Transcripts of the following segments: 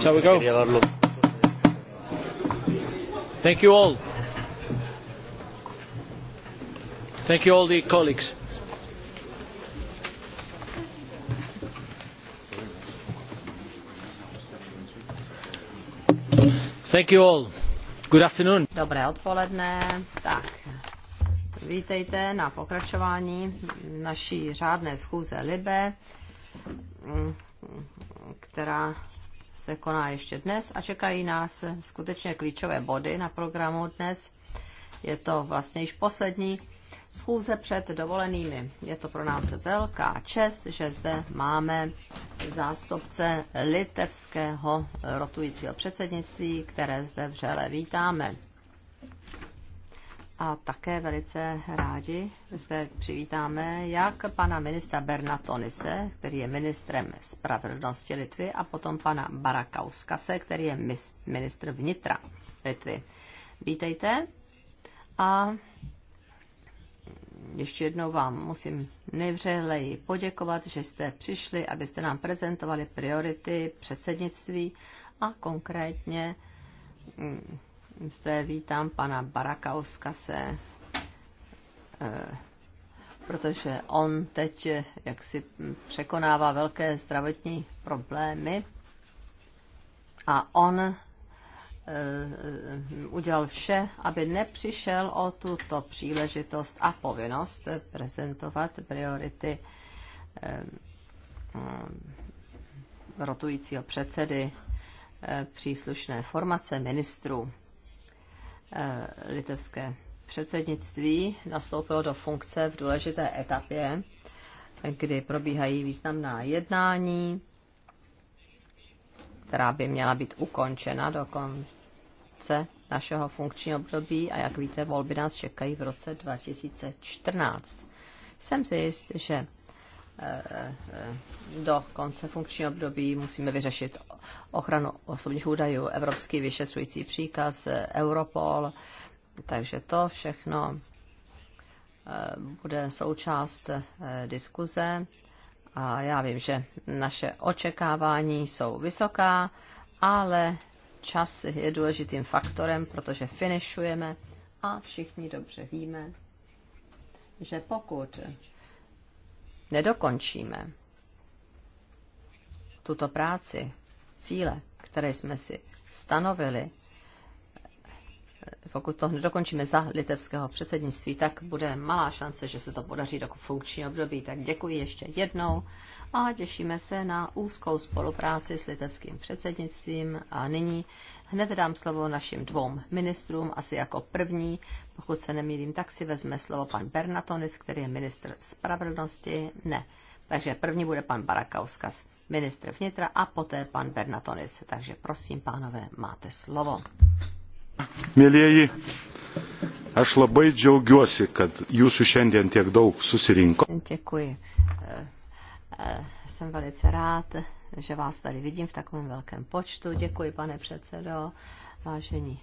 Shall we go? Thank you all. Thank you all the colleagues. Thank you all. Good afternoon. Dobré odpoledne. Tak, vítejte na pokračování naší řádné schůze Libe, která se koná ještě dnes a čekají nás skutečně klíčové body na programu dnes. Je to vlastně již poslední schůze před dovolenými. Je to pro nás velká čest, že zde máme zástupce litevského rotujícího předsednictví, které zde vřele vítáme. A také velice rádi zde přivítáme jak pana ministra Tonise, který je ministrem spravedlnosti Litvy, a potom pana Barakauskase, který je ministr vnitra Litvy. Vítejte a ještě jednou vám musím nejvřehleji poděkovat, že jste přišli, abyste nám prezentovali priority předsednictví a konkrétně mm, zde vítám pana Oskase, eh, protože on teď eh, jak si překonává velké zdravotní problémy a on eh, udělal vše, aby nepřišel o tuto příležitost a povinnost prezentovat priority rotujícího předsedy příslušné formace ministrů Eh, litevské předsednictví nastoupilo do funkce v důležité etapě, kdy probíhají významná jednání, která by měla být ukončena do konce našeho funkčního období a jak víte, volby nás čekají v roce 2014. Jsem si jist, že do konce funkčního období musíme vyřešit ochranu osobních údajů, evropský vyšetřující příkaz, eh, Europol, takže to všechno eh, bude součást eh, diskuze a já vím, že naše očekávání jsou vysoká, ale čas je důležitým faktorem, protože finišujeme a všichni dobře víme, že pokud nedokončíme tuto práci, cíle, které jsme si stanovili, pokud to nedokončíme za litevského předsednictví, tak bude malá šance, že se to podaří do funkčního období. Tak děkuji ještě jednou a těšíme se na úzkou spolupráci s litevským předsednictvím. A nyní hned dám slovo našim dvou ministrům, asi jako první, pokud se nemýlím, tak si vezme slovo pan Bernatonis, který je ministr spravedlnosti. Ne. Takže první bude pan Barakauskas, ministr vnitra, a poté pan Bernatonis. Takže prosím, pánové, máte slovo. Milieji, aš labai džiaugiuosi, kad jūsų šiandien tiek daug susirinko. Děkuji. Eh, Eh, jsem velice rád, že vás tady vidím v takovém velkém počtu. Děkuji, pane předsedo, vážení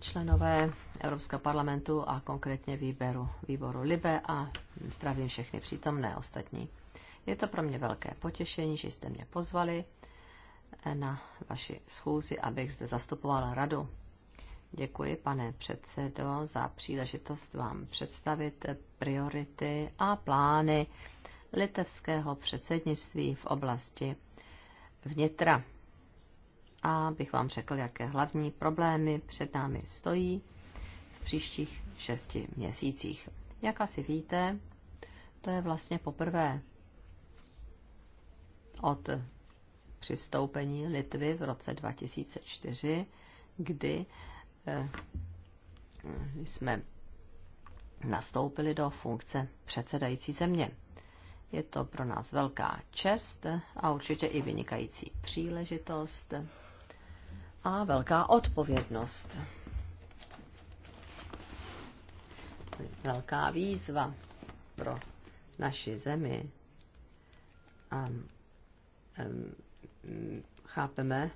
členové Evropského parlamentu a konkrétně výběru, výboru Libe a zdravím všechny přítomné ostatní. Je to pro mě velké potěšení, že jste mě pozvali eh, na vaši schůzi, abych zde zastupovala radu. Děkuji, pane předsedo, za příležitost vám představit priority a plány litevského předsednictví v oblasti vnitra. A bych vám řekl, jaké hlavní problémy před námi stojí v příštích šesti měsících. Jak asi víte, to je vlastně poprvé od přistoupení Litvy v roce 2004, kdy eh, jsme nastoupili do funkce předsedající země. Je to pro nás velká čest a určitě i vynikající příležitost a velká odpovědnost. Velká výzva pro naši zemi. A um, chápeme,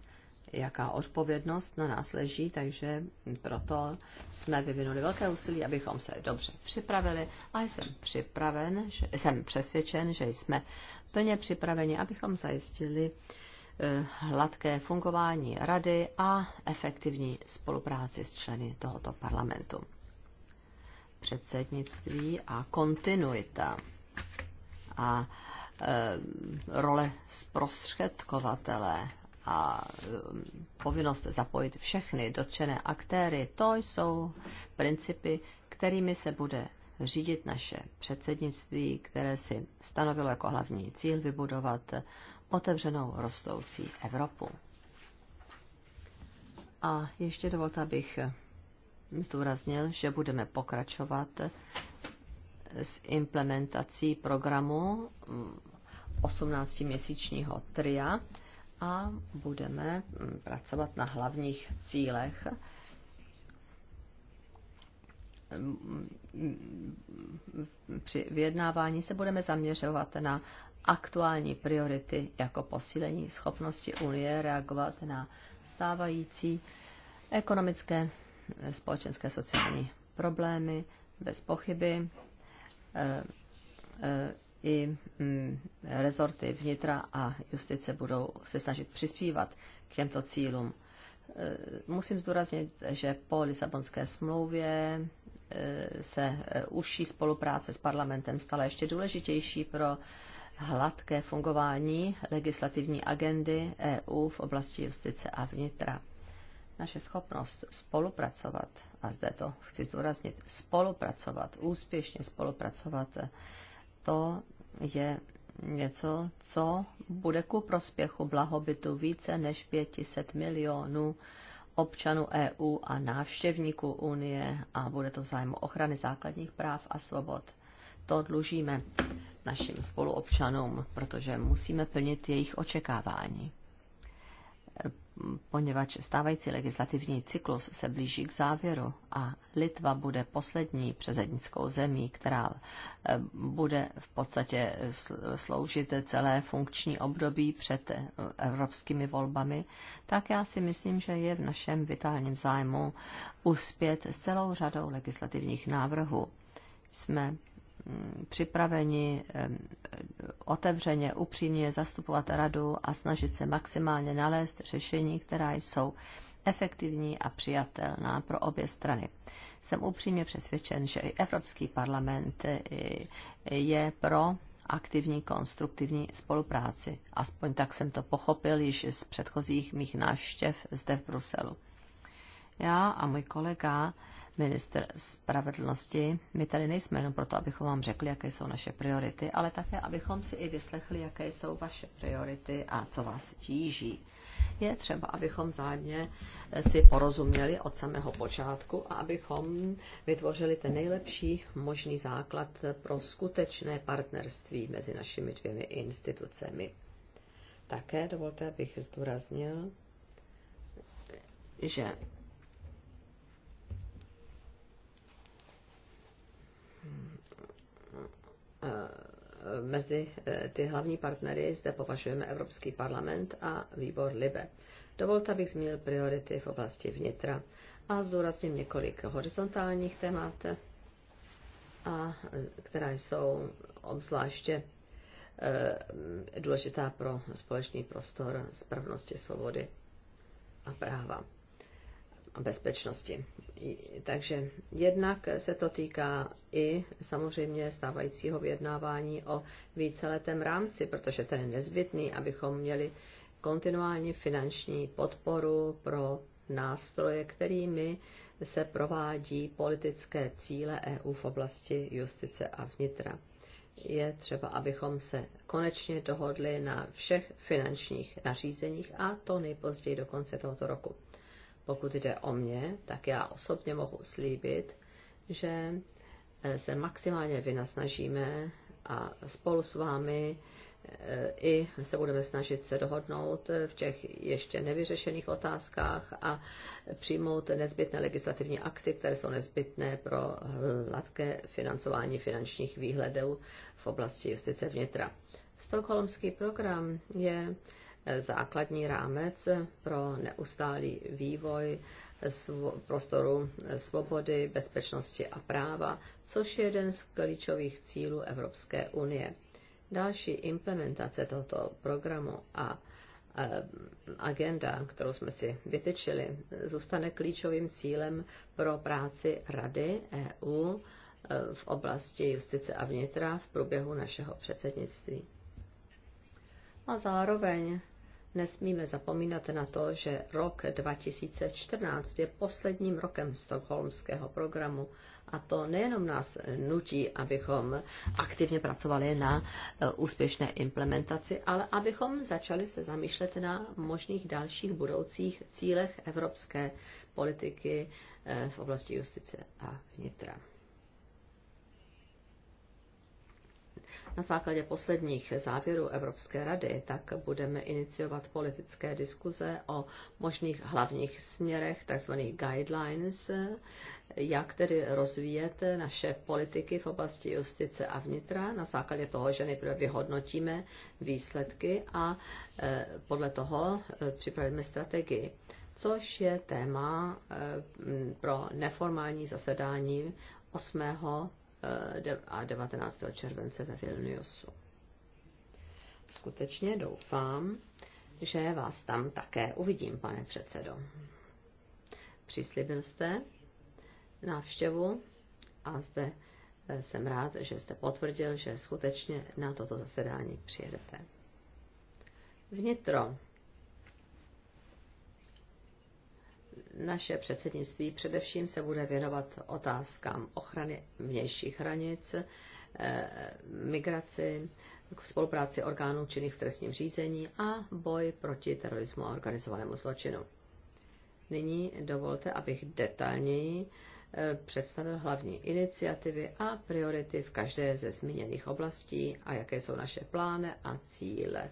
jaká odpovědnost na nás leží, takže proto jsme vyvinuli velké úsilí, abychom se dobře připravili a jsem připraven, že, jsem přesvědčen, že jsme plně připraveni, abychom zajistili eh, hladké fungování rady a efektivní spolupráci s členy tohoto parlamentu. Předsednictví a kontinuita a eh, role zprostředkovatele a um, povinnost zapojit všechny dotčené aktéry, to jsou principy, kterými se bude řídit naše předsednictví, které si stanovilo jako hlavní cíl vybudovat otevřenou rostoucí Evropu. A ještě dovolte, abych zdůraznil, že budeme pokračovat s implementací programu 18-měsíčního mm, TRIA, a budeme mm, pracovat na hlavních cílech. Mm, při vyjednávání se budeme zaměřovat na aktuální priority jako posílení schopnosti Unie reagovat na stávající ekonomické, společenské, sociální problémy bez pochyby eh, eh, i mm, rezorty vnitra a justice budou se snažit přispívat k těmto cílům. E, musím zdůraznit, že po Lisabonské smlouvě e, se e, užší spolupráce s parlamentem stala ještě důležitější pro hladké fungování legislativní agendy EU v oblasti justice a vnitra. Naše schopnost spolupracovat, a zde to chci zdůraznit, spolupracovat, úspěšně spolupracovat, to je něco, co bude ku prospěchu blahobytu více než 500 milionů občanů EU a návštěvníků Unie a bude to v zájmu ochrany základních práv a svobod. To dlužíme našim spoluobčanům, protože musíme plnit jejich očekávání poněvadž stávající legislativní cyklus se blíží k závěru a Litva bude poslední přezednickou zemí, která eh, bude v podstatě sloužit celé funkční období před eh, evropskými volbami, tak já si myslím, že je v našem vitálním zájmu uspět s celou řadou legislativních návrhů. Jsme Mm, připraveni otevřeně, upřímně zastupovat radu a snažit se maximálně nalézt řešení, která jsou efektivní a přijatelná pro obě strany. Jsem upřímně přesvědčen, že i Evropský parlament je pro aktivní konstruktivní spolupráci. Aspoň tak jsem to pochopil již z předchozích mých návštěv zde v Bruselu. Já a můj kolega ministr spravedlnosti. My tady nejsme jenom proto, abychom vám řekli, jaké jsou naše priority, ale také, abychom si i vyslechli, jaké jsou vaše priority a co vás tíží. Je třeba, abychom zájemně si porozuměli od samého počátku a abychom vytvořili ten nejlepší možný základ pro skutečné partnerství mezi našimi dvěmi institucemi. Také dovolte, abych zdůraznil, že Eh, mezi eh, ty hlavní partnery zde považujeme Evropský parlament a výbor LIBE. Dovolte, abych zmínil priority v oblasti vnitra a zdůrazním několik horizontálních témat, eh, a, která jsou obzvláště důležitá pro společný prostor spravedlnosti, svobody a práva bezpečnosti. Takže jednak se to týká i samozřejmě stávajícího vyjednávání o víceletém rámci, protože ten je nezbytný, abychom měli kontinuální finanční podporu pro nástroje, kterými se provádí politické cíle EU v oblasti justice a vnitra. Je třeba, abychom se konečně dohodli na všech finančních nařízeních a to nejpozději do konce tohoto roku. Pokud jde o mě, tak já osobně mohu slíbit, že eh, se maximálně vynasnažíme a spolu s vámi eh, i se budeme snažit se dohodnout eh, v těch ještě nevyřešených otázkách a přijmout nezbytné legislativní akty, které jsou nezbytné pro hladké financování finančních výhledů v oblasti justice vnitra. Stockholmský program je základní rámec pro neustálý vývoj svo- prostoru svobody, bezpečnosti a práva, což je jeden z klíčových cílů Evropské unie. Další implementace tohoto programu a e, agenda, kterou jsme si vytyčili, zůstane klíčovým cílem pro práci Rady EU e, v oblasti justice a vnitra v průběhu našeho předsednictví. A zároveň Nesmíme zapomínat na to, že rok 2014 je posledním rokem stokholmského programu a to nejenom nás nutí, abychom aktivně pracovali na e, úspěšné implementaci, ale abychom začali se zamýšlet na možných dalších budoucích cílech evropské politiky e, v oblasti justice a vnitra. Na základě posledních závěrů Evropské rady tak budeme iniciovat politické diskuze o možných hlavních směrech, tzv. guidelines, jak tedy rozvíjet naše politiky v oblasti justice a vnitra. Na základě toho, že nejprve vyhodnotíme výsledky a e, podle toho e, připravíme strategii což je téma e, pro neformální zasedání 8. Eh, a 19. července ve Vilniusu. Skutečně doufám, že vás tam také uvidím, pane předsedo. Přislíbil jste návštěvu a zde eh, jsem rád, že jste potvrdil, že skutečně na toto zasedání přijedete. Vnitro naše předsednictví především se bude věnovat otázkám ochrany vnějších hranic, eh, migraci, spolupráci orgánů činných v trestním řízení a boj proti terorismu a organizovanému zločinu. Nyní dovolte, abych detailněji eh, představil hlavní iniciativy a priority v každé ze zmíněných oblastí a jaké jsou naše plány a cíle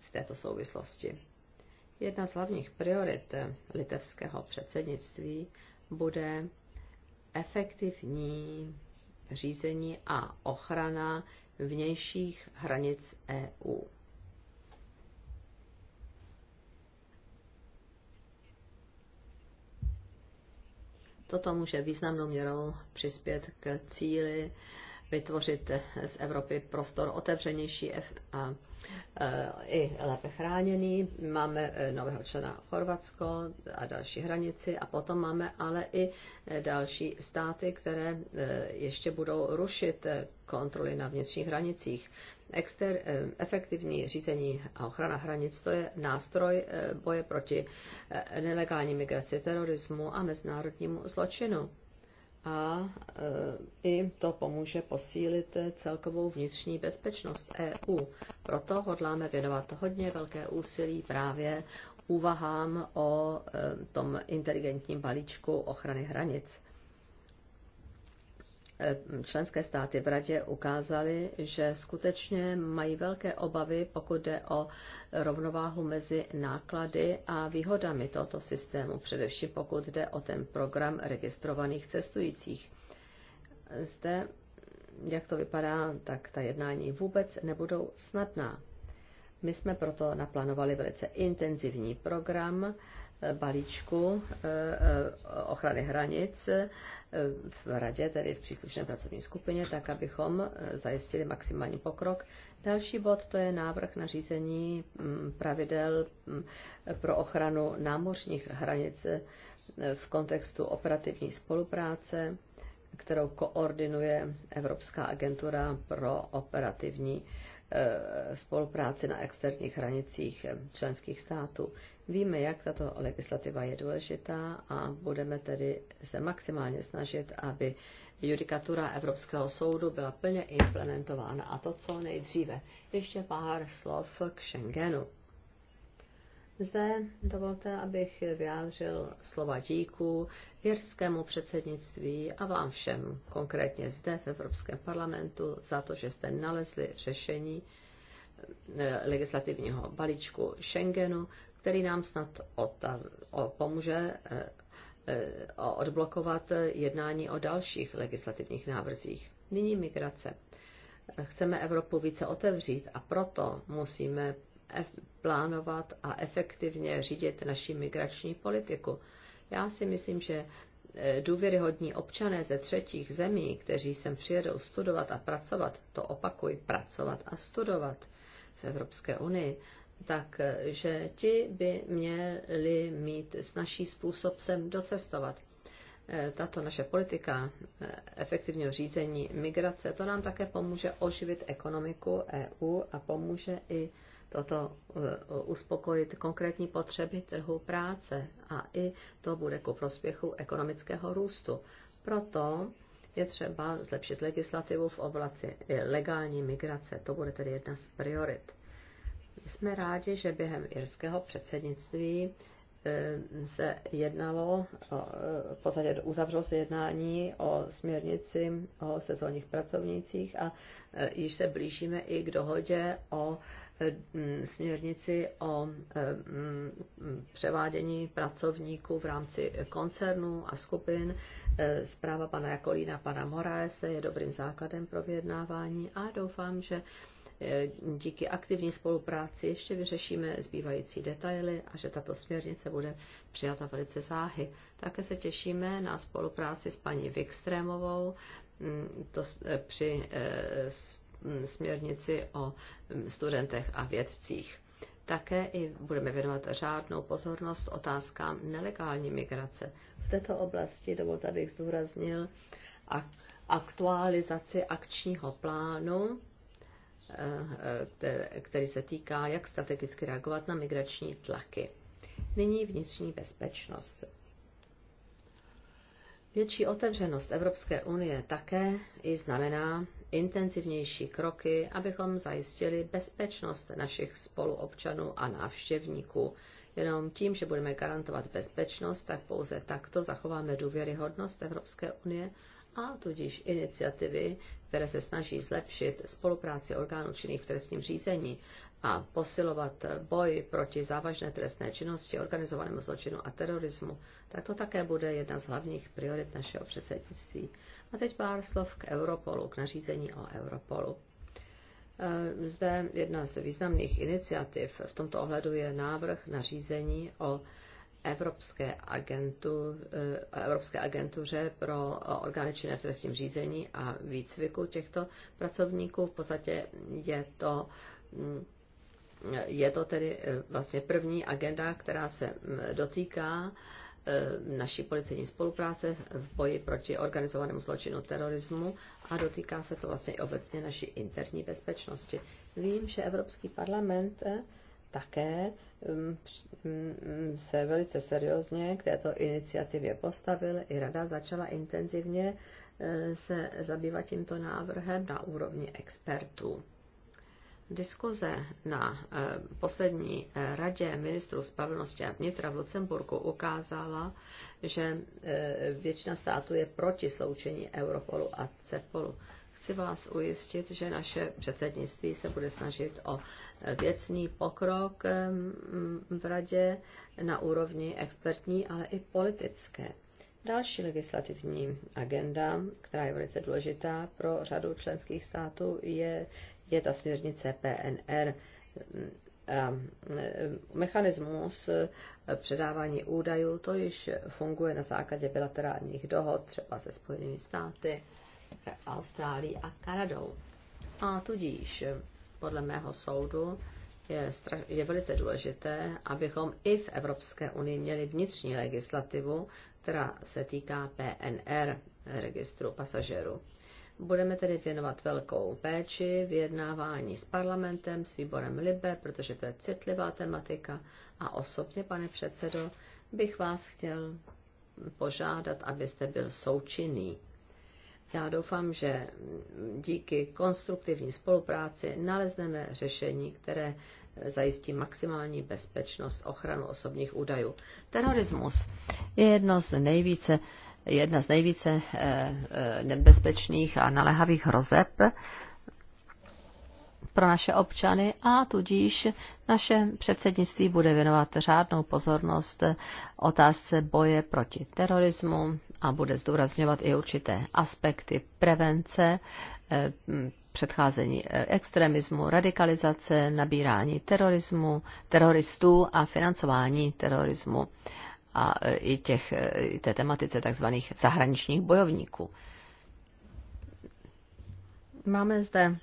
v této souvislosti. Jedna z hlavních priorit eh, litevského předsednictví bude efektivní řízení a ochrana vnějších hranic EU. Toto může významnou měrou přispět k cíli vytvořit z Evropy prostor otevřenější a e, i lépe chráněný. Máme e, nového člena Chorvatsko a další hranici a potom máme ale i e, další státy, které ještě budou rušit kontroly na vnitřních hranicích. Exter, efektivní řízení a ochrana hranic to je nástroj boje proti nelegální migraci, terorismu a mezinárodnímu zločinu a e, i to pomůže posílit celkovou vnitřní bezpečnost EU. Proto hodláme věnovat hodně velké úsilí právě úvahám o e, tom inteligentním balíčku ochrany hranic. Eh, členské státy v radě ukázaly, že skutečně mají velké obavy, pokud jde o rovnováhu mezi náklady a výhodami tohoto systému, především pokud jde o ten program registrovaných cestujících. Zde, jak to vypadá, tak ta jednání vůbec nebudou snadná. My jsme proto naplánovali velice intenzivní program, balíčku eh, eh, ochrany hranic eh, v radě, tedy v příslušné pracovní skupině, tak abychom zajistili maximální pokrok. Další bod to je návrh na řízení mm, pravidel mm, pro ochranu námořních hranic v kontextu operativní spolupráce, kterou koordinuje Evropská agentura pro operativní Eh, spolupráci na externích hranicích členských států. Víme, jak tato legislativa je důležitá a budeme tedy se maximálně snažit, aby judikatura Evropského soudu byla plně implementována a to co nejdříve. Ještě pár slov k Schengenu. Zde dovolte, abych vyjádřil slova díku jirskému předsednictví a vám všem, konkrétně zde v Evropském parlamentu, za to, že jste nalezli řešení eh, legislativního balíčku Schengenu, který nám snad otav, o, pomůže eh, eh, o, odblokovat jednání o dalších legislativních návrzích. Nyní migrace. Chceme Evropu více otevřít a proto musíme plánovat a efektivně řídit naši migrační politiku. Já si myslím, že e, důvěryhodní občané ze třetích zemí, kteří sem přijedou studovat a pracovat, to opakuj, pracovat a studovat v Evropské unii, takže e, ti by měli mít naší způsob sem docestovat. E, tato naše politika efektivního řízení migrace, to nám také pomůže oživit ekonomiku EU a pomůže i toto e, uspokojit konkrétní potřeby trhu práce a i to bude ku prospěchu ekonomického růstu. Proto je třeba zlepšit legislativu v oblasti e, legální migrace. To bude tedy jedna z priorit. Jsme rádi, že během irského předsednictví e, se jednalo, v podstatě uzavřelo se jednání o směrnici o sezónních pracovnících a již se blížíme i k dohodě o Eh, mm, směrnici o eh, mm, převádění pracovníků v rámci koncernů a skupin. Eh, zpráva pana Jakolína, pana Moraese je dobrým základem pro vyjednávání a doufám, že díky aktivní spolupráci ještě vyřešíme zbývající detaily a že tato směrnice bude přijata velice záhy. Také se těšíme na spolupráci s paní Vikstrémovou mm, to, při Mm, směrnici o mm, studentech a vědcích. Také i budeme věnovat řádnou pozornost otázkám nelegální migrace. V této oblasti dovolte, abych zdůraznil aktualizaci akčního plánu, eh, eh, který se týká, jak strategicky reagovat na migrační tlaky. Nyní vnitřní bezpečnost. Větší otevřenost Evropské unie také i znamená intenzivnější kroky, abychom zajistili bezpečnost našich spoluobčanů a návštěvníků. Jenom tím, že budeme garantovat bezpečnost, tak pouze takto zachováme důvěryhodnost Evropské unie a tudíž iniciativy, které se snaží zlepšit spolupráci orgánů činných v trestním řízení a posilovat boj proti závažné trestné činnosti, organizovanému zločinu a terorismu, tak to také bude jedna z hlavních priorit našeho předsednictví. A teď pár slov k Europolu, k nařízení o Europolu. E, zde jedna z významných iniciativ v tomto ohledu je návrh nařízení o Evropské, agentu, e, Evropské agentuře pro orgány činné v trestním řízení a výcviku těchto pracovníků. V podstatě je to mm, je to tedy e, vlastně první agenda, která se dotýká Eh, naší policejní spolupráce v boji proti organizovanému zločinu terorismu a dotýká se to vlastně i obecně naší interní bezpečnosti. Vím, že Evropský parlament eh, také mm, mm, se velice seriózně k této iniciativě postavil. I rada začala intenzivně eh, se zabývat tímto návrhem na úrovni expertů. Diskuze na eh, poslední eh, radě ministrů spravedlnosti a vnitra v Lucemburku ukázala, že eh, většina států je proti sloučení Europolu a CEPOLu. Chci vás ujistit, že naše předsednictví se bude snažit o věcný pokrok v radě na úrovni expertní, ale i politické. Další legislativní agenda, která je velice důležitá pro řadu členských států, je je ta směrnice PNR e, mechanismus e, předávání údajů, to již funguje na základě bilaterálních dohod, třeba se Spojenými státy, Austrálií a Kanadou. A tudíž, e, podle mého soudu, je, je velice důležité, abychom i v Evropské unii měli vnitřní legislativu, která se týká PNR, registru pasažerů. Budeme tedy věnovat velkou péči vyjednávání s parlamentem, s výborem Libe, protože to je citlivá tematika. A osobně, pane předsedo, bych vás chtěl požádat, abyste byl součinný. Já doufám, že díky konstruktivní spolupráci nalezneme řešení, které zajistí maximální bezpečnost ochranu osobních údajů. Terorismus je jedno z nejvíce jedna z nejvíce eh, eh, nebezpečných a naléhavých hrozeb pro naše občany a tudíž naše předsednictví bude věnovat řádnou pozornost otázce boje proti terorismu a bude zdůrazňovat i určité aspekty prevence, eh, předcházení extremismu, radikalizace, nabírání terorismu, teroristů a financování terorismu a e, i, těch, e, i té tematice takzvaných zahraničních bojovníků. Máme zde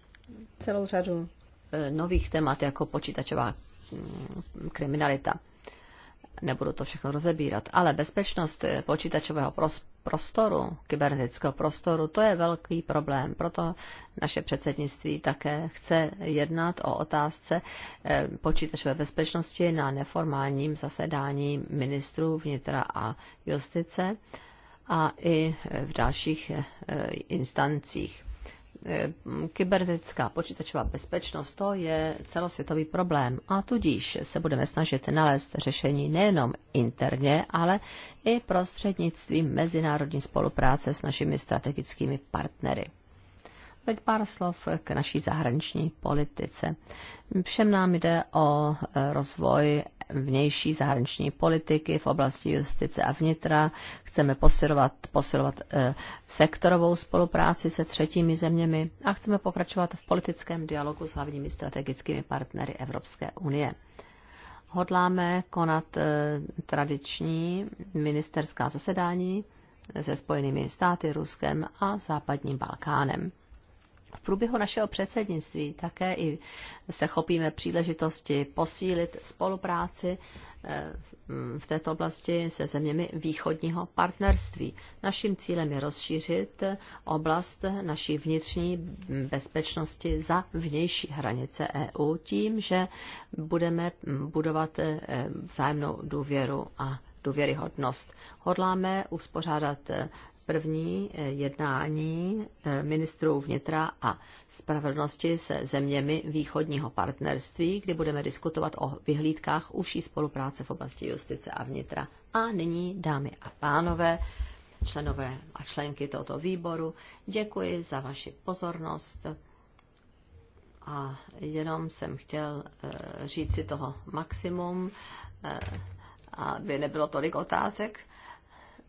celou řadu e, nových témat, jako počítačová mm, kriminalita. Nebudu to všechno rozebírat, ale bezpečnost počítačového prostoru, kybernetického prostoru, to je velký problém. Proto naše předsednictví také chce jednat o otázce eh, počítačové bezpečnosti na neformálním zasedání ministrů vnitra a justice a i v dalších eh, instancích. Eh, kybernetická počítačová bezpečnost to je celosvětový problém a tudíž se budeme snažit nalézt řešení nejenom interně, ale i prostřednictvím mezinárodní spolupráce s našimi strategickými partnery. Teď pár slov k naší zahraniční politice. Všem nám jde o eh, rozvoj vnější zahraniční politiky v oblasti justice a vnitra. Chceme posilovat, posilovat eh, sektorovou spolupráci se třetími zeměmi a chceme pokračovat v politickém dialogu s hlavními strategickými partnery Evropské unie hodláme konat eh, tradiční ministerská zasedání se Spojenými státy, Ruskem a Západním Balkánem. V průběhu našeho předsednictví také i se chopíme příležitosti posílit spolupráci eh, v této oblasti se zeměmi východního partnerství. Naším cílem je rozšířit oblast naší vnitřní bezpečnosti za vnější hranice EU tím, že budeme budovat eh, vzájemnou důvěru a důvěryhodnost. Hodláme uspořádat eh, první eh, jednání eh, ministrů vnitra a spravedlnosti se zeměmi východního partnerství, kdy budeme diskutovat o vyhlídkách užší spolupráce v oblasti justice a vnitra. A nyní, dámy a pánové, členové a členky tohoto výboru, děkuji za vaši pozornost. A jenom jsem chtěl eh, říct si toho maximum, aby nebylo tolik otázek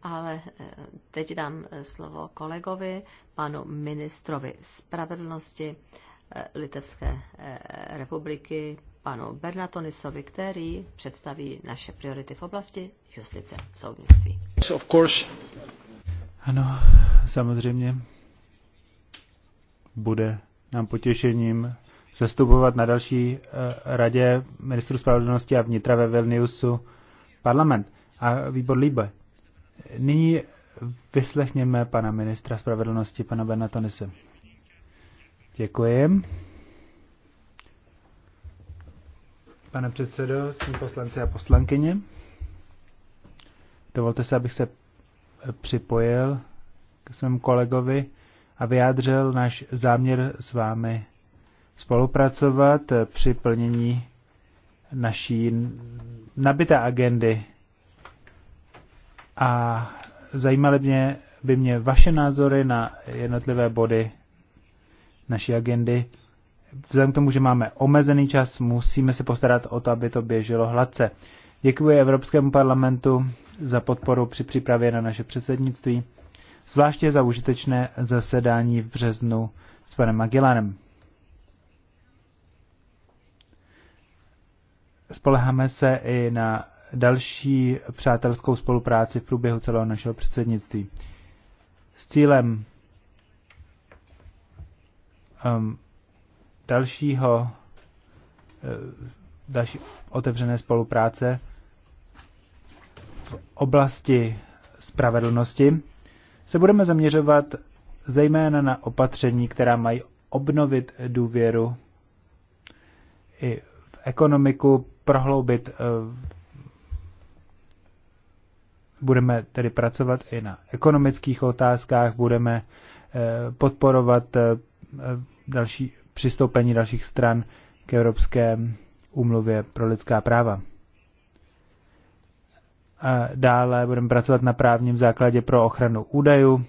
ale eh, teď dám eh, slovo kolegovi, panu ministrovi spravedlnosti eh, Litevské republiky, panu Bernatonisovi, který představí naše priority v oblasti justice, soudnictví. Of course. Ano, samozřejmě bude nám potěšením zastupovat na další radě ministru spravedlnosti a vnitra ve Vilniusu parlament a výbor Líbe. Nyní vyslechněme pana ministra spravedlnosti, pana Tonise. Děkuji. Pane předsedo, jsem poslanci a poslankyně. Dovolte se, abych se připojil k svému kolegovi a vyjádřil náš záměr s vámi spolupracovat při plnění naší nabité agendy a zajímaly mě, by mě vaše názory na jednotlivé body naší agendy. Vzhledem k tomu, že máme omezený čas, musíme se postarat o to, aby to běželo hladce. Děkuji Evropskému parlamentu za podporu při přípravě na naše předsednictví, zvláště za užitečné zasedání v březnu s panem Magellanem. Spoleháme se i na další přátelskou spolupráci v průběhu celého našeho předsednictví. S cílem um, dalšího eh, další otevřené spolupráce v oblasti spravedlnosti se budeme zaměřovat zejména na opatření, která mají obnovit důvěru i v ekonomiku, prohloubit eh, budeme tedy pracovat i na ekonomických otázkách, budeme eh, podporovat eh, další přistoupení dalších stran k Evropské úmluvě pro lidská práva. A dále budeme pracovat na právním základě pro ochranu údajů,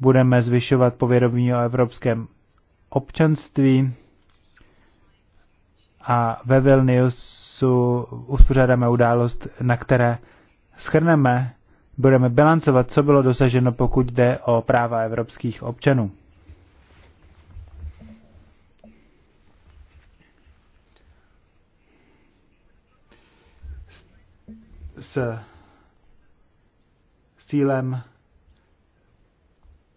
budeme zvyšovat povědomí o evropském občanství a ve Vilniusu uspořádáme událost, na které schrneme, budeme bilancovat, co bylo dosaženo, pokud jde o práva evropských občanů. S cílem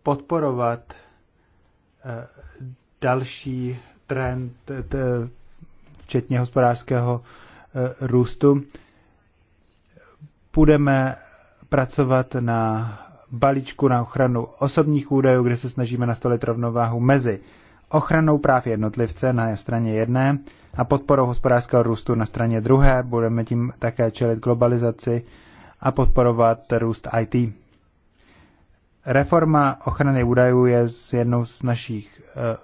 podporovat eh, další trend, včetně hospodářského eh, růstu budeme pracovat na balíčku na ochranu osobních údajů, kde se snažíme nastolit rovnováhu mezi ochranou práv jednotlivce na straně jedné a podporou hospodářského růstu na straně druhé. Budeme tím také čelit globalizaci a podporovat růst IT. Reforma ochrany údajů je z jednou z našich eh,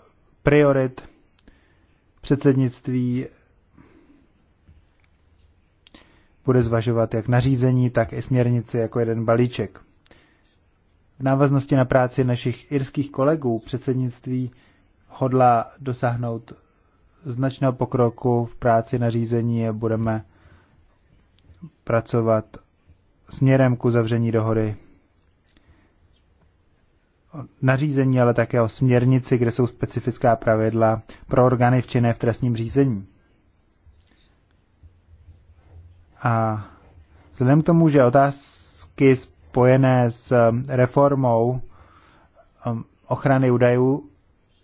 priorit. Předsednictví bude zvažovat jak nařízení, tak i směrnici jako jeden balíček. V návaznosti na práci našich irských kolegů předsednictví hodla dosáhnout značného pokroku v práci nařízení, a budeme pracovat směrem k uzavření dohody nařízení, ale také o směrnici, kde jsou specifická pravidla pro orgány včinné v trestním řízení. A vzhledem k tomu, že otázky spojené s um, reformou um, ochrany údajů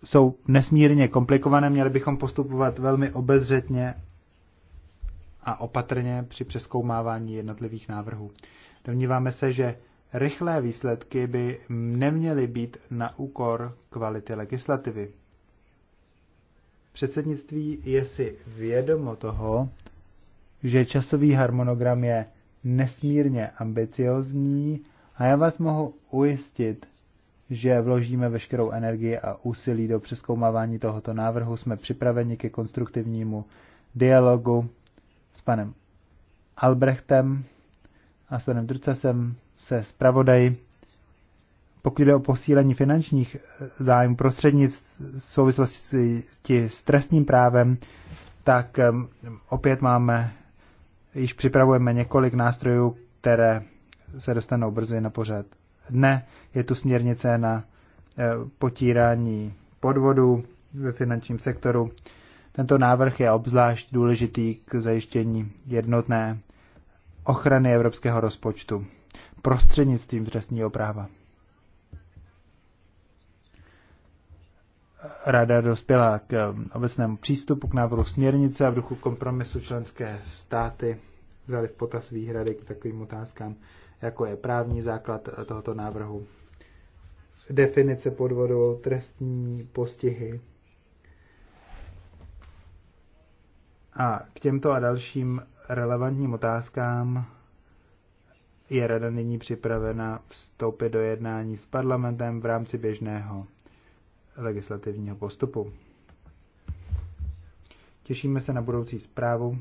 jsou nesmírně komplikované, měli bychom postupovat velmi obezřetně a opatrně při přeskoumávání jednotlivých návrhů. Domníváme se, že rychlé výsledky by neměly být na úkor kvality legislativy. Předsednictví je si vědomo toho, že časový harmonogram je nesmírně ambiciozní a já vás mohu ujistit, že vložíme veškerou energii a úsilí do přeskoumávání tohoto návrhu. Jsme připraveni ke konstruktivnímu dialogu s panem Albrechtem a s panem Drucesem se zpravodají. Pokud jde o posílení finančních eh, zájmů prostřednic v souvislosti s trestním právem, tak ehm, opět máme již připravujeme několik nástrojů, které se dostanou brzy na pořad dne. Je tu směrnice na e, potírání podvodů ve finančním sektoru. Tento návrh je obzvlášť důležitý k zajištění jednotné ochrany evropského rozpočtu prostřednictvím trestního práva. rada dospěla k um, obecnému přístupu k návrhu směrnice a v duchu kompromisu členské státy vzali v potaz výhrady k takovým otázkám, jako je právní základ tohoto návrhu, definice podvodu, trestní postihy a k těmto a dalším relevantním otázkám je rada nyní připravena vstoupit do jednání s parlamentem v rámci běžného legislativního postupu. Těšíme se na budoucí zprávu,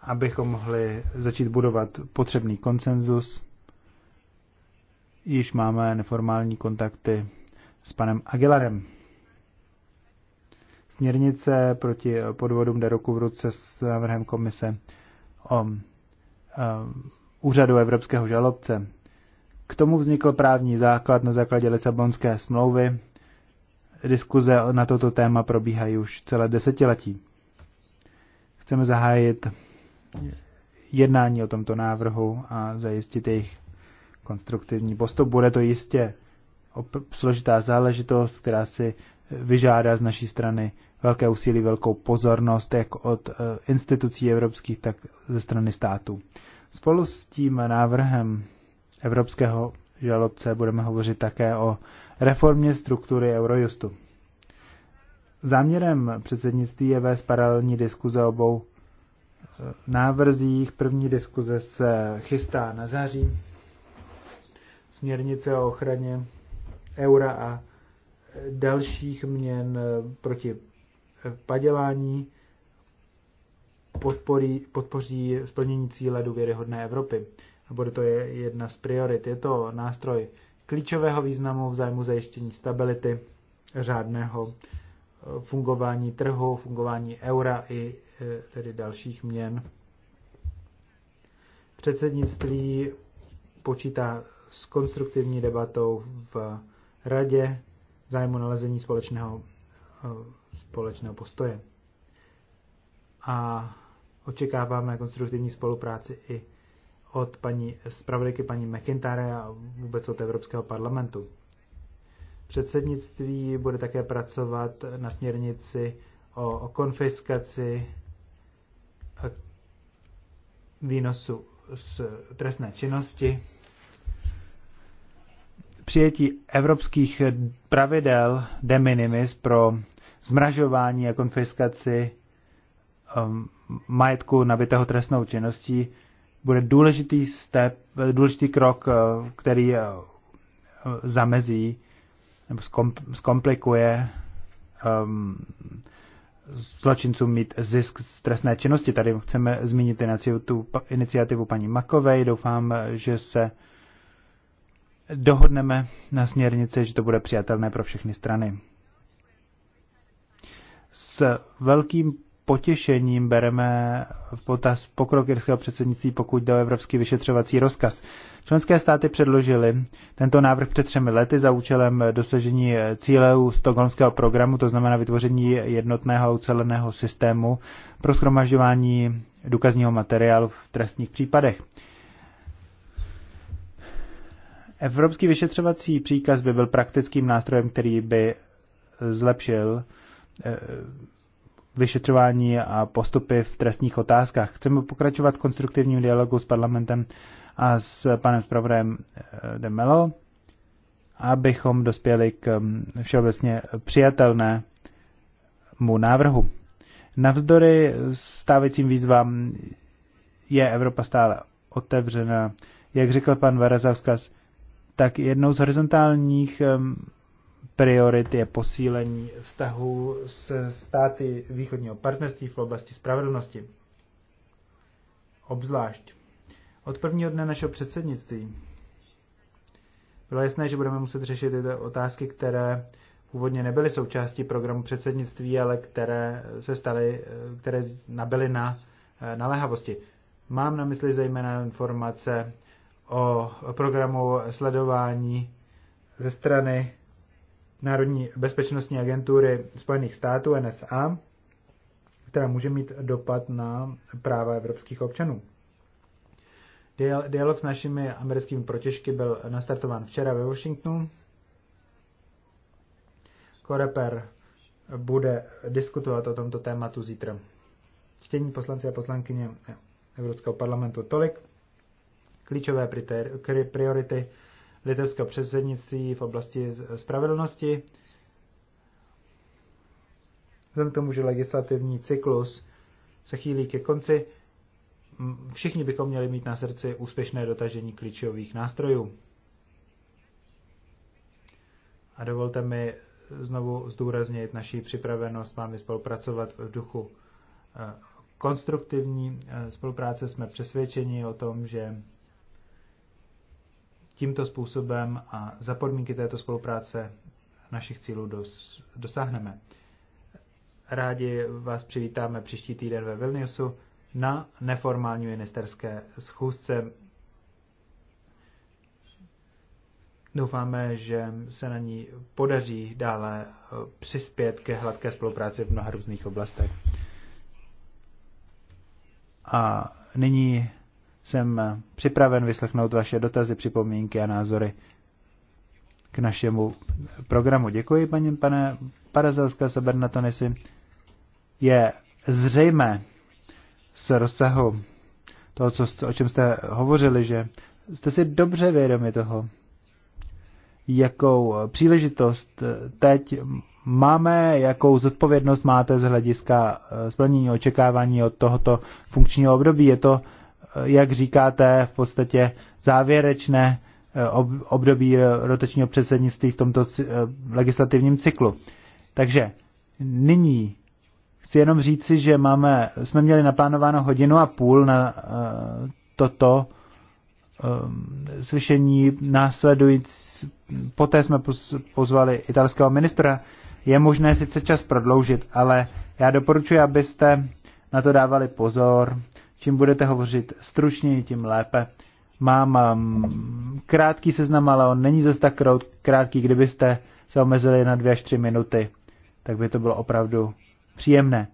abychom mohli začít budovat potřebný konsenzus. Již máme neformální kontakty s panem Aguilarem. Směrnice proti podvodům jde ruku v ruce s návrhem komise o, o eh, úřadu evropského žalobce k tomu vznikl právní základ na základě Lisabonské smlouvy. Diskuze na toto téma probíhají už celé desetiletí. Chceme zahájit jednání o tomto návrhu a zajistit jejich konstruktivní postup. Bude to jistě složitá záležitost, která si vyžádá z naší strany velké úsilí, velkou pozornost, jak od eh, institucí evropských, tak ze strany států. Spolu s tím návrhem evropského žalobce budeme hovořit také o reformě struktury Eurojustu. Záměrem předsednictví je vést paralelní diskuze obou eh, návrzích. První diskuze se chystá na září. Směrnice o ochraně eura a dalších měn eh, proti eh, padělání podporí, podpoří splnění cíle důvěryhodné Evropy a bude to jedna z priorit. Je to nástroj klíčového významu v zájmu zajištění stability, řádného eh, fungování trhu, fungování eura i eh, tedy dalších měn. Předsednictví počítá s konstruktivní debatou v radě v zájmu nalezení společného, eh, společného postoje. A očekáváme konstruktivní spolupráci i od paní zpravodajky paní McIntyre a vůbec od Evropského parlamentu. Předsednictví bude také pracovat na směrnici o, o konfiskaci výnosu z trestné činnosti. Přijetí evropských pravidel de minimis pro zmražování a konfiskaci um, majetku nabitého trestnou činností bude důležitý, step, důležitý krok, eh, který eh, zamezí nebo zkomplikuje um, zločincům mít zisk z trestné činnosti. Tady chceme zmínit tu iniciativu paní Makovej. Doufám, že se dohodneme na směrnici, že to bude přijatelné pro všechny strany. S velkým potěšením bereme potaz pokrok irského předsednictví, pokud jde o evropský vyšetřovací rozkaz. Členské státy předložily tento návrh před třemi lety za účelem dosažení cíleů stokholmského programu, to znamená vytvoření jednotného a uceleného systému pro schromažďování důkazního materiálu v trestních případech. Evropský vyšetřovací příkaz by byl praktickým nástrojem, který by zlepšil eh, vyšetřování a postupy v trestních otázkách. Chceme pokračovat v konstruktivním dialogu s parlamentem a s panem zpravodajem eh, de Melo, abychom dospěli k mm, všeobecně přijatelnému návrhu. Navzdory stávajícím výzvám je Evropa stále otevřená. Jak řekl pan Varazavskas, tak jednou z horizontálních mm, priorit je posílení vztahu s státy východního partnerství v oblasti spravedlnosti. Obzvlášť. Od prvního dne našeho předsednictví bylo jasné, že budeme muset řešit tyto otázky, které původně nebyly součástí programu předsednictví, ale které se staly, které nabyly na eh, naléhavosti. Mám na mysli zejména informace o programu sledování ze strany Národní bezpečnostní agentury Spojených států NSA, která může mít dopad na práva evropských občanů. Dialog s našimi americkými protěžky byl nastartován včera ve Washingtonu. Koreper bude diskutovat o tomto tématu zítra. Čtění poslanci a poslankyně Evropského parlamentu tolik. Klíčové priority litevského předsednictví v oblasti spravedlnosti. Vzhledem k tomu, že legislativní cyklus se chýlí ke konci, všichni bychom měli mít na srdci úspěšné dotažení klíčových nástrojů. A dovolte mi znovu zdůraznit naší připravenost s vámi spolupracovat v duchu eh, konstruktivní eh, spolupráce. Jsme přesvědčeni o tom, že tímto způsobem a za podmínky této spolupráce našich cílů dos, dosáhneme. Rádi vás přivítáme příští týden ve Vilniusu na neformální ministerské schůzce. Doufáme, že se na ní podaří dále eh, přispět ke hladké spolupráci v mnoha různých oblastech. A nyní jsem připraven vyslechnout vaše dotazy, připomínky a názory k našemu programu. Děkuji, paní pane Parazelská Sebernatonisi. Je zřejmé z rozsahu toho, co, o čem jste hovořili, že jste si dobře vědomi toho, jakou příležitost teď máme, jakou zodpovědnost máte z hlediska eh, splnění očekávání od tohoto funkčního období. Je to jak říkáte, v podstatě závěrečné eh, období eh, rotačního předsednictví v tomto eh, legislativním cyklu. Takže nyní chci jenom říci, že máme, jsme měli naplánováno hodinu a půl na toto slyšení následující. Poté jsme pozvali italského ministra. Je možné sice čas prodloužit, ale já doporučuji, abyste na to dávali pozor, Čím budete hovořit stručněji, tím lépe. Mám um, krátký seznam, ale on není zase tak krátký. Kdybyste se omezili na dvě až tři minuty, tak by to bylo opravdu příjemné.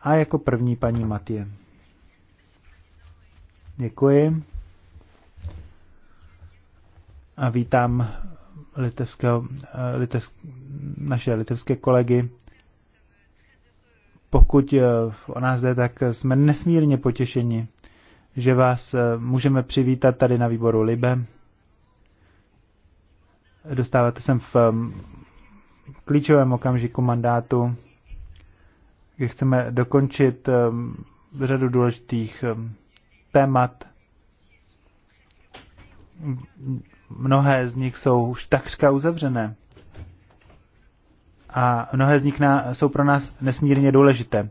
A jako první paní Matie. Děkuji. A vítám litevského, eh, litevsk, naše litevské kolegy pokud eh, o nás jde, tak jsme nesmírně potěšeni, že vás eh, můžeme přivítat tady na výboru Libe. Dostáváte sem v klíčovém okamžiku mandátu, kdy chceme dokončit řadu důležitých témat. Mnohé z nich jsou už takřka uzavřené a mnohé z nich na, jsou pro nás nesmírně důležité.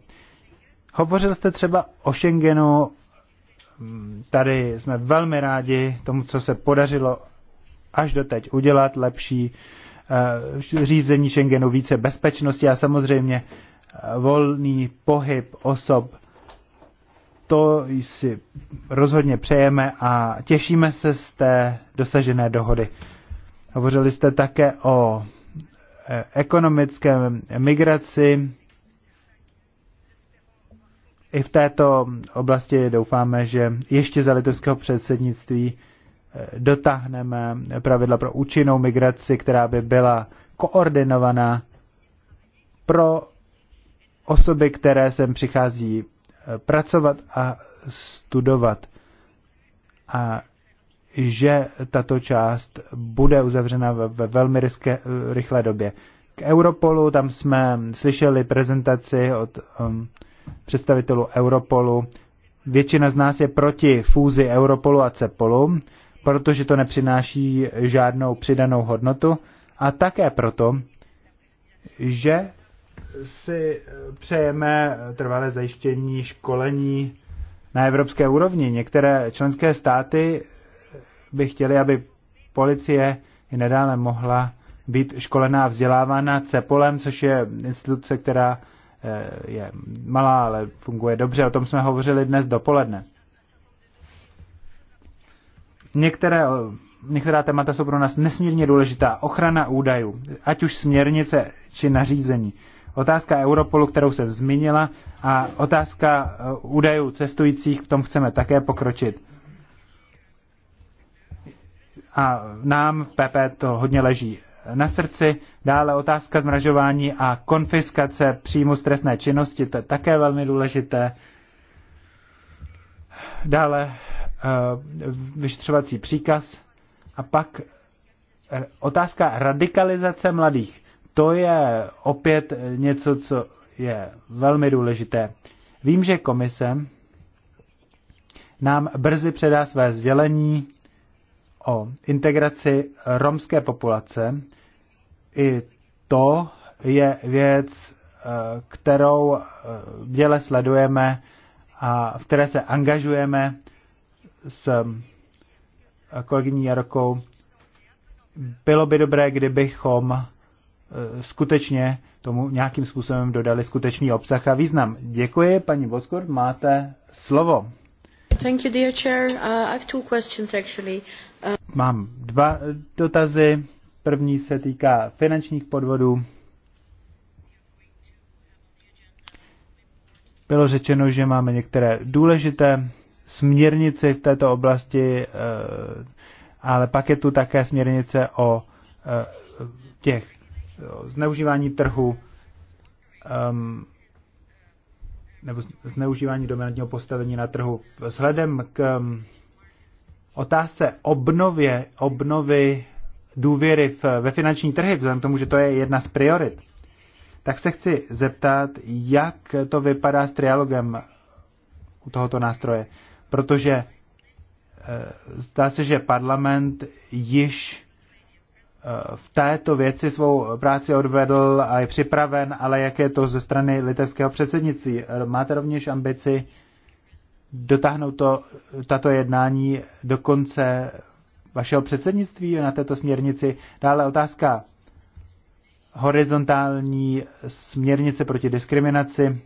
Hovořil jste třeba o Schengenu, tady jsme velmi rádi tomu, co se podařilo až doteď udělat, lepší eh, řízení Schengenu, více bezpečnosti a samozřejmě eh, volný pohyb osob. To si rozhodně přejeme a těšíme se z té dosažené dohody. Hovořili jste také o Eh, ekonomické migraci. I v této oblasti doufáme, že ještě za litovského předsednictví eh, dotáhneme pravidla pro účinnou migraci, která by byla koordinovaná pro osoby, které sem přichází eh, pracovat a studovat. A že tato část bude uzavřena ve velmi ryské, rychlé době. K Europolu, tam jsme slyšeli prezentaci od um, představitelů Europolu. Většina z nás je proti fúzi Europolu a Cepolu, protože to nepřináší žádnou přidanou hodnotu a také proto, že si přejeme trvalé zajištění školení na evropské úrovni. Některé členské státy by chtěli, aby policie i nadále mohla být školená a vzdělávána CEPOLem, což je instituce, která eh, je malá, ale funguje dobře. O tom jsme hovořili dnes dopoledne. Některé, některá témata jsou pro nás nesmírně důležitá. Ochrana údajů, ať už směrnice či nařízení. Otázka Europolu, kterou jsem zmínila, a otázka eh, údajů cestujících, v tom chceme také pokročit a nám v PP to hodně leží na srdci. Dále otázka zmražování a konfiskace příjmu z trestné činnosti, to je také velmi důležité. Dále eh, vyšetřovací příkaz a pak eh, otázka radikalizace mladých. To je opět něco, co je velmi důležité. Vím, že komise nám brzy předá své sdělení o integraci romské populace. I to je věc, eh, kterou eh, děle sledujeme a v které se angažujeme s eh, kolegyní Jarokou. Bylo by dobré, kdybychom skutečně tomu nějakým způsobem dodali skutečný obsah a význam. Děkuji, paní Boskord, máte slovo. Mám dva dotazy. První se týká finančních podvodů. Bylo řečeno, že máme některé důležité směrnice v této oblasti, eh, ale pak je tu také směrnice o eh, těch o zneužívání trhu. Ehm, nebo zneužívání dominantního postavení na trhu. Vzhledem k um, otázce obnově, obnovy důvěry v, ve finanční trhy, vzhledem k tomu, že to je jedna z priorit, tak se chci zeptat, jak to vypadá s trialogem u tohoto nástroje. Protože eh, zdá se, že parlament již v této věci svou práci odvedl a je připraven, ale jak je to ze strany litevského předsednictví? Máte rovněž ambici dotáhnout to, tato jednání do konce vašeho předsednictví na této směrnici? Dále otázka horizontální směrnice proti diskriminaci.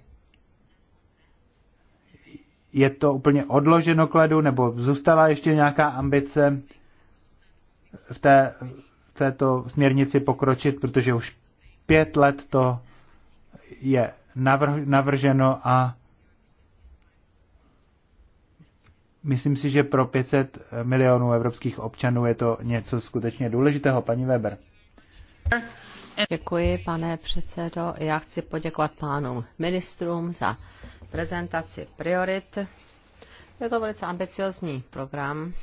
Je to úplně odloženo kladu, nebo zůstala ještě nějaká ambice v té této směrnici pokročit, protože už pět let to je navrženo a myslím si, že pro 500 milionů evropských občanů je to něco skutečně důležitého. Paní Weber. Děkuji, pane předsedo. Já chci poděkovat pánům ministrům za prezentaci priorit. Je to velice ambiciozní program,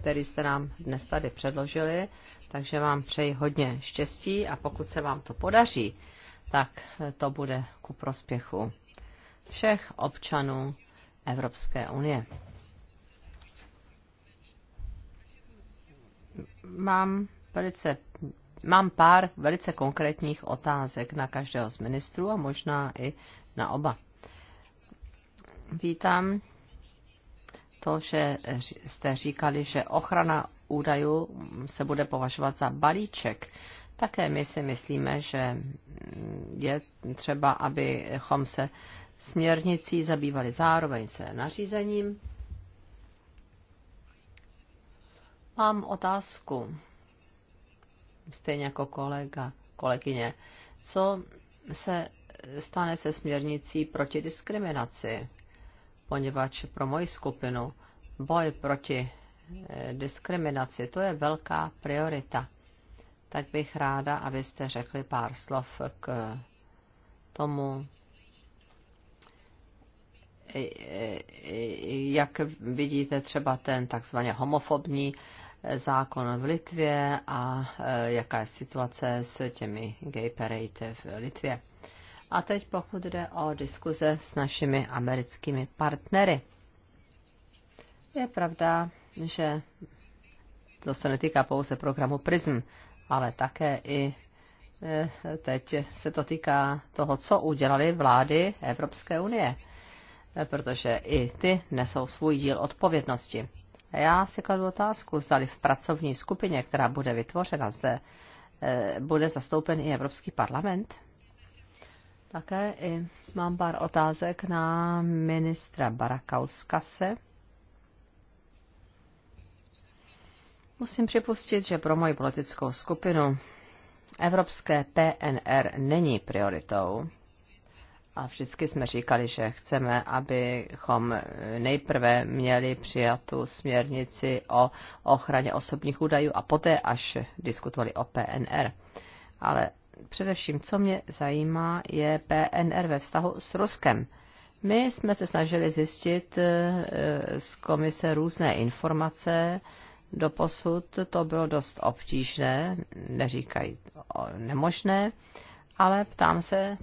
který jste nám dnes tady předložili takže vám přeji hodně štěstí a pokud se vám to podaří, tak to bude ku prospěchu všech občanů Evropské unie. Mám, velice, mám pár velice konkrétních otázek na každého z ministrů a možná i na oba. Vítám to, že jste říkali, že ochrana údajů se bude považovat za balíček. Také my si myslíme, že je třeba, abychom se směrnicí zabývali zároveň se nařízením. Mám otázku, stejně jako kolega, kolegyně. Co se stane se směrnicí proti diskriminaci? Poněvadž pro moji skupinu boj proti Eh, diskriminaci. To je velká priorita. Tak bych ráda, abyste řekli pár slov k tomu, jak vidíte třeba ten takzvaně homofobní eh, zákon v Litvě a eh, jaká je situace s těmi gay parade v Litvě. A teď pokud jde o diskuze s našimi americkými partnery. Je pravda, že to se netýká pouze programu PRISM, ale také i e, teď se to týká toho, co udělali vlády Evropské unie, e, protože i ty nesou svůj díl odpovědnosti. Já si kladu otázku, zdali v pracovní skupině, která bude vytvořena zde, e, bude zastoupen i Evropský parlament. Také i mám pár otázek na ministra Barakauskase Musím připustit, že pro moji politickou skupinu evropské PNR není prioritou. A vždycky jsme říkali, že chceme, abychom nejprve měli přijatou směrnici o ochraně osobních údajů a poté až diskutovali o PNR. Ale především, co mě zajímá, je PNR ve vztahu s Ruskem. My jsme se snažili zjistit eh, z komise různé informace, Doposud to bylo dost obtížné, neříkají nemožné, ale ptám se,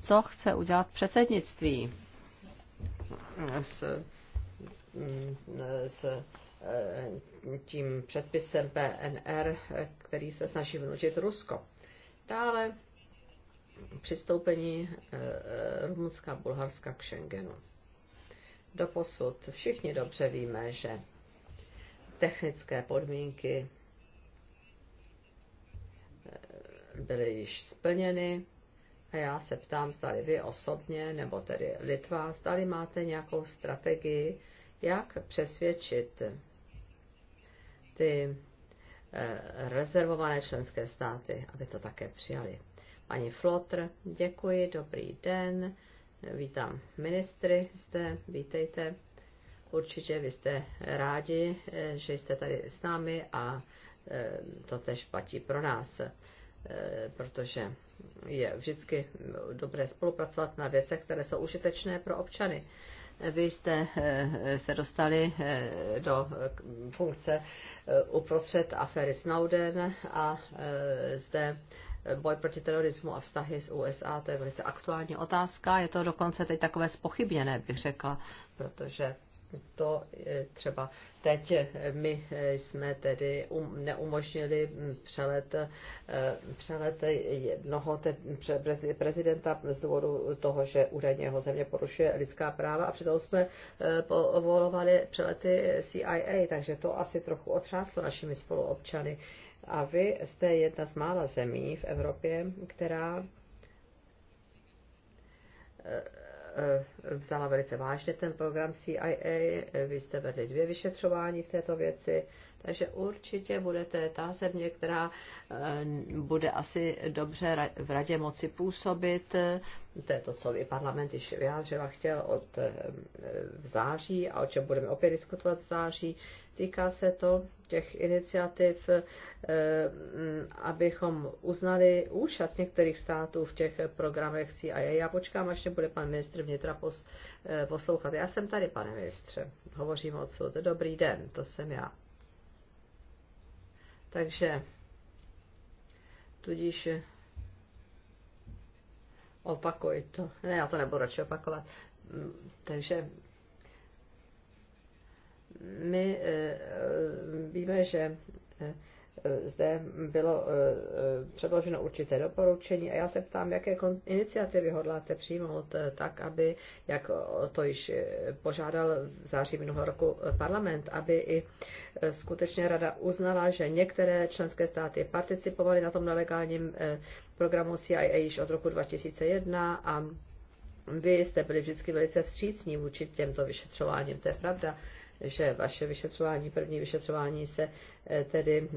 co chce udělat předsednictví s, s eh, tím předpisem PNR, který se snaží vnutit Rusko. Dále přistoupení eh, Rumunska a Bulharska k Schengenu. Doposud všichni dobře víme, že technické podmínky eh, byly již splněny. A já se ptám, zdali vy osobně, nebo tedy Litva, zdali máte nějakou strategii, jak přesvědčit ty eh, rezervované členské státy, aby to také přijali. Paní Flotr, děkuji, dobrý den, vítám ministry zde, vítejte. Určitě vy jste rádi, eh, že jste tady s námi a eh, to tež platí pro nás, eh, protože je vždycky dobré spolupracovat na věcech, které jsou užitečné pro občany. Vy jste se dostali do funkce uprostřed aféry Snowden a zde boj proti terorismu a vztahy s USA, to je velice aktuální otázka. Je to dokonce teď takové spochybněné, bych řekla, protože to eh, třeba teď eh, my eh, jsme tedy um, neumožnili mm, přelet, přelet jednoho prezidenta z důvodu toho, že údajně jeho země porušuje lidská práva a přitom jsme povolovali přelety CIA, takže to asi trochu otřáslo našimi spoluobčany. A vy jste jedna z mála zemí v Evropě, která Eh, vzala velice vážně ten program CIA. Vy jste vedli dvě vyšetřování v této věci, takže určitě budete ta země, která eh, bude asi dobře v radě moci působit. To je to, co i parlament již vyjádřila, chtěl od eh, v září a o čem budeme opět diskutovat v září. Týká se to těch iniciativ, eh, mm, abychom uznali účast některých států v těch programech CIA. Já počkám, až mě bude pan ministr vnitra eh, poslouchat. Já jsem tady, pane ministře, hovořím odsud. Dobrý den, to jsem já. Takže, tudíž eh, opakuj to. Ne, já to nebudu radši opakovat. Mm, takže my eh, eh, víme, že eh, zde bylo předloženo určité doporučení a já se ptám, jaké iniciativy hodláte přijmout tak, aby, jak to již požádal v září minulého roku parlament, aby i skutečně rada uznala, že některé členské státy participovaly na tom nelegálním programu CIA již od roku 2001 a vy jste byli vždycky velice vstřícní vůči těmto vyšetřováním, to je pravda že vaše vyšetřování, první vyšetřování se eh, tedy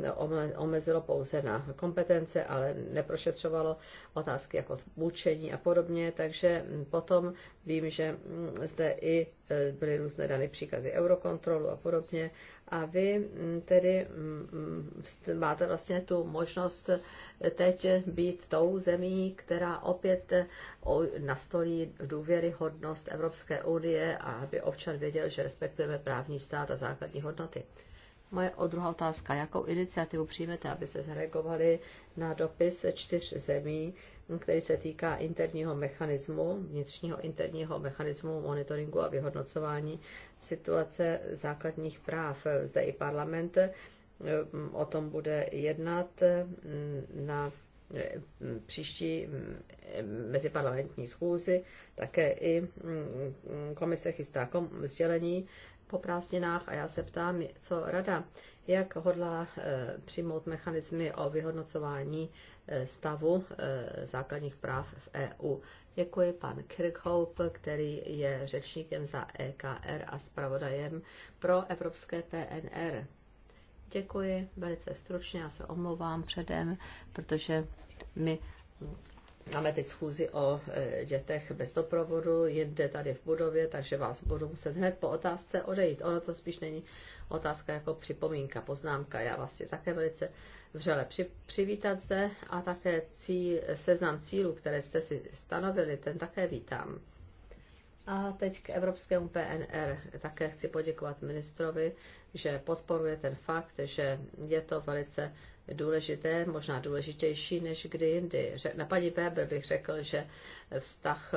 omezilo pouze na kompetence, ale neprošetřovalo otázky jako mučení a podobně, takže mm, potom vím, že mm, zde i eh, byly různé dany příkazy Eurokontrolu a podobně a vy mm, tedy mm, mm, máte vlastně tu možnost teď být tou zemí, která opět eh, nastolí důvěryhodnost Evropské unie a aby občan věděl, že respektujeme právní stát a základní hodnoty. Moje druhá otázka. Jakou iniciativu přijmete, abyste zareagovali na dopis čtyř zemí, No, který se týká interního mechanismu, vnitřního interního mechanismu monitoringu a vyhodnocování situace základních práv. Zde i parlament eh, o tom bude jednat mm, na eh, příští mm, meziparlamentní schůzi. Také i mm, komise chystá sdělení po prázdninách a já se ptám, co rada jak hodlá eh, přijmout mechanismy o vyhodnocování eh, stavu eh, základních práv v EU. Děkuji pan Kirkhope, který je řečníkem za EKR a zpravodajem pro Evropské PNR. Děkuji, velice stručně, já se omlouvám předem, protože my Máme teď schůzi o dětech bez doprovodu, jinde tady v budově, takže vás budu muset hned po otázce odejít. Ono to spíš není otázka jako připomínka, poznámka. Já vás je také velice vřele při, přivítat zde a také cíl, seznam cílů, které jste si stanovili, ten také vítám. A teď k evropskému PNR. Také chci poděkovat ministrovi, že podporuje ten fakt, že je to velice důležité, možná důležitější než kdy jindy. Na paní Weber bych řekl, že vztah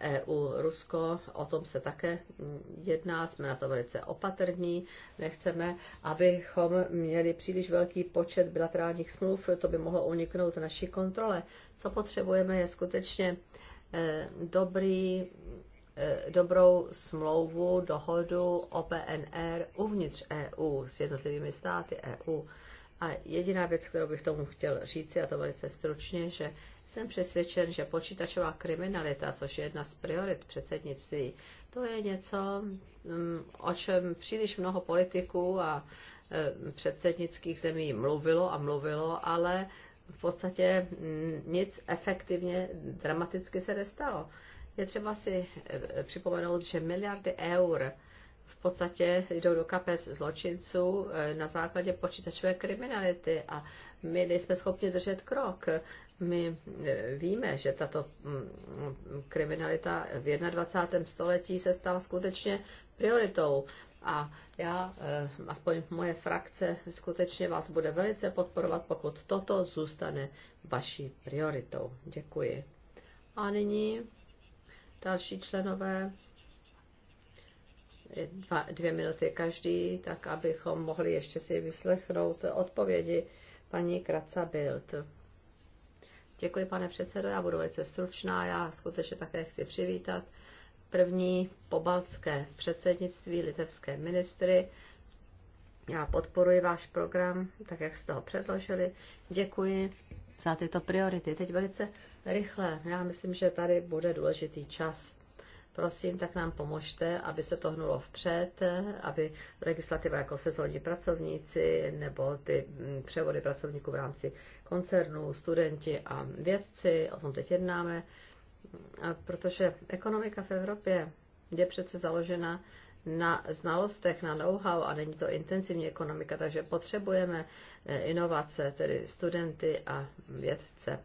EU-Rusko, eh, e o tom se také mm, jedná, jsme na to velice opatrní, nechceme, abychom měli příliš velký počet bilaterálních smluv, to by mohlo uniknout naší kontrole. Co potřebujeme je skutečně eh, dobrý eh, dobrou smlouvu, dohodu o PNR uvnitř EU s jednotlivými státy EU. A jediná věc, kterou bych tomu chtěl říct, a to velice stručně, že jsem přesvědčen, že počítačová kriminalita, což je jedna z priorit předsednictví, to je něco, mm, o čem příliš mnoho politiků a e, předsednických zemí mluvilo a mluvilo, ale v podstatě mm, nic efektivně dramaticky se nestalo. Je třeba si e, připomenout, že miliardy eur v podstatě jdou do kapes zločinců eh, na základě počítačové kriminality a my nejsme schopni držet krok. My eh, víme, že tato mm, kriminalita v 21. století se stala skutečně prioritou. A já, eh, aspoň moje frakce, skutečně vás bude velice podporovat, pokud toto zůstane vaší prioritou. Děkuji. A nyní další členové dva, dvě minuty každý, tak abychom mohli ještě si vyslechnout odpovědi paní Kraca Bild. Děkuji, pane předsedo, já budu velice stručná. Já skutečně také chci přivítat první pobaltské předsednictví litevské ministry. Já podporuji váš program, tak jak jste ho předložili. Děkuji za tyto priority. Teď velice rychle. Já myslím, že tady bude důležitý čas prosím, tak nám pomožte, aby se to hnulo vpřed, aby legislativa jako sezónní pracovníci nebo ty mm, převody pracovníků v rámci koncernů, studenti a vědci, o tom teď jednáme, a protože ekonomika v Evropě je přece založena na znalostech, na know-how a není to intenzivní ekonomika, takže potřebujeme e, inovace, tedy studenty a vědce.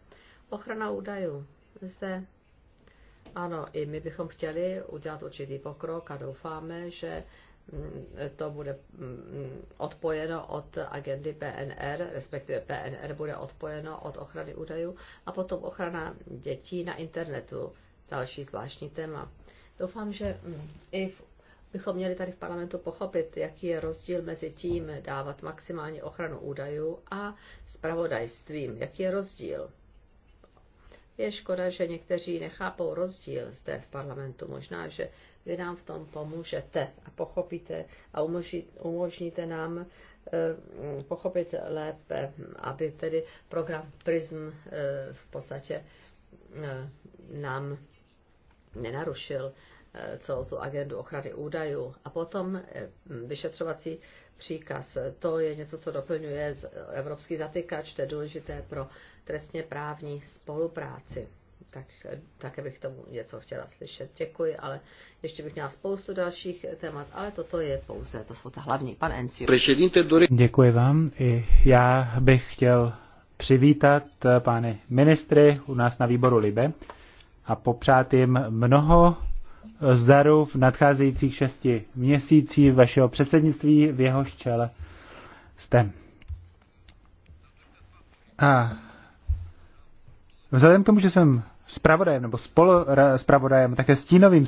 Ochrana údajů. Zde ano, i my bychom chtěli udělat určitý pokrok a doufáme, že mm, to bude mm, odpojeno od agendy PNR, respektive PNR bude odpojeno od ochrany údajů a potom ochrana dětí na internetu, další zvláštní téma. Doufám, že mm, i v, bychom měli tady v parlamentu pochopit, jaký je rozdíl mezi tím dávat maximální ochranu údajů a spravodajstvím. Jaký je rozdíl? Je škoda, že někteří nechápou rozdíl zde v parlamentu. Možná, že vy nám v tom pomůžete a pochopíte a umožníte nám eh, pochopit lépe, aby tedy program PRISM eh, v podstatě eh, nám nenarušil celou tu agendu ochrany údajů. A potom vyšetřovací příkaz. To je něco, co doplňuje evropský zatykač, to je důležité pro trestně právní spolupráci. Tak, také bych tomu něco chtěla slyšet. Děkuji, ale ještě bych měla spoustu dalších témat, ale toto je pouze, to jsou ta hlavní. Pan Encio. Děkuji vám. I já bych chtěl přivítat eh, pány ministry u nás na výboru Libe a popřát jim mnoho zdaru v nadcházejících šesti měsící vašeho předsednictví v jeho čele jste. A vzhledem k tomu, že jsem zpravodajem nebo spolu také stínovým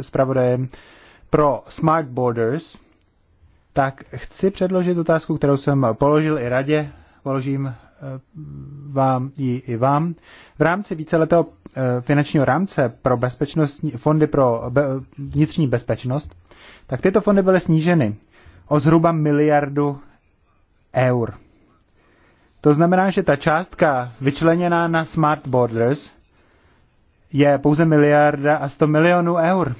zpravodajem pro Smart Borders, tak chci předložit otázku, kterou jsem položil i radě, položím vám, i, i vám. V rámci víceletého eh, finančního rámce pro bezpečnostní, fondy pro be, vnitřní bezpečnost, tak tyto fondy byly sníženy o zhruba miliardu eur. To znamená, že ta částka vyčleněná na Smart Borders je pouze miliarda a 100 milionů eur.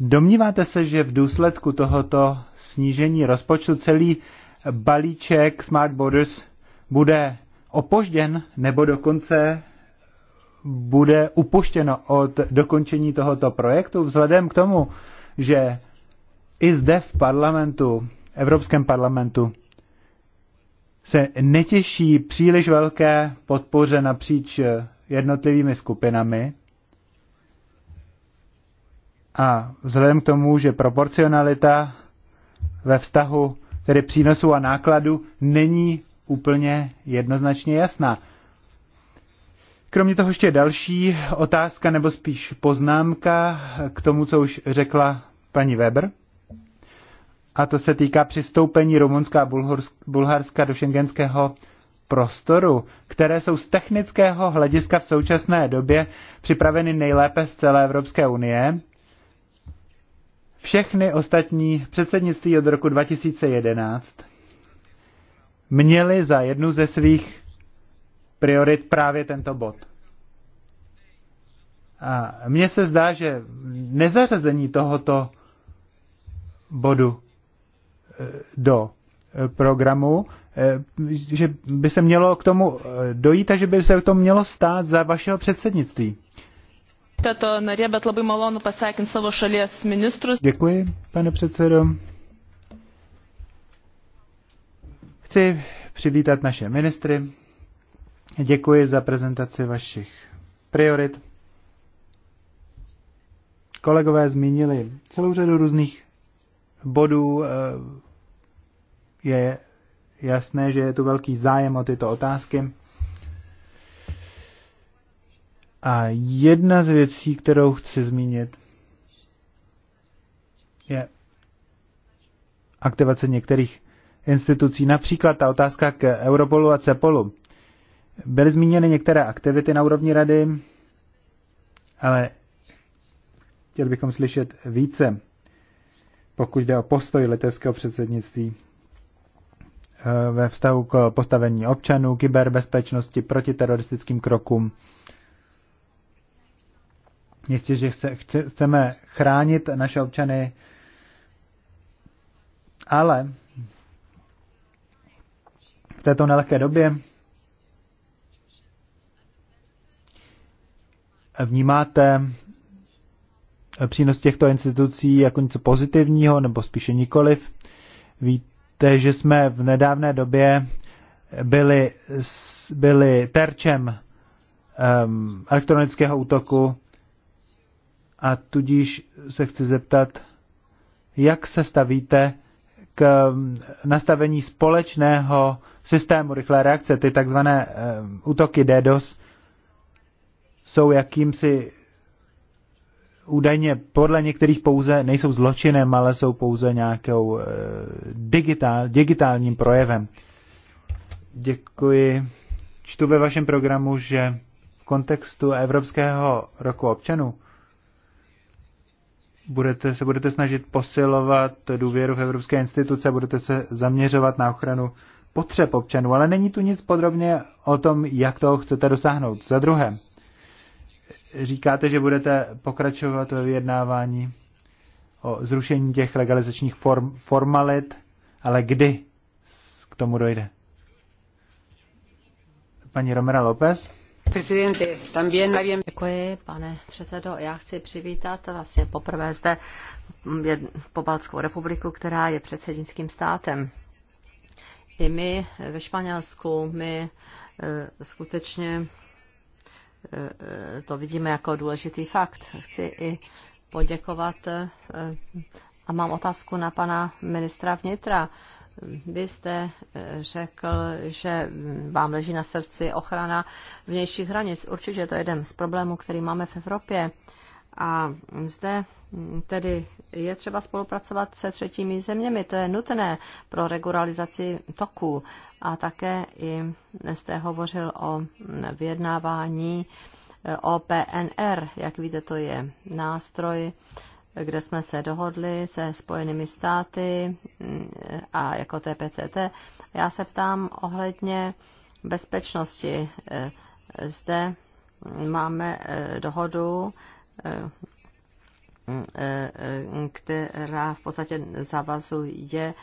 Domníváte se, že v důsledku tohoto snížení rozpočtu celý balíček Smart Borders bude opožděn nebo dokonce bude upuštěno od dokončení tohoto projektu, vzhledem k tomu, že i zde v parlamentu, Evropském parlamentu, se netěší příliš velké podpoře napříč jednotlivými skupinami. A vzhledem k tomu, že proporcionalita ve vztahu tedy přínosu a nákladu, není úplně jednoznačně jasná. Kromě toho ještě další otázka, nebo spíš poznámka k tomu, co už řekla paní Weber. A to se týká přistoupení Rumunska a Bulharska do šengenského prostoru, které jsou z technického hlediska v současné době připraveny nejlépe z celé Evropské unie všechny ostatní předsednictví od roku 2011 měli za jednu ze svých priorit právě tento bod. A mně se zdá, že nezařazení tohoto bodu eh, do eh, programu, eh, že by se mělo k tomu dojít a že by se to mělo stát za vašeho předsednictví narė, bet labai malonu pasveikinti savo šalies ministrus. Děkuji, pane předsedo. Chci přivítat naše ministry. Děkuji za prezentaci vašich priorit. Kolegové zmínili celou řadu různých bodů. Eh, je jasné, že je tu velký zájem o tyto otázky. A jedna z věcí, kterou chci zmínit, je aktivace některých institucí, například ta otázka k Europolu a Cepolu. Byly zmíněny některé aktivity na úrovni rady, ale chtěli bychom slyšet více, pokud jde o postoj litevského předsednictví eh, ve vztahu k postavení občanů, kyberbezpečnosti, protiteroristickým krokům Jistě, že chce, chce, chceme chránit naše občany, ale v této nelehké době vnímáte přínos těchto institucí jako něco pozitivního, nebo spíše nikoliv. Víte, že jsme v nedávné době byli, byli terčem um, elektronického útoku a tudíž se chci zeptat, jak se stavíte k mm, nastavení společného systému rychlé reakce. Ty takzvané eh, útoky DDoS jsou jakýmsi údajně podle některých pouze nejsou zločinem, ale jsou pouze nějakou eh, digitál, digitálním projevem. Děkuji. Čtu ve vašem programu, že v kontextu Evropského roku občanů budete, se budete snažit posilovat důvěru v evropské instituce, budete se zaměřovat na ochranu potřeb občanů, ale není tu nic podrobně o tom, jak toho chcete dosáhnout. Za druhé, říkáte, že budete pokračovat ve vyjednávání o zrušení těch legalizačních form, formalit, ale kdy k tomu dojde? Paní Romera López? pane předsedo. Já chci přivítat vlastně poprvé zde Pobaltskou republiku, která je předsednickým státem. I my ve Španělsku, my e, skutečně e, e, to vidíme jako důležitý fakt. Chci i poděkovat a mám otázku na pana ministra vnitra vy jste eh, řekl, že vám leží na srdci ochrana vnějších hranic. Určitě to je jeden z problémů, který máme v Evropě. A zde tedy je třeba spolupracovat se třetími zeměmi. To je nutné pro regularizaci toků. A také i jste hovořil o vyjednávání eh, o PNR. Jak víte, to je nástroj, kde jsme se dohodli se Spojenými státy mm, a jako TPCT. Já se ptám ohledně bezpečnosti. Eh, zde máme eh, dohodu, eh, která v podstatě zavazuje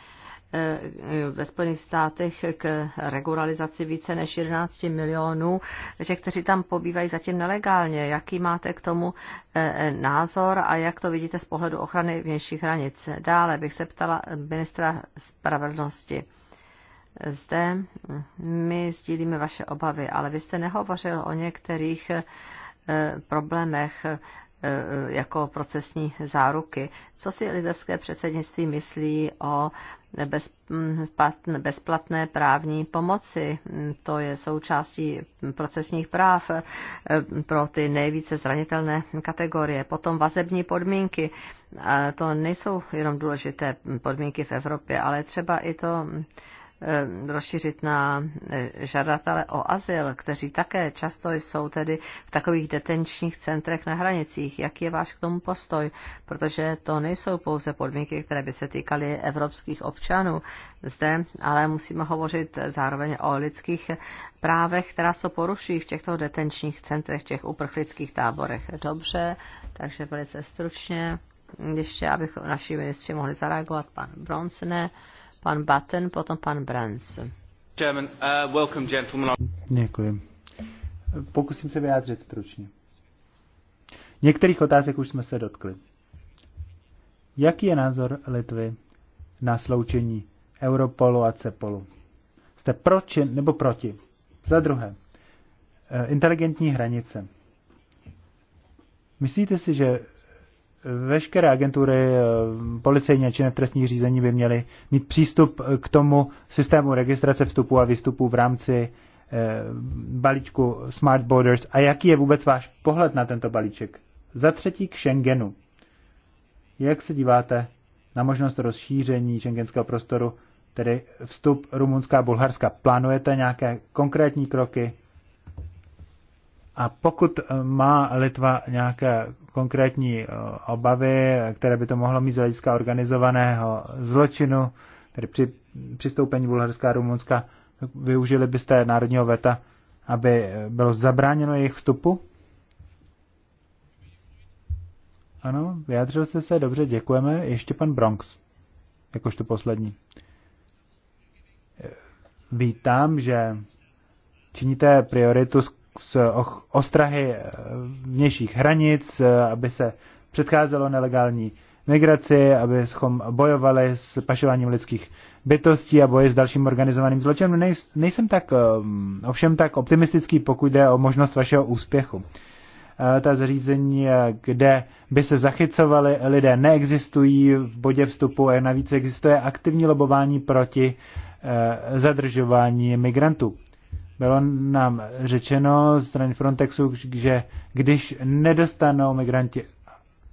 Eh, ve Spojených státech k regularizaci více než 11 milionů, že kteří tam pobývají zatím nelegálně. Jaký máte k tomu eh, názor a jak to vidíte z pohledu ochrany vnějších hranic? Dále bych se ptala ministra spravedlnosti. Zde my sdílíme vaše obavy, ale vy jste nehovořil o některých eh, problémech Eh, jako procesní záruky. Co si litevské předsednictví myslí o hm, bezplatné právní pomoci? Hm, to je součástí procesních práv eh, pro ty nejvíce zranitelné kategorie. Potom vazební podmínky. Eh, to nejsou jenom důležité podmínky v Evropě, ale třeba i to, hm, Eh, rozšířit na eh, žadatele o azyl, kteří také často jsou tedy v takových detenčních centrech na hranicích. Jaký je váš k tomu postoj? Protože to nejsou pouze podmínky, které by se týkaly evropských občanů zde, ale musíme hovořit zároveň o lidských právech, která se porušují v těchto detenčních centrech, v těch uprchlických táborech. Dobře, takže velice stručně ještě, abych naši ministři mohli zareagovat, pan Bronsne pan Batten, potom pan Brans. Chairman, uh, welcome, gentlemen. Děkuji. Pokusím se vyjádřit stručně. Některých otázek už jsme se dotkli. Jaký je názor Litvy na sloučení Europolu a Cepolu? Jste proči nebo proti? Za druhé, eh, inteligentní hranice. Myslíte si, že veškeré agentury eh, policejní či činné trestní řízení by měly mít přístup eh, k tomu systému registrace vstupu a výstupu v rámci eh, balíčku Smart Borders a jaký je vůbec váš pohled na tento balíček? Za třetí k Schengenu. Jak se díváte na možnost rozšíření šengenského prostoru, tedy vstup Rumunská a Bulharska? Plánujete nějaké konkrétní kroky? A pokud má Litva nějaké konkrétní eh, obavy, které by to mohlo mít z hlediska organizovaného zločinu, tedy při přistoupení Bulharska a Rumunska, využili byste národního veta, aby bylo zabráněno jejich vstupu? Ano, vyjádřil jste se, dobře, děkujeme. Ještě pan Bronx, jakožto poslední. Eh, vítám, že činíte prioritu z ostrahy eh, vnějších hranic, eh, aby se předcházelo nelegální migraci, abychom bojovali s pašováním lidských bytostí a boji s dalším organizovaným zločinem. Nej, nejsem tak, eh, ovšem tak optimistický, pokud jde o možnost vašeho úspěchu. Ta zařízení, kde by se zachycovali lidé, neexistují v bodě vstupu a navíc existuje aktivní lobování proti zadržování migrantů. Bylo nám řečeno z strany Frontexu, že když nedostanou migranti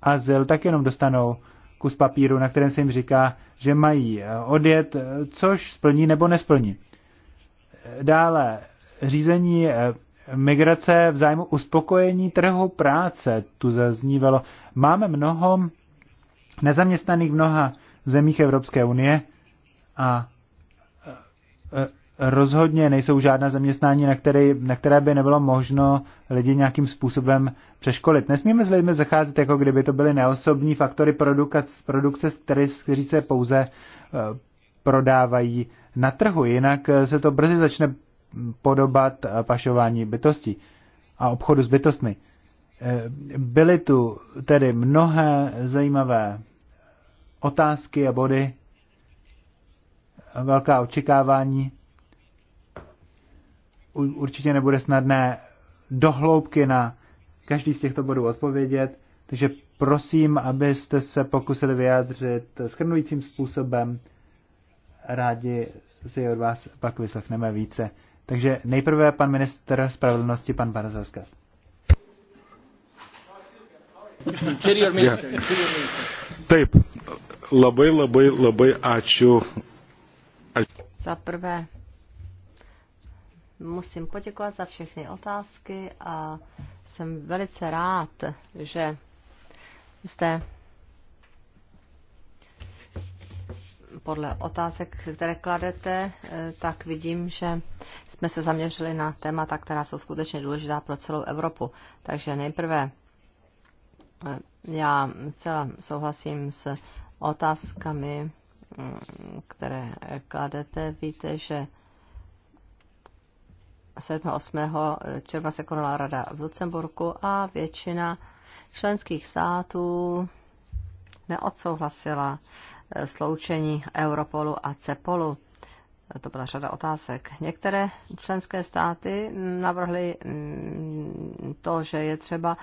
azyl, tak jenom dostanou kus papíru, na kterém se jim říká, že mají eh, odjet, eh, což splní nebo nesplní. Dále řízení eh, migrace v zájmu uspokojení trhu práce, tu zaznívalo. Máme mnoho nezaměstnaných v mnoha zemích Evropské unie a rozhodně nejsou žádná zaměstnání, na které, na které by nebylo možno lidi nějakým způsobem přeškolit. Nesmíme s lidmi zacházet, jako kdyby to byly neosobní faktory produkce, které, kteří se pouze eh, prodávají na trhu, jinak eh, se to brzy začne podobat eh, pašování bytostí a obchodu s bytostmi. Byly tu tedy mnohé zajímavé otázky a body, velká očekávání určitě nebude snadné dohloubky na každý z těchto bodů odpovědět, takže prosím, abyste se pokusili vyjádřit skrnujícím způsobem. Rádi si od vás pak vyslechneme více. Takže nejprve pan minister spravedlnosti, pan Barazovskas. Taip, labai, labai, labai ačiū. Za prvé musím poděkovat za všechny otázky a jsem velice rád, že jste podle otázek, které kladete, tak vidím, že jsme se zaměřili na témata, která jsou skutečně důležitá pro celou Evropu. Takže nejprve já zcela souhlasím s otázkami, které kladete. Víte, že 7. 8. Eh, června se konala rada v Lucemburku a většina členských států neodsouhlasila eh, sloučení Europolu a CEPOLu. Eh, to byla řada otázek. Některé členské státy mm, navrhly mm, to, že je třeba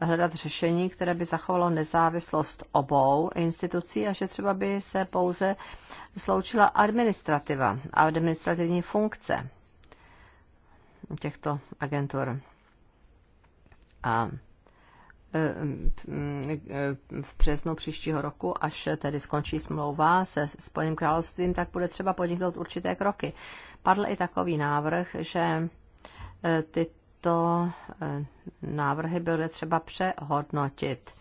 hledat řešení, které by zachovalo nezávislost obou institucí a že třeba by se pouze sloučila administrativa a administrativní funkce těchto agentur. A e, e, e, v březnu příštího roku, až tedy skončí smlouva se Spojeným královstvím, tak bude třeba podniknout určité kroky. Padl i takový návrh, že tyto návrhy byly třeba přehodnotit.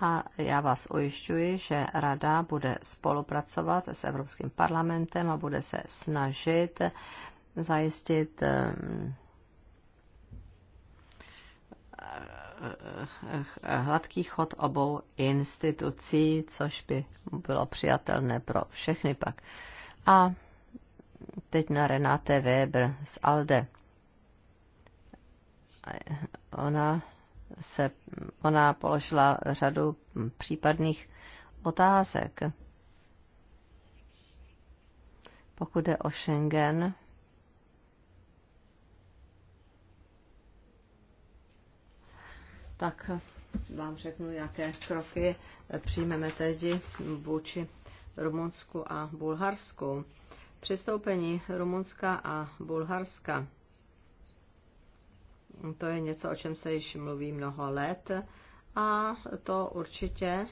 A já vás ujišťuji, že Rada bude spolupracovat s Evropským parlamentem a bude se snažit zajistit hladký chod obou institucí, což by bylo přijatelné pro všechny pak. A teď na Renate Weber z Alde. Ona, se, ona položila řadu případných otázek. Pokud je o Schengen, tak vám řeknu, jaké kroky přijmeme teď vůči Rumunsku a Bulharsku. Přistoupení Rumunska a Bulharska. To je něco, o čem se již mluví mnoho let a to určitě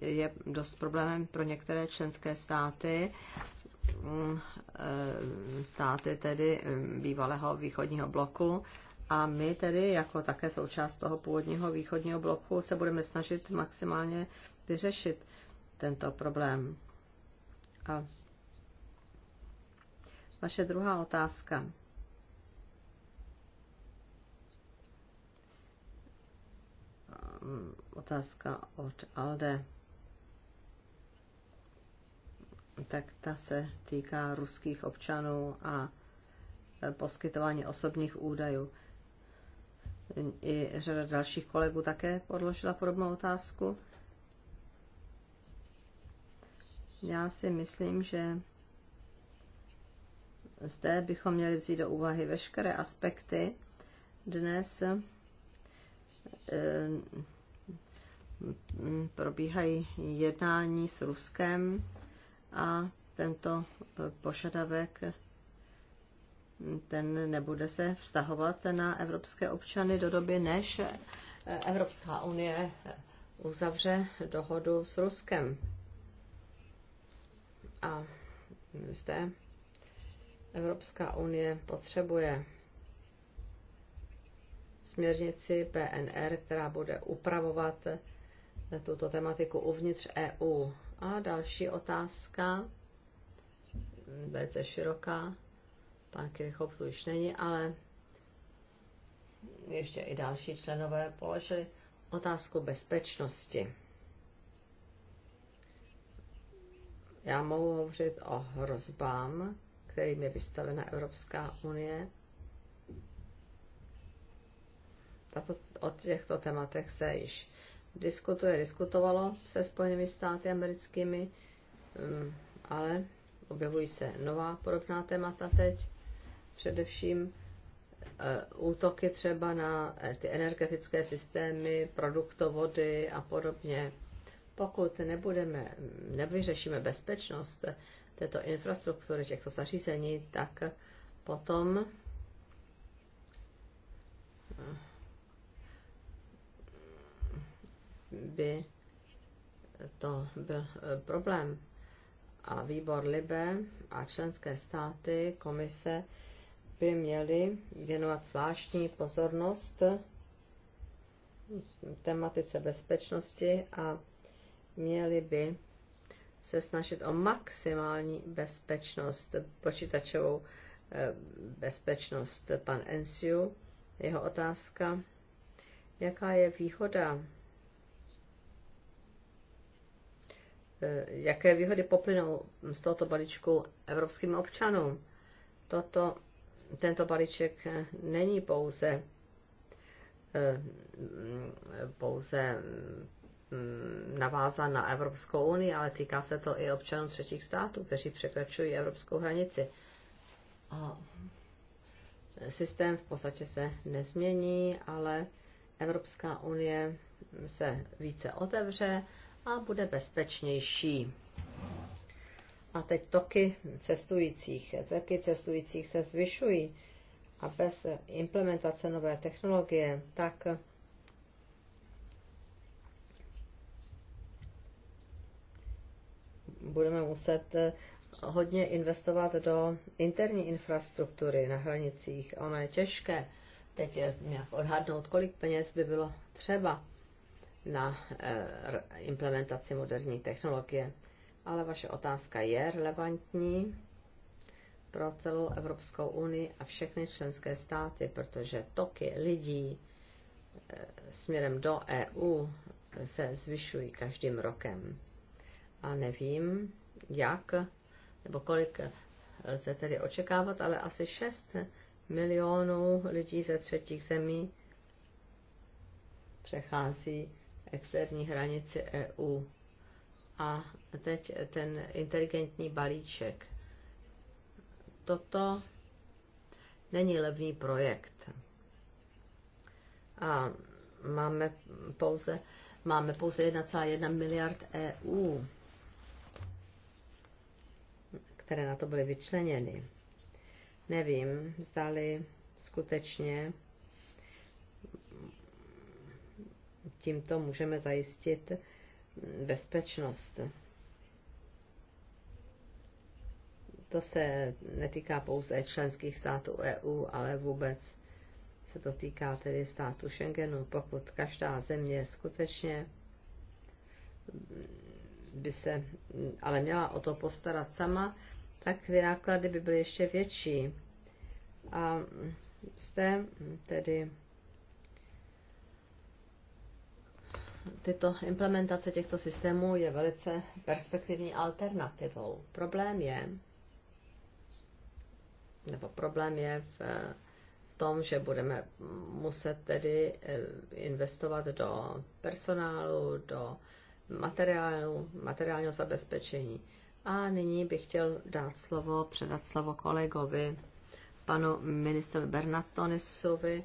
je dost problémem pro některé členské státy, státy tedy bývalého východního bloku, a my tedy jako také součást toho původního východního bloku se budeme snažit maximálně vyřešit tento problém. A vaše druhá otázka. Otázka od Alde. Tak ta se týká ruských občanů a poskytování osobních údajů i řada dalších kolegů také podložila podobnou otázku. Já si myslím, že zde bychom měli vzít do úvahy veškeré aspekty. Dnes eh, mm, probíhají jednání s Ruskem a tento požadavek ten nebude se vztahovat na evropské občany do doby, než Evropská unie uzavře dohodu s Ruskem. A zde Evropská unie potřebuje směrnici PNR, která bude upravovat tuto tematiku uvnitř EU. A další otázka, velice široká, Pan Kirchhoff tu již není, ale ještě i další členové položili otázku bezpečnosti. Já mohu hovořit o hrozbám, kterým je vystavena Evropská unie. Tato, o těchto tématech se již diskutuje, diskutovalo se Spojenými státy americkými, mm, ale objevují se nová podobná témata teď především eh, útoky třeba na eh, ty energetické systémy, produktovody a podobně. Pokud nebudeme, nevyřešíme bezpečnost eh, této infrastruktury, těchto zařízení, tak potom by to byl problém. A výbor Libe a členské státy, komise, by měli věnovat zvláštní pozornost tematice bezpečnosti a měli by se snažit o maximální bezpečnost, počítačovou eh, bezpečnost. Pan Ensiu, jeho otázka, jaká je výhoda, eh, jaké výhody poplynou z tohoto balíčku evropským občanům. Toto tento balíček není pouze eh, pouze mm, navázan na Evropskou unii, ale týká se to i občanů třetích států, kteří překračují evropskou hranici. A systém v podstatě se nezmění, ale Evropská unie se více otevře a bude bezpečnější. A teď toky cestujících. Toky cestujících se zvyšují a bez implementace nové technologie, tak budeme muset hodně investovat do interní infrastruktury na hranicích. Ono je těžké teď nějak odhadnout, kolik peněz by bylo třeba na eh, implementaci moderní technologie ale vaše otázka je relevantní pro celou Evropskou unii a všechny členské státy, protože toky lidí eh, směrem do EU se zvyšují každým rokem. A nevím, jak nebo kolik lze tedy očekávat, ale asi 6 milionů lidí ze třetích zemí přechází externí hranici EU a teď ten inteligentní balíček. Toto není levný projekt. A máme pouze, máme pouze 1,1 miliard EU, které na to byly vyčleněny. Nevím, zdali skutečně tímto můžeme zajistit bezpečnost. To se netýká pouze členských států EU, ale vůbec se to týká tedy státu Schengenu. Pokud každá země skutečně by se ale měla o to postarat sama, tak ty náklady by byly ještě větší. A jste tedy tyto implementace těchto systémů je velice perspektivní alternativou. Problém je, nebo problém je v, v tom, že budeme muset tedy eh, investovat do personálu, do materiálu, materiálního zabezpečení. A nyní bych chtěl dát slovo, předat slovo kolegovi, panu ministru Bernatonisovi,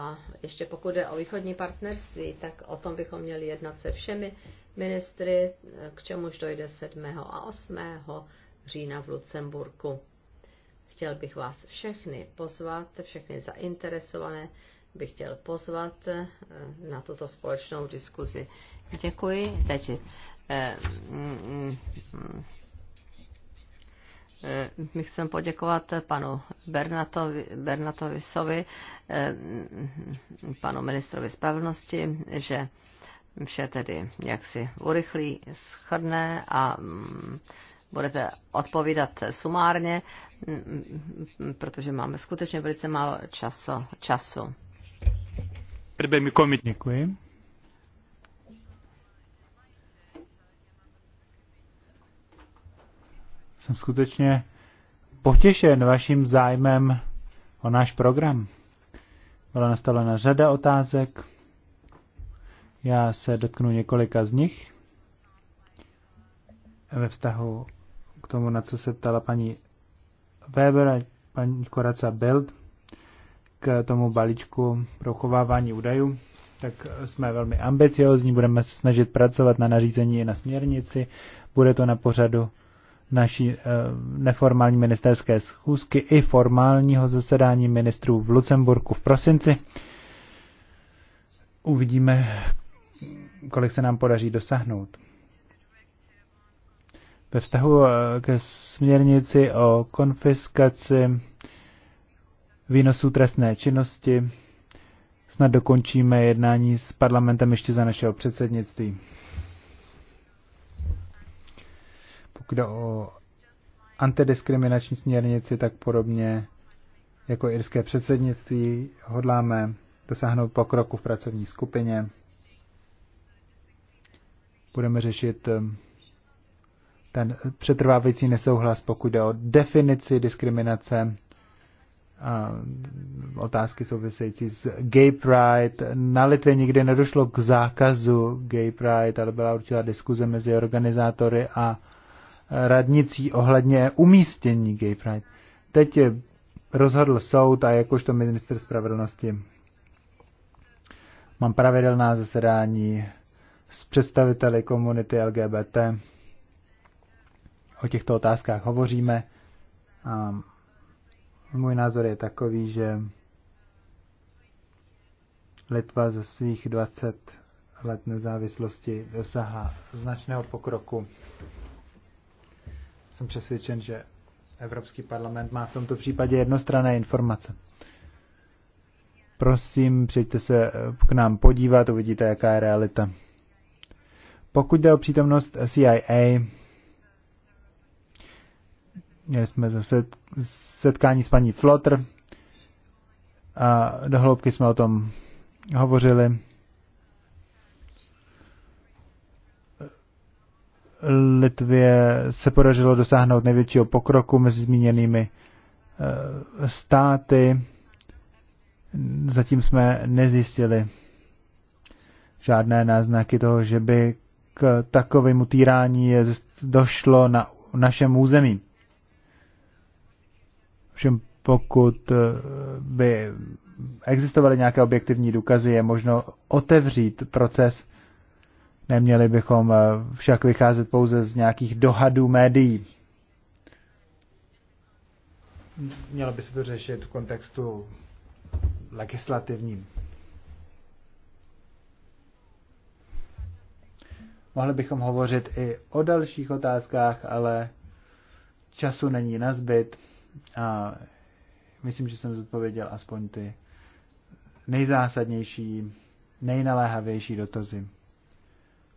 a ještě pokud jde o východní partnerství, tak o tom bychom měli jednat se všemi ministry, k čemuž dojde 7. a 8. října v Lucemburku. Chtěl bych vás všechny pozvat, všechny zainteresované bych chtěl pozvat eh, na tuto společnou diskuzi. Děkuji. Teď eh, mm, mm, Eh, my chceme poděkovat panu Bernatovi, Sovi, eh, panu ministrovi spravedlnosti, že vše tedy jaksi urychlí, schrne a mm, budete odpovídat sumárně, mm, protože máme skutečně velice málo času. času. Děkuji. jsem skutečně potěšen vaším zájmem o náš program. Byla nastavena řada otázek. Já se dotknu několika z nich ve vztahu k tomu, na co se ptala paní Weber a paní Koraca Bild k tomu balíčku pro chovávání údajů, tak jsme velmi ambiciozní, budeme se snažit pracovat na nařízení i na směrnici, bude to na pořadu naší eh, neformální ministerské schůzky i formálního zasedání ministrů v Lucemburku v prosinci. Uvidíme, kolik se nám podaří dosáhnout. Ve vztahu eh, ke směrnici o konfiskaci výnosů trestné činnosti snad dokončíme jednání s parlamentem ještě za našeho předsednictví. Pokud jde o antidiskriminační směrnici, tak podobně jako irské předsednictví hodláme dosáhnout pokroku v pracovní skupině. Budeme řešit eh, ten přetrvávající nesouhlas, pokud jde o definici diskriminace, a otázky související s gay pride. Na Litvě nikdy nedošlo k zákazu gay pride, ale byla určitá diskuze mezi organizátory a radnicí ohledně umístění Gay Pride. Teď je rozhodl soud a jakožto minister spravedlnosti mám pravidelná zasedání s představiteli komunity LGBT. O těchto otázkách hovoříme. A můj názor je takový, že Litva ze svých 20 let nezávislosti dosáhla značného pokroku jsem přesvědčen, že Evropský parlament má v tomto případě jednostranné informace. Prosím, přijďte se eh, k nám podívat, uvidíte, jaká je realita. Pokud jde o přítomnost CIA, měli jsme zase setkání s paní Flotr a dohloubky jsme o tom hovořili. Litvě se podařilo dosáhnout největšího pokroku mezi zmíněnými eh, státy. Zatím jsme nezjistili žádné náznaky toho, že by k takovému týrání došlo na našem území. Všem pokud eh, by existovaly nějaké objektivní důkazy, je možno otevřít proces Neměli bychom eh, však vycházet pouze z nějakých dohadů médií. Mělo by se to řešit v kontextu legislativním. Mohli bychom hovořit i o dalších otázkách, ale času není na zbyt a myslím, že jsem zodpověděl aspoň ty nejzásadnější, nejnaléhavější dotazy.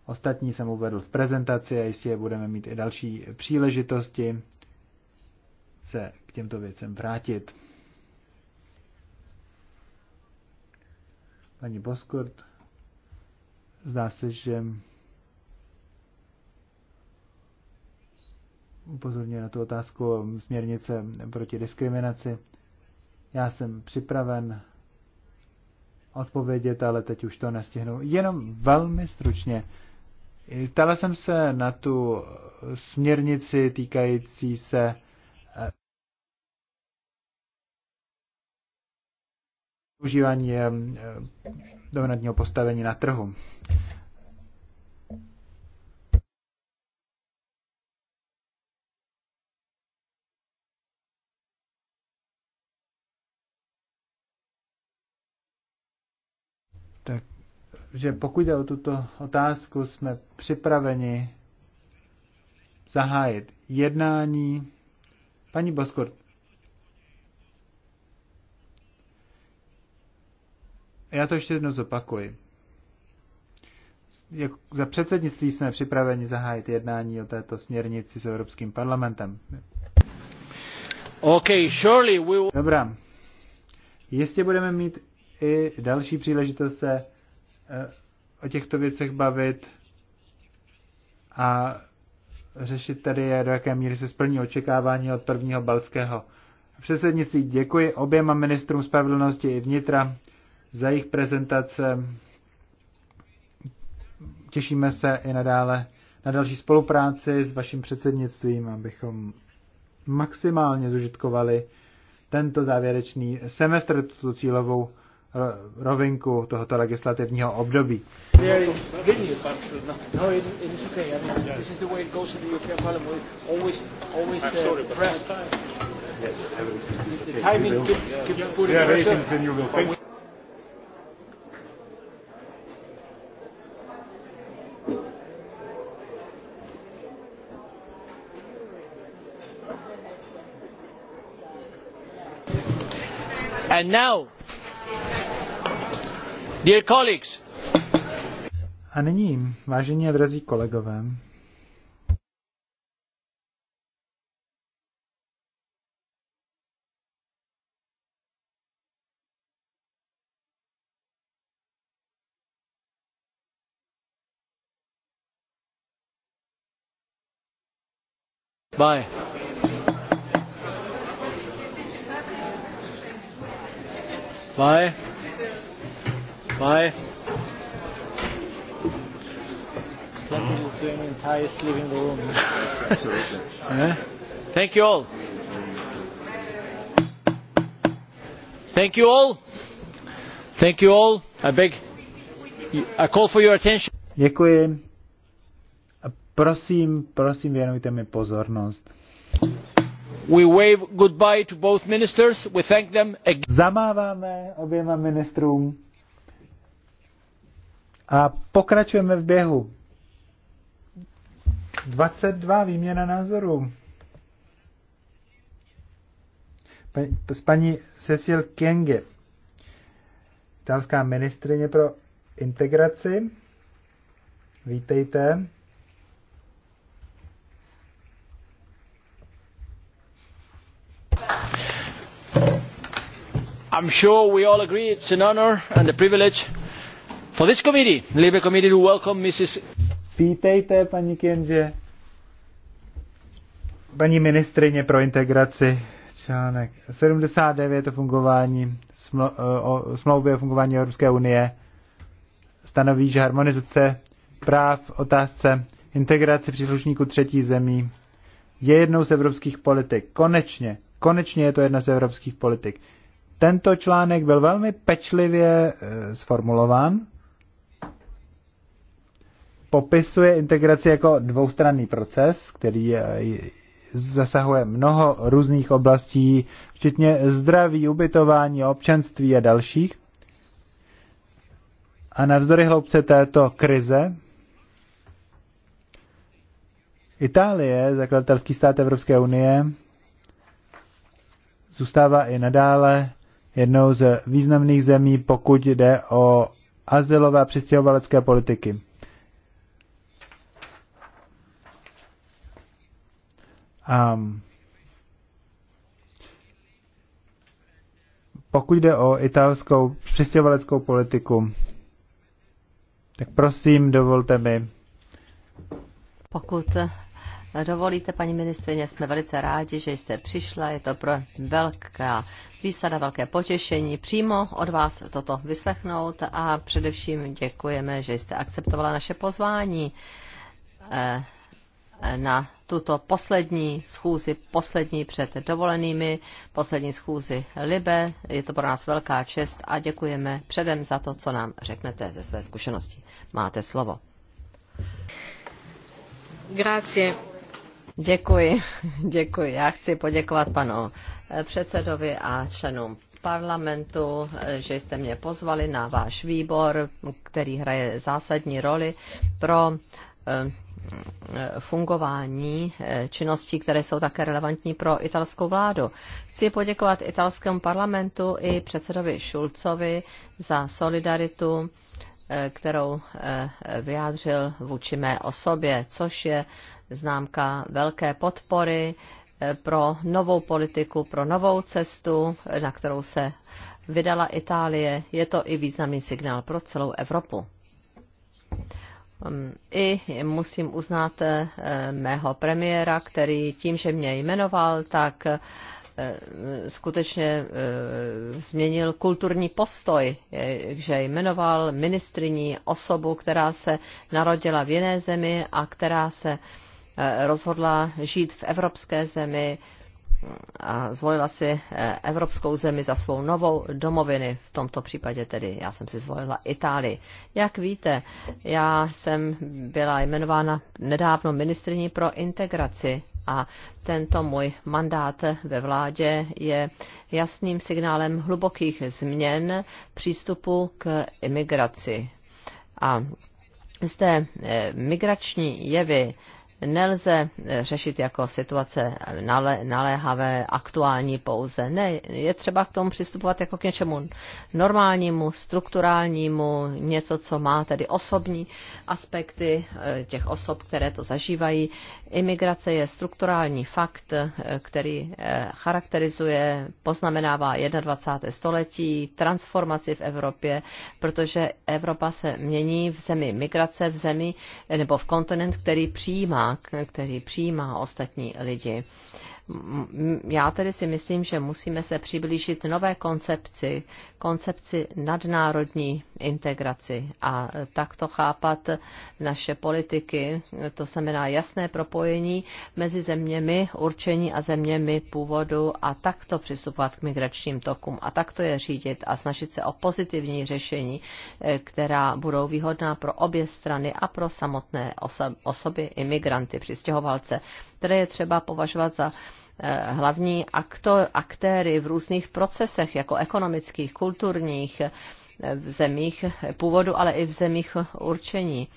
Ostatní jsem uvedl v prezentaci a jistě budeme mít i další příležitosti se k těmto věcem vrátit. Paní Boskurt, zdá se, že upozorně na tu otázku směrnice proti diskriminaci. Já jsem připraven odpovědět, ale teď už to nestihnu. Jenom velmi stručně Ptala jsem se na tu směrnici týkající se eh, užívání eh, dominantního postavení na trhu. Tak že pokud jde o tuto otázku, jsme připraveni zahájit jednání. Paní Boskurt, já to ještě jednou zopakuji. Jak za předsednictví jsme připraveni zahájit jednání o této směrnici s Evropským parlamentem. Okay, surely we will... Dobrá. Jistě budeme mít i další příležitost se Eh, o těchto věcech bavit a řešit tady je, do jaké míry se splní očekávání od prvního balského předsednictví. Děkuji oběma ministrům spravedlnosti i vnitra za jejich prezentace. Těšíme se i nadále na další spolupráci s vaším předsednictvím, abychom maximálně zužitkovali tento závěrečný semestr, tuto cílovou rovinku tohoto legislativního období. And now Dear colleagues. A nyní, vážení a drazí kolegové, Bye. Bye. Bye. Plenty of Lithuanian Thai leaving the room. Thank you all. Thank you all. Thank you all. I beg. I call for your attention. Děkuji. A prosím, prosím, věnujte mi pozornost. We wave goodbye to both ministers. We thank them again. Zamáváme oběma ministrům. A pokračujeme v běhu. 22 výměna názorů. S paní Cecil Kenge, italská ministrině pro integraci. Vítejte. I'm sure we all agree it's an honor and a privilege For this committee, Libe committee to welcome Mrs. Vítejte, paní Kienže. Paní ministrině pro integraci, článek 79 o fungování sml- o smlouvy o fungování Evropské unie stanoví, že harmonizace práv otázce integrace příslušníků třetí zemí je jednou z evropských politik. Konečně, konečně je to jedna z evropských politik. Tento článek byl velmi pečlivě e, sformulován popisuje integraci jako dvoustranný proces, který eh, zasahuje mnoho různých oblastí, včetně zdraví, ubytování, občanství a dalších. A navzdory hloubce této krize, Itálie, zakladatelský stát Evropské unie, zůstává i nadále jednou z významných zemí, pokud jde o azylové a přistěhovalecké politiky. Um, pokud jde o italskou přistěhovaleckou politiku, tak prosím, dovolte mi. Pokud dovolíte, paní ministrině, jsme velice rádi, že jste přišla. Je to pro velká výsada, velké potěšení přímo od vás toto vyslechnout a především děkujeme, že jste akceptovala naše pozvání eh, na tuto poslední schůzi, poslední před dovolenými, poslední schůzi Libe. Je to pro nás velká čest a děkujeme předem za to, co nám řeknete ze své zkušenosti. Máte slovo. Grazie. Děkuji, děkuji. Já chci poděkovat panu eh, předsedovi a členům parlamentu, eh, že jste mě pozvali na váš výbor, který hraje zásadní roli pro eh, fungování eh, činností, které jsou také relevantní pro italskou vládu. Chci poděkovat italskému parlamentu i předsedovi Šulcovi za solidaritu, eh, kterou eh, vyjádřil vůči mé osobě, což je známka velké podpory pro novou politiku, pro novou cestu, na kterou se vydala Itálie. Je to i významný signál pro celou Evropu i musím uznat eh, mého premiéra, který tím, že mě jmenoval, tak eh, skutečně eh, změnil kulturní postoj, že jmenoval ministriní osobu, která se narodila v jiné zemi a která se rozhodla žít v evropské zemi, a zvolila si eh, evropskou zemi za svou novou domoviny, v tomto případě tedy já jsem si zvolila Itálii. Jak víte, já jsem byla jmenována nedávno ministriní pro integraci a tento můj mandát ve vládě je jasným signálem hlubokých změn přístupu k imigraci. A zde eh, migrační jevy nelze eh, řešit jako situace naléhavé, aktuální pouze. Ne, je třeba k tomu přistupovat jako k něčemu normálnímu, strukturálnímu, něco, co má tedy osobní aspekty eh, těch osob, které to zažívají. Imigrace je strukturální fakt, eh, který charakterizuje, poznamenává 21. století, transformaci v Evropě, protože Evropa se mění v zemi migrace, v zemi nebo v kontinent, který přijímá Irák, který přijímá ostatní lidi. Já tedy si myslím, že musíme se přiblížit nové koncepci, koncepci nadnárodní integraci a takto chápat naše politiky, to znamená jasné propojení mezi zeměmi určení a zeměmi původu a takto přistupovat k migračním tokům a takto je řídit a snažit se o pozitivní řešení, eh, která budou výhodná pro obě strany a pro samotné osoby, imigranty, přistěhovalce které je třeba považovat za eh, hlavní akto, aktéry v různých procesech, jako ekonomických, kulturních, eh, v zemích původu, ale i v zemích určení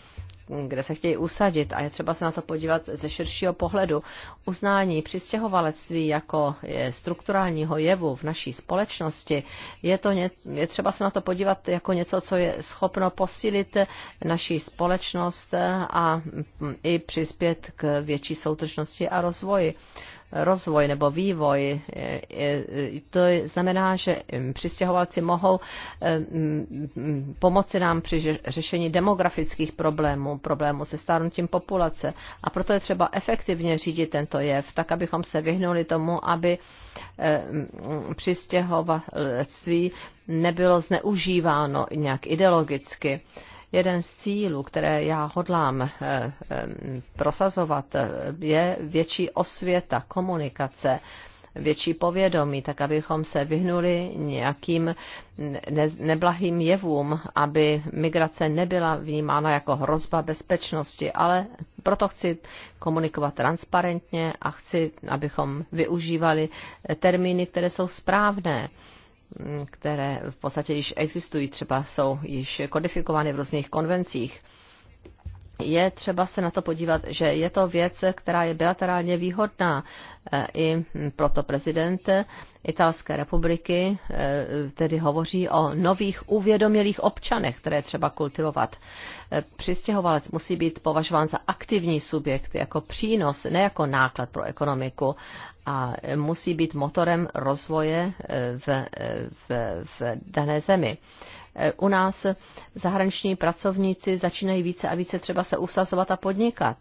kde se chtějí usadit a je třeba se na to podívat ze širšího pohledu. Uznání přistěhovalectví jako je strukturálního jevu v naší společnosti je, to ně, je třeba se na to podívat jako něco, co je schopno posílit naší společnost a i přispět k větší soutržnosti a rozvoji rozvoj nebo vývoj. E, e, to znamená, že přistěhovalci mohou e, pomoci nám při řešení demografických problémů, problémů se stárnutím populace. A proto je třeba efektivně řídit tento jev, tak abychom se vyhnuli tomu, aby přistěhovalství nebylo zneužíváno nějak ideologicky. Jeden z cílů, které já hodlám eh, eh, prosazovat, je větší osvěta, komunikace, větší povědomí, tak abychom se vyhnuli nějakým neblahým jevům, aby migrace nebyla vnímána jako hrozba bezpečnosti, ale proto chci komunikovat transparentně a chci, abychom využívali termíny, které jsou správné které v podstatě již existují, třeba jsou již kodifikovány v různých konvencích. Je třeba se na to podívat, že je to věc, která je bilaterálně výhodná i proto prezident Italské republiky e, tedy hovoří o nových uvědomělých občanech, které třeba kultivovat. E, přistěhovalec musí být považován za aktivní subjekt, jako přínos, ne jako náklad pro ekonomiku a musí být motorem rozvoje e, v, v, v dané zemi u nás zahraniční pracovníci začínají více a více třeba se usazovat a podnikat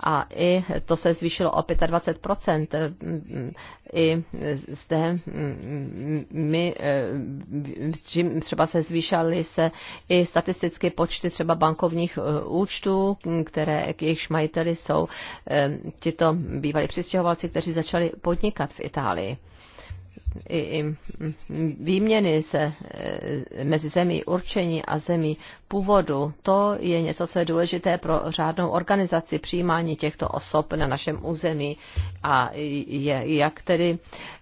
a i to se zvýšilo o 25%. I zde my e, třeba se zvýšaly se i statisticky počty třeba bankovních e, účtů, které k jejichž majiteli jsou e, tito bývalí přistěhovalci, kteří začali podnikat v Itálii i, i výměny se e, mezi zemí určení a zemí původu, to je něco, co je důležité pro řádnou organizaci přijímání těchto osob na našem území a je, jak tedy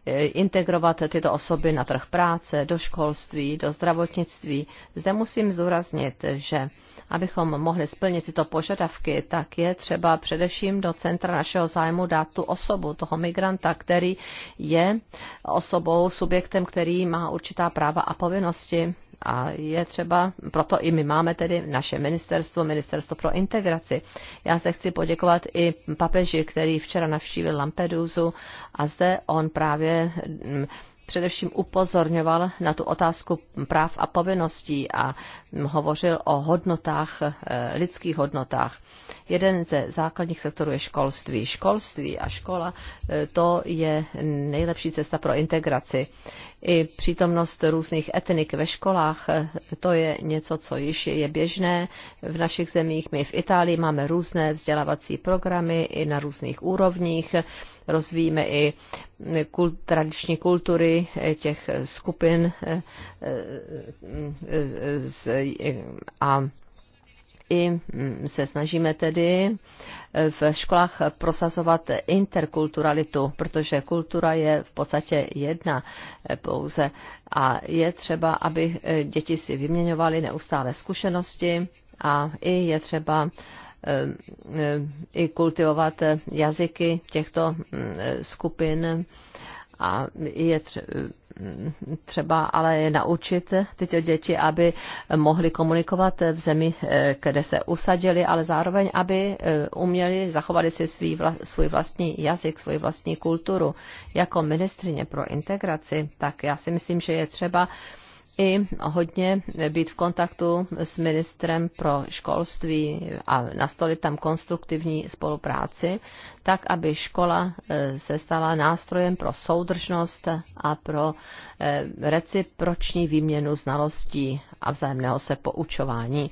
e, integrovat tyto osoby na trh práce, do školství, do zdravotnictví. Zde musím zúraznit, že abychom mohli splnit tyto požadavky, tak je třeba především do centra našeho zájmu dát tu osobu, toho migranta, který je osoba, osobou, subjektem, který má určitá práva a povinnosti. A je třeba, proto i my máme tedy naše ministerstvo, Ministerstvo pro integraci. Já se chci poděkovat i papeži, který včera navštívil Lampedusu a zde on právě mm, především upozorňoval na tu otázku práv a povinností a hovořil o hodnotách, eh, lidských hodnotách. Jeden ze základních sektorů je školství. Školství a škola eh, to je nejlepší cesta pro integraci i přítomnost různých etnik ve školách, to je něco, co již je běžné v našich zemích. My v Itálii máme různé vzdělávací programy i na různých úrovních. Rozvíjíme i kult, tradiční kultury těch skupin eh, eh, a i mm, se snažíme tedy eh, v školách prosazovat interkulturalitu, protože kultura je v podstatě jedna eh, pouze a je třeba, aby eh, děti si vyměňovaly neustále zkušenosti a i je třeba i kultivovat jazyky těchto mm, skupin a je třeba třeba ale naučit tyto děti, aby mohly komunikovat v zemi, eh, kde se usadili, ale zároveň, aby eh, uměli, zachovali si svý, svůj vlastní jazyk, svůj vlastní kulturu. Jako ministrině pro integraci, tak já si myslím, že je třeba i hodně být v kontaktu s ministrem pro školství a nastolit tam konstruktivní spolupráci, tak aby škola e, se stala nástrojem pro soudržnost a pro e, reciproční výměnu znalostí a vzájemného se poučování.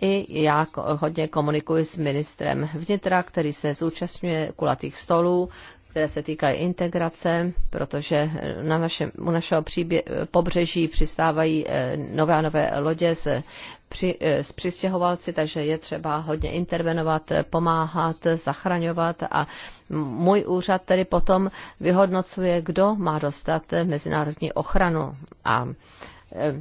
I já hodně komunikuji s ministrem vnitra, který se zúčastňuje kulatých stolů, které se týkají integrace, protože na našem, u našeho příbě, pobřeží přistávají eh, nové a nové lodě s, při, eh, s přistěhovalci, takže je třeba hodně intervenovat, pomáhat, zachraňovat a můj úřad tedy potom vyhodnocuje, kdo má dostat mezinárodní ochranu a eh,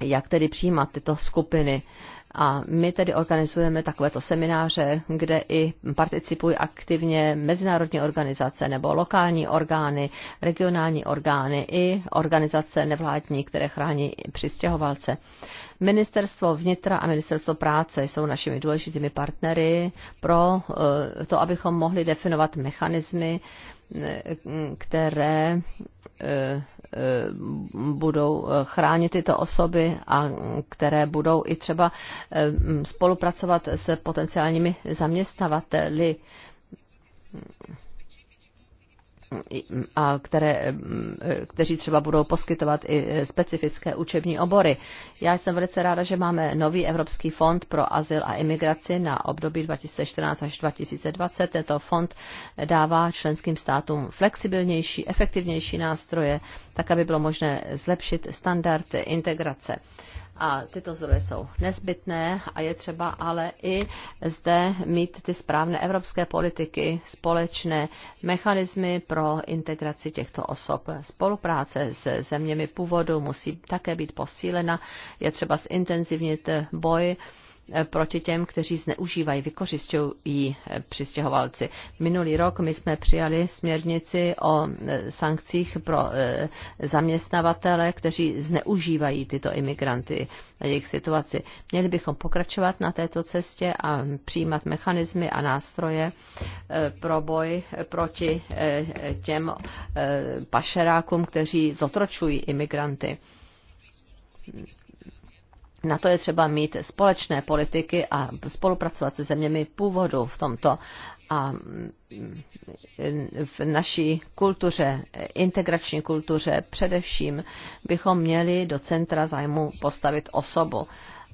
jak tedy přijímat tyto skupiny. E, a my tedy organizujeme takovéto semináře, kde i participují aktivně mezinárodní organizace nebo lokální orgány, regionální orgány i organizace nevládní, které chrání přistěhovalce. Ministerstvo vnitra a ministerstvo práce jsou našimi důležitými partnery pro eh, to, abychom mohli definovat mechanismy, eh, které eh, Eh, budou eh, chránit tyto osoby a které budou i třeba eh, spolupracovat s potenciálními zaměstnavateli a které, mm, e, kteří třeba budou poskytovat i e, specifické učební obory. Já jsem velice ráda, že máme nový Evropský fond pro azyl a imigraci na období 2014 až 2020. Tento fond dává členským státům flexibilnější, efektivnější nástroje, tak aby bylo možné zlepšit standard integrace a tyto zdroje jsou nezbytné a je třeba ale i zde mít ty správné evropské politiky, společné mechanismy pro integraci těchto osob. Spolupráce s zeměmi původu musí také být posílena, je třeba zintenzivnit boj Eh, proti těm, kteří zneužívají, vykořišťují eh, přistěhovalci. Minulý rok my jsme přijali směrnici o eh, sankcích pro zaměstnavatele, kteří zneužívají tyto imigranty a jejich situaci. Měli bychom pokračovat na této cestě a přijímat mechanismy a nástroje pro boj proti těm pašerákům, kteří zotročují imigranty na to je třeba mít společné politiky a spolupracovat se zeměmi původu v tomto a mm, v naší kultuře, integrační kultuře především bychom měli do centra zájmu postavit osobu.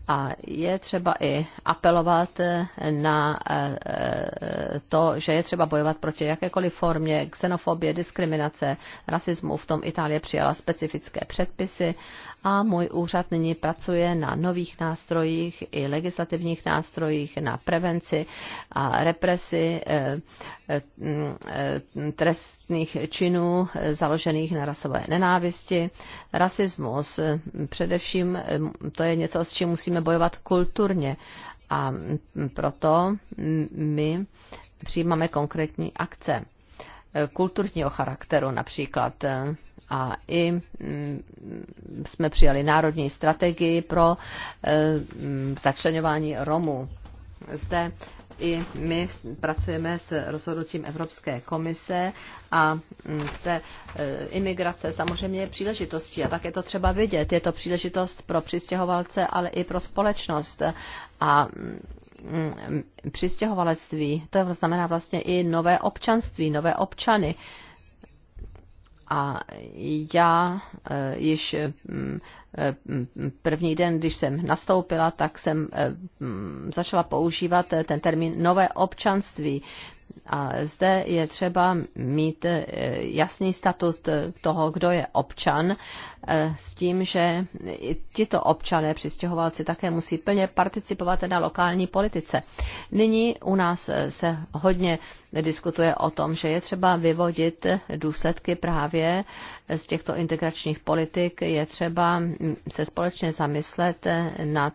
A je třeba i apelovat eh, na eh, eh, to, že je třeba bojovat proti jakékoliv formě xenofobie, diskriminace, rasismu. V tom Itálie přijala specifické předpisy a můj úřad nyní pracuje na nových nástrojích i legislativních nástrojích na prevenci a represi eh, eh, eh, trestných činů založených na rasové nenávisti. Rasismus především to je něco, s čím musíme bojovat kulturně a proto my přijímáme konkrétní akce kulturního charakteru například a i mm, jsme přijali národní strategii pro e, mm, začlenování Romů. Zde i my pracujeme s rozhodnutím Evropské komise a mm, zde e, imigrace samozřejmě je příležitostí a tak je to třeba vidět. Je to příležitost pro přistěhovalce, ale i pro společnost. A přistěhovalectví, to znamená vlastně i nové občanství, nové občany. A já eh, již eh, eh, první den, když jsem nastoupila, tak jsem začala používat ten termín nové občanství. A zde je třeba mít jasný statut toho, kdo je občan Eh, s tím, že tito občané přistěhovalci také musí plně participovat na lokální politice. Nyní u nás eh, se hodně diskutuje o tom, že je třeba vyvodit důsledky právě eh, z těchto integračních politik. Je třeba mm, se společně zamyslet nad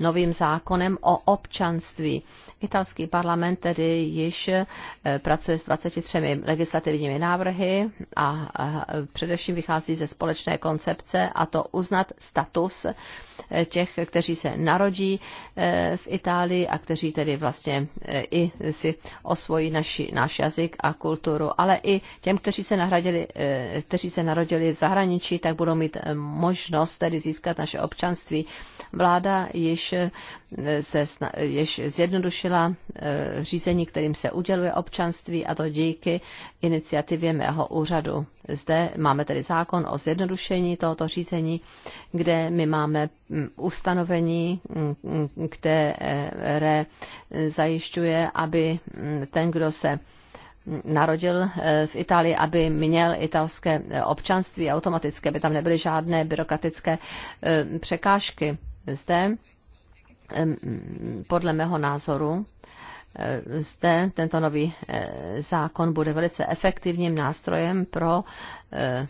novým zákonem o občanství. Italský parlament tedy již pracuje s 23 legislativními návrhy a především vychází ze společné kon koncepce a to uznat status eh, těch, kteří se narodí eh, v Itálii a kteří tedy vlastně eh, i si osvojí naši, náš jazyk a kulturu, ale i těm, kteří se, nahradili, kteří se narodili v zahraničí, tak budou mít možnost tedy získat naše občanství. Vláda již, se, již zjednodušila řízení, kterým se uděluje občanství a to díky iniciativě mého úřadu. Zde máme tedy zákon o zjednodušení tohoto řízení, kde my máme mm, ustanovení, mm, které zajišťuje, aby mm, ten, kdo se narodil eh, v Itálii, aby měl italské eh, občanství automaticky, aby tam nebyly žádné byrokratické eh, překážky. Zde podle mého názoru Eh, zde tento nový eh, zákon bude velice efektivním nástrojem pro eh,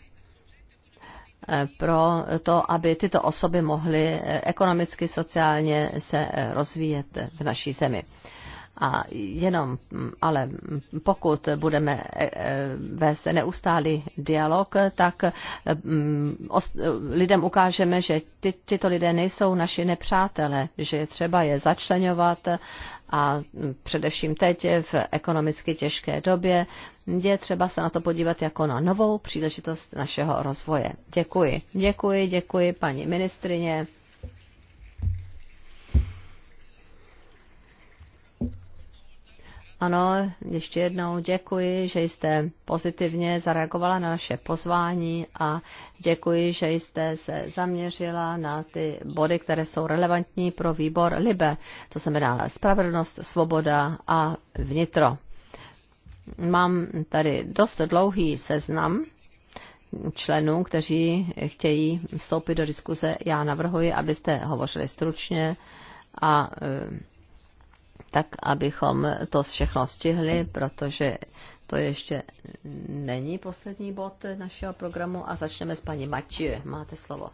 pro to, aby tyto osoby mohly ekonomicky, sociálně se rozvíjet v naší zemi. A jenom, mm, ale mm, pokud budeme vést neustálý dialog, tak mm, lidem ukážeme, že ty, tyto lidé nejsou naši nepřátelé, že je třeba je začlenovat a především teď v ekonomicky těžké době je třeba se na to podívat jako na novou příležitost našeho rozvoje. Děkuji. Děkuji, děkuji paní ministrině. Ano, ještě jednou děkuji, že jste pozitivně zareagovala na naše pozvání a děkuji, že jste se zaměřila na ty body, které jsou relevantní pro výbor LIBE, to znamená spravedlnost, svoboda a vnitro. Mám tady dost dlouhý seznam členů, kteří chtějí vstoupit do diskuze. Já navrhuji, abyste hovořili stručně a e, tak abychom to všechno stihli, protože to ještě není poslední bod našeho programu a začneme s paní Mati. Máte slovo.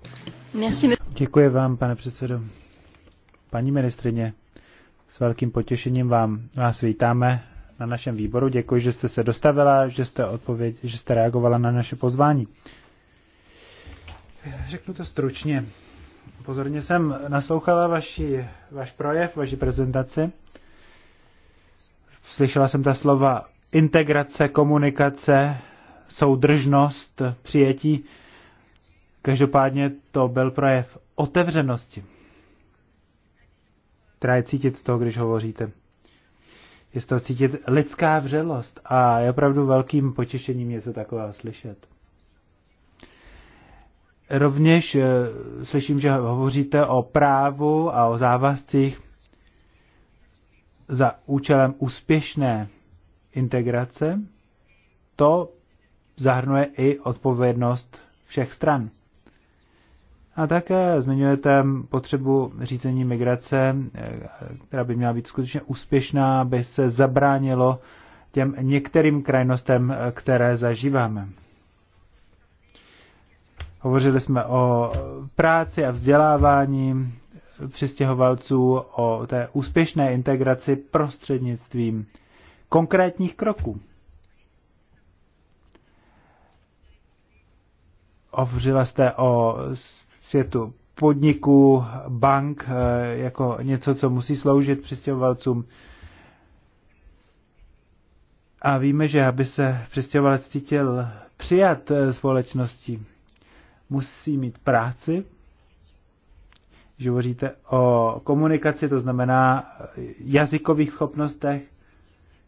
Děkuji vám, pane předsedo. Paní ministrině, s velkým potěšením vám vás vítáme na našem výboru. Děkuji, že jste se dostavila, že jste odpověď, že jste reagovala na naše pozvání. Řeknu to stručně. Pozorně jsem naslouchala vaši, vaš projev, vaši prezentaci Slyšela jsem ta slova integrace, komunikace, soudržnost, přijetí. Každopádně to byl projev otevřenosti, která je cítit z toho, když hovoříte. Je z toho cítit lidská vřelost a je opravdu velkým potěšením něco takového slyšet. Rovněž eh, slyším, že hovoříte o právu a o závazcích za účelem úspěšné integrace, to zahrnuje i odpovědnost všech stran. A také zmiňujete potřebu řízení migrace, která by měla být skutečně úspěšná, aby se zabránilo těm některým krajnostem, které zažíváme. Hovořili jsme o práci a vzdělávání, přistěhovalců, o té úspěšné integraci prostřednictvím konkrétních kroků. Ovřila jste o světu podniků, bank, eh, jako něco, co musí sloužit přistěhovalcům. A víme, že aby se přistěhovalec cítil přijat eh, společností, musí mít práci, když hovoříte o komunikaci, to znamená jazykových schopnostech.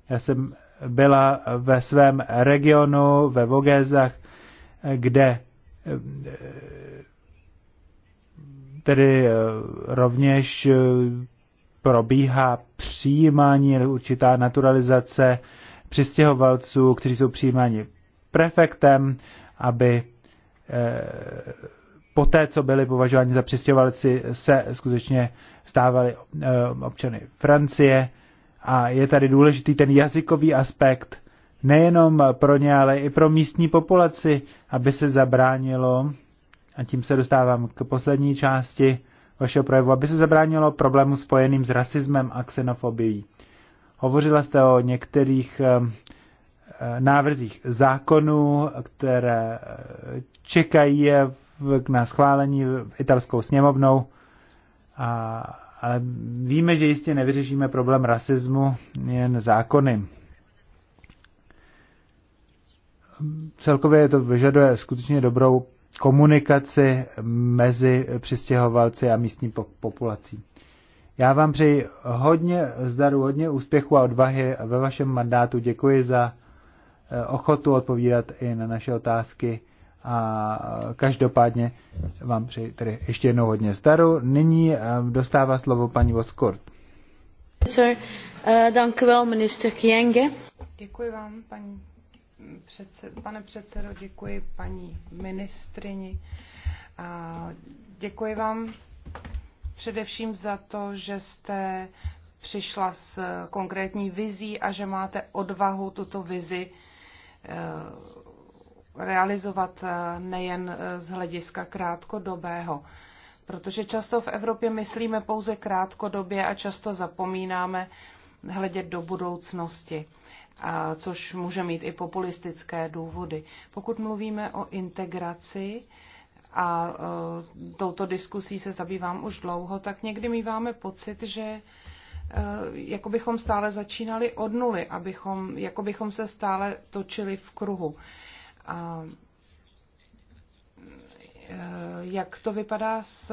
Já jsem byla ve svém regionu, ve Vogézach, kde tedy rovněž probíhá přijímání, určitá naturalizace přistěhovalců, kteří jsou přijímáni prefektem, aby eh, poté, co byli považováni za přistěhovalci, se skutečně stávali eh, občany Francie. A je tady důležitý ten jazykový aspekt, nejenom pro ně, ale i pro místní populaci, aby se zabránilo, a tím se dostávám k poslední části vašeho projevu, aby se zabránilo problému spojeným s rasismem a xenofobií. Hovořila jste o některých eh, eh, návrzích zákonů, které čekají na schválení italskou sněmovnou, a, ale víme, že jistě nevyřešíme problém rasismu jen zákony. Celkově to vyžaduje skutečně dobrou komunikaci mezi přistěhovalci a místní populací. Já vám přeji hodně zdaru, hodně úspěchu a odvahy ve vašem mandátu. Děkuji za eh, ochotu odpovídat i na naše otázky. A každopádně vám přeji tedy ještě jednou hodně starou. Nyní eh, dostává slovo paní Voskort. Eh, děkuji vám, paní předsed, pane předsedo, děkuji paní ministrini. A děkuji vám především za to, že jste přišla s konkrétní vizí a že máte odvahu tuto vizi eh, realizovat eh, nejen eh, z hlediska krátkodobého. Protože často v Evropě myslíme pouze krátkodobě a často zapomínáme hledět do budoucnosti, a což může mít i populistické důvody. Pokud mluvíme o integraci, a uh, touto diskusí se zabývám už dlouho, tak někdy míváme pocit, že jako bychom stále začínali od nuly, abychom, jako bychom se stále točili v kruhu. A e, jak to vypadá s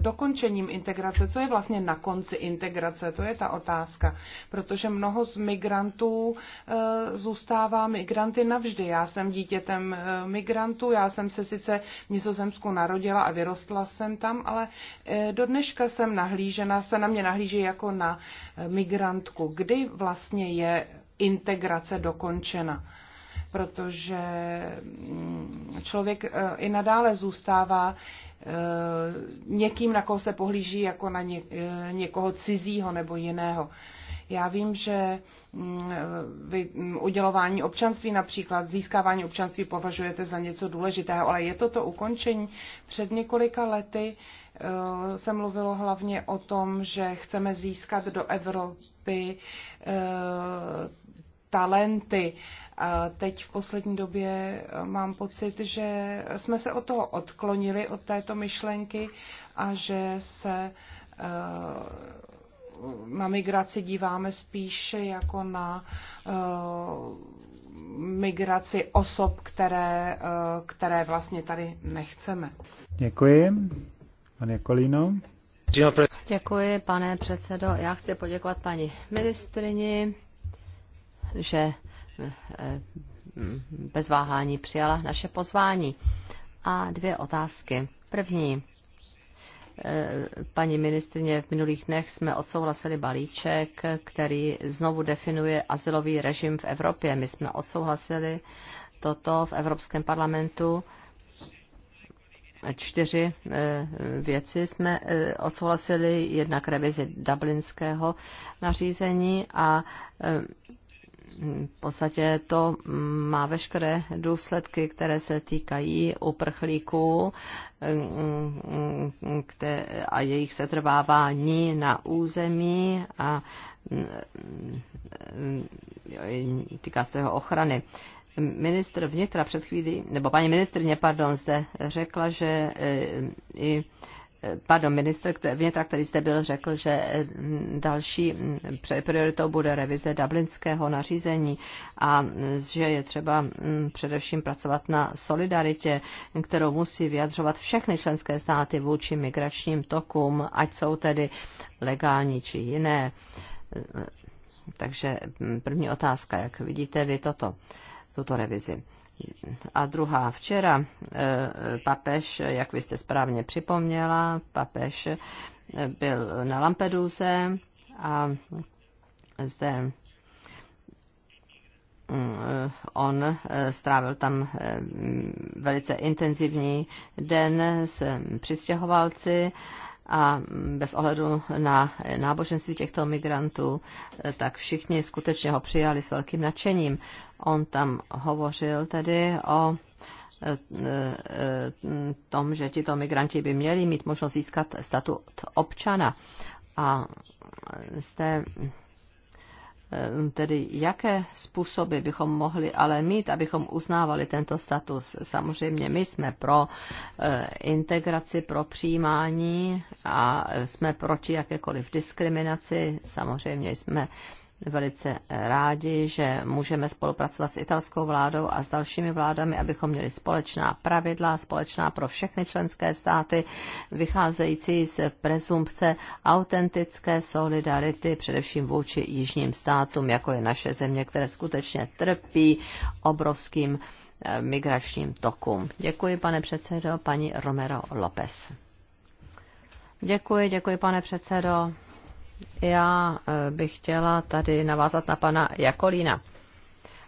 dokončením integrace? Co je vlastně na konci integrace? To je ta otázka. Protože mnoho z migrantů e, zůstává migranty navždy. Já jsem dítětem e, migrantů, já jsem se sice v Nizozemsku narodila a vyrostla jsem tam, ale do dneška jsem nahlížena, se na mě nahlíží jako na migrantku. Kdy vlastně je integrace dokončena? protože mm, člověk eh, i nadále zůstává eh, někým, na koho se pohlíží jako na eh, někoho cizího nebo jiného. Já vím, že mm, mm, udělování občanství například, získávání občanství považujete za něco důležitého, ale je to to ukončení. Před několika lety se mluvilo hlavně o tom, že chceme získat do Evropy talenty. A teď v poslední době e, mám pocit, že jsme se od toho odklonili, od této myšlenky a že se e, na migraci díváme spíše jako na e, migraci osob, které, které vlastně tady nechceme. Děkuji. Pane Kolíno. Děkuji, pane předsedo. Já chci poděkovat paní ministrini že eh, eh, bez váhání přijala naše pozvání. A dvě otázky. První. Eh, paní ministrině, v minulých dnech jsme odsouhlasili balíček, který znovu definuje asilový režim v Evropě. My jsme odsouhlasili toto v Evropském parlamentu čtyři věci jsme odsouhlasili, jednak revizi dublinského nařízení a v podstatě to má veškeré důsledky, které se týkají uprchlíků a jejich setrvávání na území a týká se toho ochrany ministr vnitra před chvílí, nebo paní ministrně, pardon, zde řekla, že e, i pardon, ministr vnitra, který zde byl, řekl, že mm, další mm, prioritou bude revize dublinského nařízení a mm, že je třeba především pracovat na solidaritě, kterou musí vyjadřovat všechny členské státy vůči migračním tokům, ať jsou tedy legální či jiné. Takže první otázka, jak vidíte vy toto, tuto revizi. A druhá, včera eh, papež, jak vy jste správně připomněla, papež eh, byl na Lampeduse a zde mm, on eh, strávil tam velice intenzivní den s přistěhovalci a bez ohledu na náboženství těchto migrantů, eh, tak všichni skutečně ho přijali s velkým nadšením. On tam hovořil tedy o eh, eh, tom, že tito migranti by měli mít možnost získat statut občana. A zde Ehm, tedy jaké způsoby bychom mohli ale mít, abychom uznávali tento status. Samozřejmě my jsme pro eh, integraci, pro přijímání a jsme proti jakékoliv diskriminaci. Samozřejmě jsme velice rádi, že můžeme spolupracovat s italskou vládou a s dalšími vládami, abychom měli společná pravidla, společná pro všechny členské státy, vycházející z prezumpce autentické solidarity, především vůči jižním státům, jako je naše země, které skutečně trpí obrovským eh, migračním tokům. Děkuji, pane předsedo, paní Romero López. Děkuji, děkuji, pane předsedo. Já eh, bych chtěla tady navázat na pana Jakolína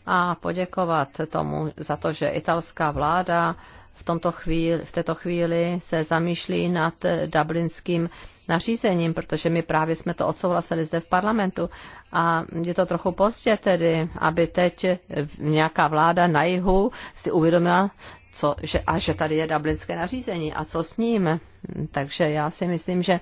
a poděkovat tomu za to, že italská vláda v, tomto chvíli, v této chvíli se zamýšlí nad eh, dublinským nařízením, protože my právě jsme to odsouhlasili zde v parlamentu a je to trochu pozdě tedy, aby teď nějaká vláda na jihu si uvědomila co, že, a že tady je dublinské nařízení a co s ním. Takže já si myslím, že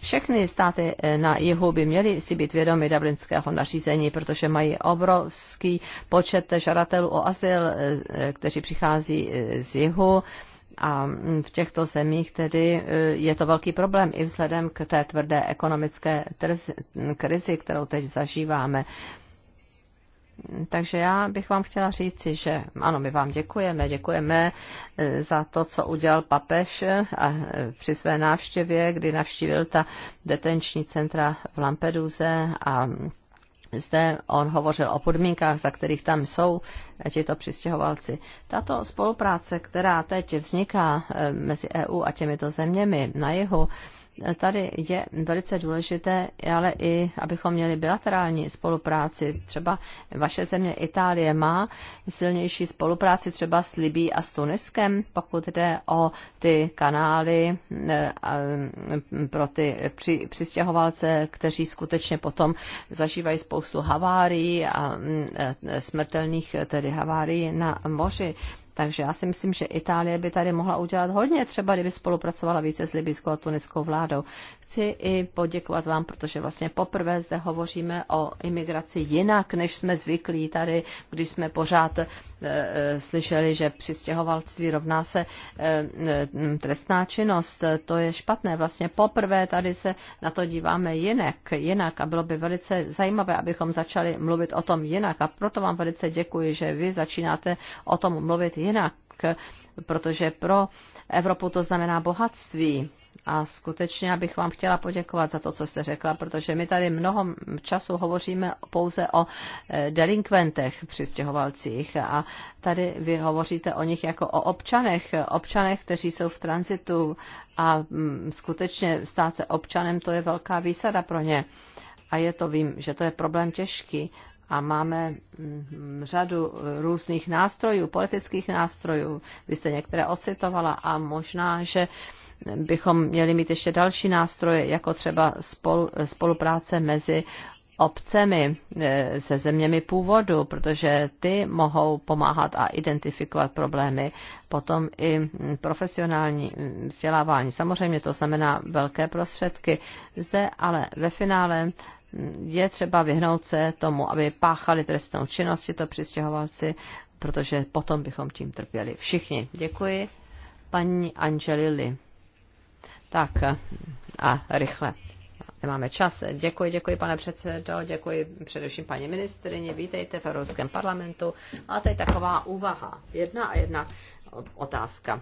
všechny státy eh, na jihu by měly si být vědomi dublinského nařízení, protože mají obrovský počet žadatelů o azyl, eh, eh, kteří přichází z jihu. A mm, v těchto zemích tedy je to velký problém i vzhledem k té tvrdé ekonomické krizi, kterou teď zažíváme. Takže já bych vám chtěla říci, že ano, my vám děkujeme, děkujeme e, za to, co udělal papež e, a e, při své návštěvě, kdy navštívil ta detenční centra v Lampeduze a zde on hovořil o podmínkách, za kterých tam jsou tito přistěhovalci. Tato spolupráce, která teď vzniká mezi EU a těmito zeměmi na jihu, tady je velice důležité, ale i abychom měli bilaterální spolupráci. Třeba vaše země Itálie má silnější spolupráci třeba s Libí a s Tuniskem, pokud jde o ty kanály eh, pro ty při, přistěhovalce, kteří skutečně potom zažívají spoustu havárií a mm, eh, smrtelných tedy havárií na moři. Takže já si myslím, že Itálie by tady mohla udělat hodně, třeba kdyby spolupracovala více s libyskou a tuniskou vládou. Chci i poděkovat vám, protože vlastně poprvé zde hovoříme o imigraci jinak, než jsme zvyklí tady, když jsme pořád e, e slyšeli, že přistěhovalství rovná se e, e, trestná činnost. To je špatné. Vlastně poprvé tady se na to díváme jinak, jinak a bylo by velice zajímavé, abychom začali mluvit o tom jinak. A proto vám velice děkuji, že vy začínáte o tom mluvit jinak jinak, protože pro Evropu to znamená bohatství. A skutečně bych vám chtěla poděkovat za to, co jste řekla, protože my tady mnoho času hovoříme pouze o eh, delinkventech, přistěhovalcích a tady vy hovoříte o nich jako o občanech, občanech, kteří jsou v tranzitu a mm, skutečně stát se občanem, to je velká výsada pro ně. A je to, vím, že to je problém těžký, a máme mm, řadu různých nástrojů, politických nástrojů. Vy jste některé ocitovala a možná, že bychom měli mít ještě další nástroje, jako třeba spol, spolupráce mezi obcemi eh, se zeměmi původu, protože ty mohou pomáhat a identifikovat problémy. Potom i mm, profesionální mm, vzdělávání. Samozřejmě to znamená velké prostředky. Zde ale ve finále je třeba vyhnout se tomu, aby páchali trestnou činnost to přistěhovalci, protože potom bychom tím trpěli všichni. Děkuji paní Angelili. Tak a rychle. Nemáme čas. Děkuji, děkuji, pane předsedo, děkuji především paní ministrině. Vítejte v Evropském parlamentu. A teď taková úvaha. Jedna a jedna otázka.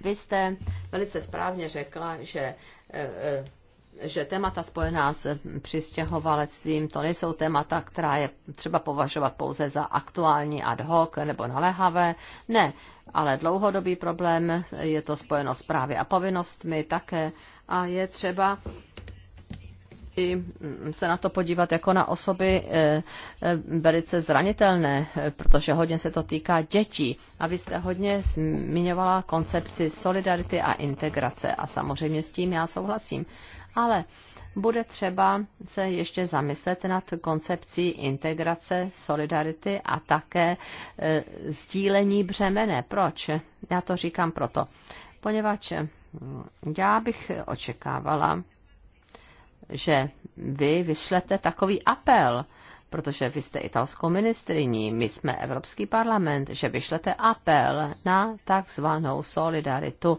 Vy jste velice správně řekla, že eh, eh, že témata spojená s přistěhovalectvím, to nejsou témata, která je třeba považovat pouze za aktuální ad hoc nebo naléhavé. Ne, ale dlouhodobý problém je to spojeno s právy a povinnostmi také a je třeba i mm, se na to podívat jako na osoby e, e, velice zranitelné, protože hodně se to týká dětí. A vy jste hodně zmiňovala koncepci solidarity a integrace a samozřejmě s tím já souhlasím ale bude třeba se ještě zamyslet nad koncepcí integrace, solidarity a také e, sdílení břemene. Proč? Já to říkám proto. Poněvadž já bych očekávala, že vy vyšlete takový apel, protože vy jste italskou ministriní, my jsme Evropský parlament, že vyšlete apel na takzvanou solidaritu,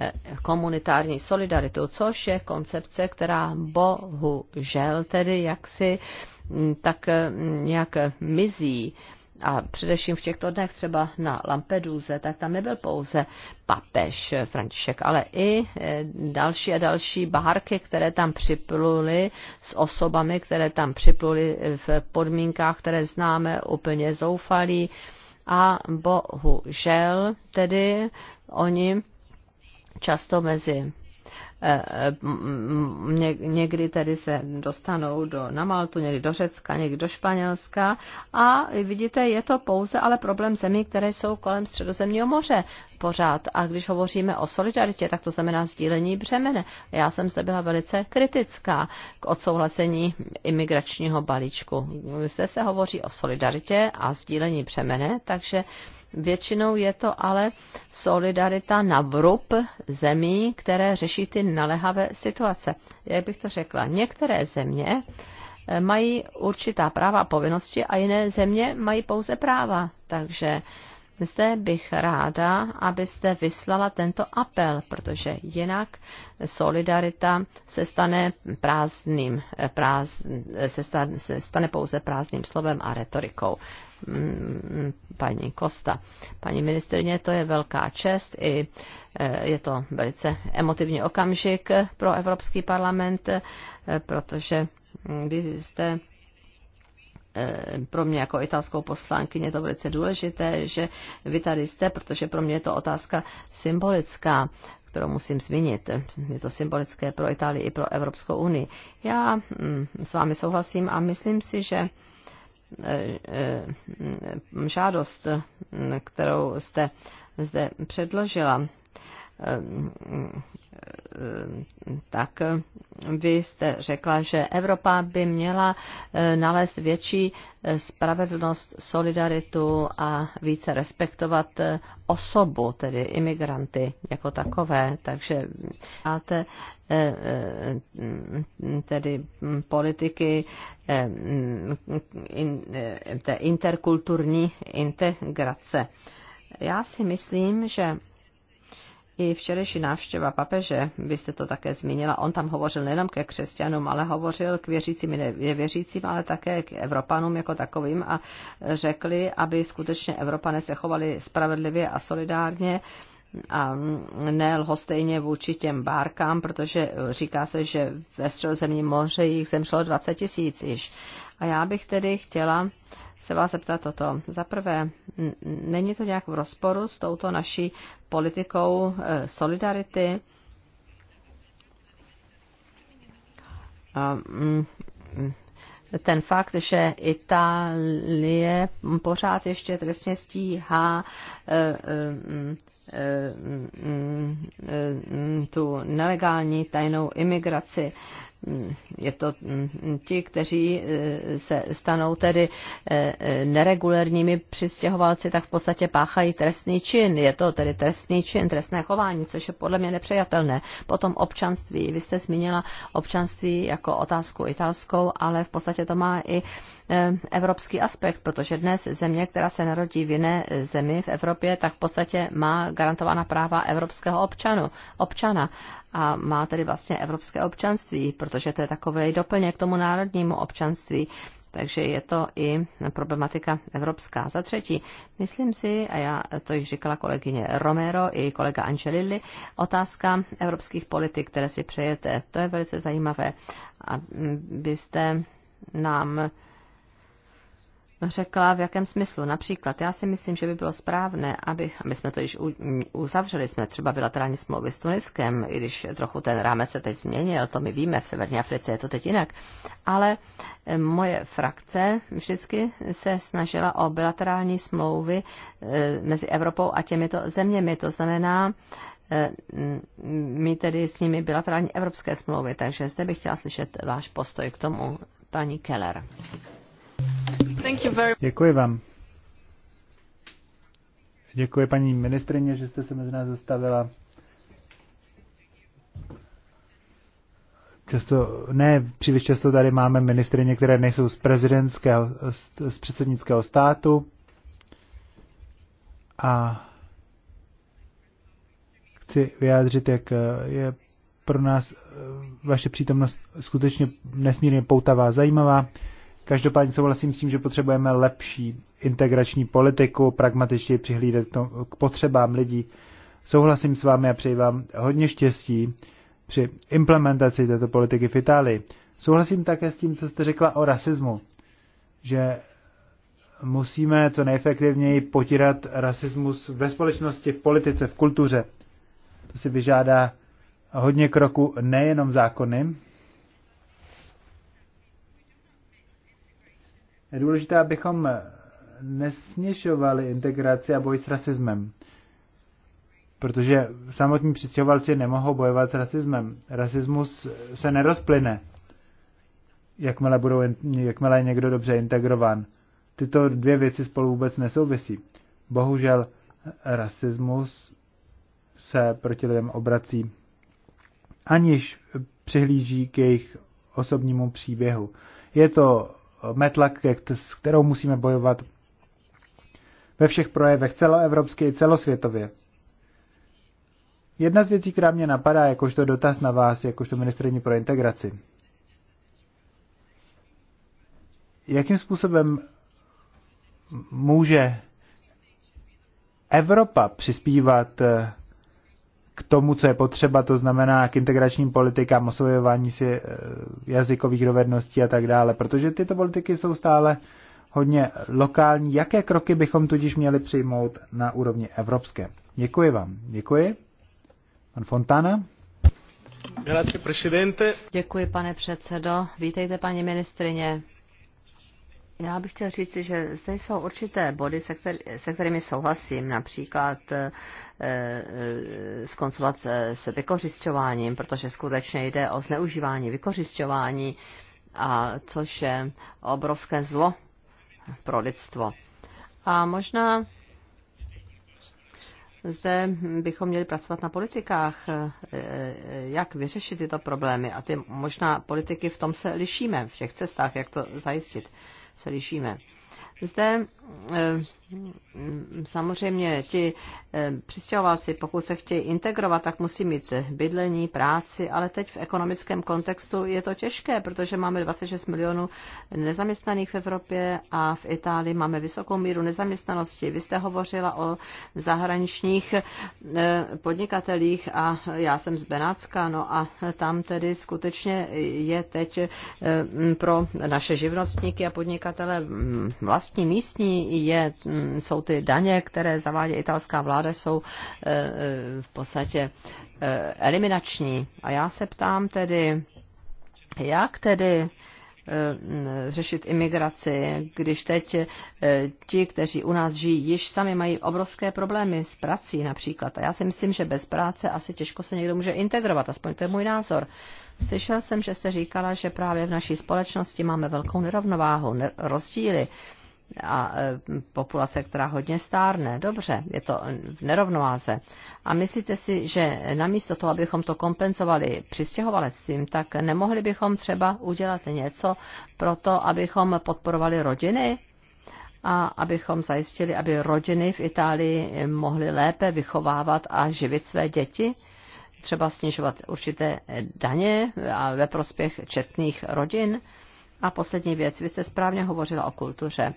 eh, komunitární solidaritu, což je koncepce, která bohužel tedy jaksi mm, tak eh, nějak mizí a především v těchto dnech třeba na Lampeduze, tak tam nebyl pouze papež František, ale i e, další a další bárky, které tam připluly s osobami, které tam připluly v podmínkách, které známe, úplně zoufalí. A bohužel tedy oni často mezi Eh, eh, někdy tedy se dostanou do, na Maltu, někdy do Řecka, někdy do Španělska a vidíte, je to pouze ale problém zemí, které jsou kolem Středozemního moře pořád. A když hovoříme o solidaritě, tak to znamená sdílení břemene. Já jsem zde byla velice kritická k odsouhlasení imigračního balíčku. Zde se hovoří o solidaritě a sdílení břemene, takže Většinou je to ale solidarita na vrub zemí, které řeší ty nalehavé situace. Jak bych to řekla? Některé země eh, mají určitá práva a povinnosti a jiné země mají pouze práva. Takže zde bych ráda, abyste vyslala tento apel, protože jinak solidarita se stane prázdným, prázd, se, stane, se stane pouze prázdným slovem a retorikou. Mm, paní Kosta, paní ministrně, to je velká čest i eh, je to velice emotivní okamžik pro Evropský parlament, eh, protože vy jste Eh, pro mě jako italskou poslankyně je to velice důležité, že vy tady jste, protože pro mě je to otázka symbolická kterou musím zmínit. Je to symbolické pro Itálii i pro Evropskou unii. Já mm, s vámi souhlasím a myslím si, že eh, eh, žádost, mm, kterou jste zde předložila, tak vy jste řekla, že Evropa by měla eh, nalézt větší eh, spravedlnost, solidaritu a více respektovat eh, osobu, tedy imigranty jako takové. Takže máte tedy politiky té interkulturní integrace. Já si myslím, že i včerejší návštěva papeže, vy jste to také zmínila, on tam hovořil nejenom ke křesťanům, ale hovořil k věřícím i nevěřícím, ale také k Evropanům jako takovým a řekli, aby skutečně Evropané se chovali spravedlivě a solidárně a ne lhostejně vůči těm bárkám, protože říká se, že ve středozemním moře jich zemřelo 20 tisíc již. A já bych tedy chtěla se vás zeptat toto. Za prvé, není to nějak v rozporu s touto naší politikou e, solidarity? ten fakt, že Itálie pořád ještě trestně stíhá e, e, tu nelegální tajnou imigraci je to mm, ti, kteří e, se stanou tedy e, e, neregulérními přistěhovalci, tak v podstatě páchají trestný čin. Je to tedy trestný čin, trestné chování, což je podle mě nepřijatelné. Potom občanství. Vy jste zmínila občanství jako otázku italskou, ale v podstatě to má i Eh, evropský aspekt, protože dnes země, která se narodí v jiné zemi v Evropě, tak v podstatě má garantovaná práva evropského občanu, občana a má tedy vlastně evropské občanství, protože to je takové doplněk k tomu národnímu občanství. Takže je to i problematika evropská. Za třetí, myslím si, a já to již říkala kolegyně Romero i kolega Angelilli, otázka evropských politik, které si přejete. To je velice zajímavé, A byste nám řekla, v jakém smyslu. Například, já si myslím, že by bylo správné, aby, my jsme to již uzavřeli, jsme třeba bilaterální smlouvy s Tuniskem, i když trochu ten rámec se teď změnil, to my víme, v Severní Africe je to teď jinak. Ale eh, moje frakce vždycky se snažila o bilaterální smlouvy eh, mezi Evropou a těmito zeměmi. To znamená, eh, my tedy s nimi bilaterální evropské smlouvy, takže zde bych chtěla slyšet váš postoj k tomu, paní Keller. Děkuji vám. Děkuji paní ministrině, že jste se mezi nás zastavila. Často, ne, příliš často tady máme ministrině, které nejsou z prezidentského, z předsednického státu. A chci vyjádřit, jak je pro nás vaše přítomnost skutečně nesmírně poutavá, zajímavá. Každopádně souhlasím s tím, že potřebujeme lepší integrační politiku, pragmatičtěji přihlídat k potřebám lidí. Souhlasím s vámi a přeji vám hodně štěstí při implementaci této politiky v Itálii. Souhlasím také s tím, co jste řekla o rasismu, že musíme co nejefektivněji potírat rasismus ve společnosti, v politice, v kultuře. To si vyžádá hodně kroků nejenom zákony, Je důležité, abychom nesměšovali integraci a boj s rasismem. Protože samotní přistěhovalci nemohou bojovat s rasismem. Rasismus se nerozplyne, jakmile, budou, jakmile je někdo dobře integrován. Tyto dvě věci spolu vůbec nesouvisí. Bohužel rasismus se proti lidem obrací, aniž přihlíží k jejich osobnímu příběhu. Je to metlak, s kterou musíme bojovat ve všech projevech celoevropské i celosvětově. Jedna z věcí, která mě napadá, jakožto dotaz na vás, jakožto ministrní pro integraci. Jakým způsobem může Evropa přispívat eh, k tomu, co je potřeba, to znamená k integračním politikám, osvojování si eh, jazykových dovedností a tak dále, protože tyto politiky jsou stále hodně lokální. Jaké kroky bychom tudíž měli přijmout na úrovni evropské? Děkuji vám. Děkuji. Pan Fontana. Děkuji, pane předsedo. Vítejte, paní ministrině. Já bych chtěl říct, že zde jsou určité body, se, který, se kterými souhlasím, například e, e, skoncovat se, vykořišťováním, protože skutečně jde o zneužívání, vykořišťování, a což je obrovské zlo pro lidstvo. A možná zde bychom měli pracovat na politikách, eh, jak vyřešit tyto problémy. A ty možná politiky v tom se lišíme, v těch cestách, jak to zajistit se lišíme. Zde eh, samozřejmě ti eh, přistěhovalci, pokud se chtějí integrovat, tak musí mít bydlení, práci, ale teď v ekonomickém kontextu je to těžké, protože máme 26 milionů nezaměstnaných v Evropě a v Itálii máme vysokou míru nezaměstnanosti. Vy jste hovořila o zahraničních eh, podnikatelích a já jsem z Benátska, no a tam tedy skutečně je teď eh, pro naše živnostníky a podnikatele vlastní místní je jsou ty daně, které zavádí italská vláda, jsou eh, eh, v podstatě eh, eliminační. A já se ptám tedy, jak tedy řešit imigraci, když teď ti, kteří u nás žijí, již sami mají obrovské problémy s prací například. A já si myslím, že bez práce asi těžko se někdo může integrovat, aspoň to je můj názor. Slyšel jsem, že jste říkala, že právě v naší společnosti máme velkou nerovnováhu, rozdíly a e, populace, která hodně stárne. Dobře, je to v e, nerovnováze. A myslíte si, že namísto toho, abychom to kompenzovali přistěhovalectvím, tak nemohli bychom třeba udělat něco pro to, abychom podporovali rodiny? a abychom zajistili, aby rodiny v Itálii mohly lépe vychovávat a živit své děti, třeba snižovat určité daně a ve prospěch četných rodin. A poslední věc, vy jste správně hovořila o kultuře.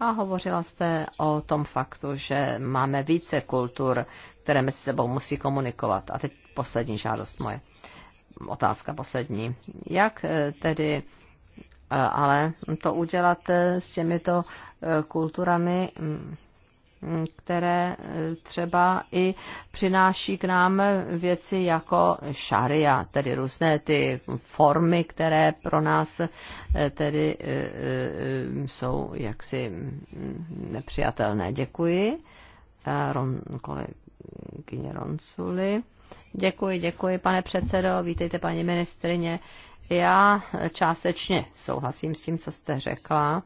A hovořila jste o tom faktu, že máme více kultur, které mezi sebou musí komunikovat. A teď poslední žádost moje. Otázka poslední. Jak eh, tedy eh, ale to udělat eh, s těmito kulturami mm které eh, třeba i přináší k nám věci jako šaria, tedy různé ty formy, které pro nás eh, tedy eh, jsou jaksi nepřijatelné. Děkuji. Ron, kolegyně Ronsuli. Děkuji, děkuji, pane předsedo. Vítejte, paní ministrině. Já částečně souhlasím s tím, co jste řekla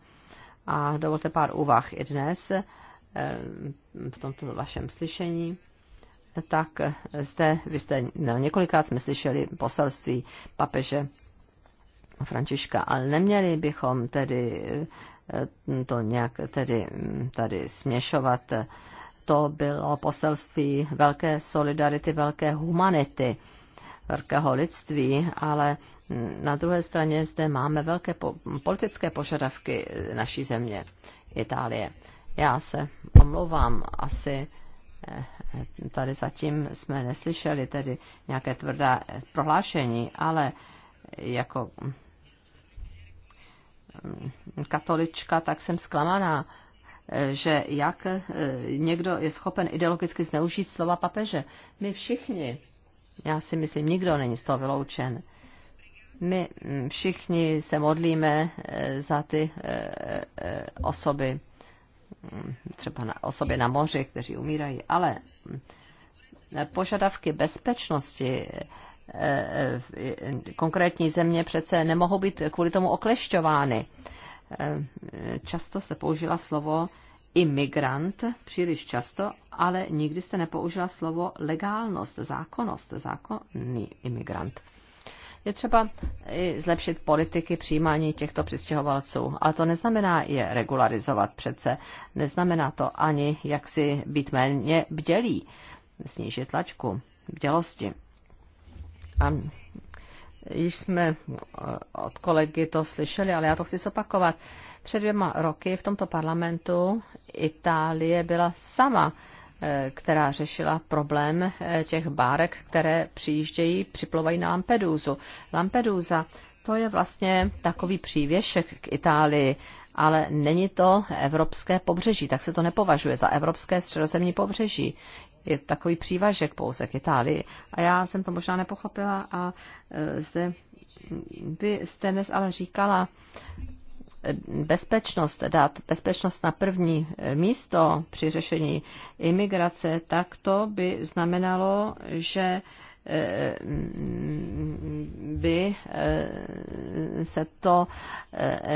a dovolte pár úvah i dnes. Eh, v tomto vašem slyšení, tak zde, vy jste, no, několikrát jsme slyšeli poselství papeže Františka, ale neměli bychom tedy eh, to nějak tedy hm, tady směšovat. To bylo poselství velké solidarity, velké humanity, velkého lidství, ale hm, na druhé straně zde máme velké politické požadavky naší země, Itálie. Já se omlouvám, asi eh, tady zatím jsme neslyšeli tedy nějaké tvrdá eh, prohlášení, ale jako mm, katolička, tak jsem zklamaná, eh, že jak někdo je schopen ideologicky zneužít slova papeže. My všichni, já si myslím, nikdo není z toho vyloučen. My mm, všichni se modlíme za ty osoby, třeba na osobě na moři, kteří umírají, ale mm, požadavky bezpečnosti e, e, konkrétní země přece nemohou být kvůli tomu oklešťovány. E, často se použila slovo imigrant, příliš často, ale nikdy jste nepoužila slovo legálnost, zákonnost, zákonný imigrant. Je třeba i zlepšit politiky přijímání těchto přistěhovalců, ale to neznamená je regularizovat přece. Neznamená to ani, jak si být méně bdělí, snížit tlačku bdělosti. A již jsme eh, od kolegy to slyšeli, ale já to chci zopakovat. Před dvěma roky v tomto parlamentu Itálie byla sama Eh, která řešila problém eh, těch bárek, které přijíždějí, připlovají na Lampedusu. Lampedusa to je vlastně takový přívěšek k Itálii, ale není to evropské pobřeží, tak se to nepovažuje za evropské středozemní pobřeží. Je takový přívažek pouze k Itálii. A já jsem to možná nepochopila a eh, zde vy jste dnes ale říkala, bezpečnost, dát bezpečnost na první eh, místo při řešení imigrace, tak to by znamenalo, že eh, by eh, se to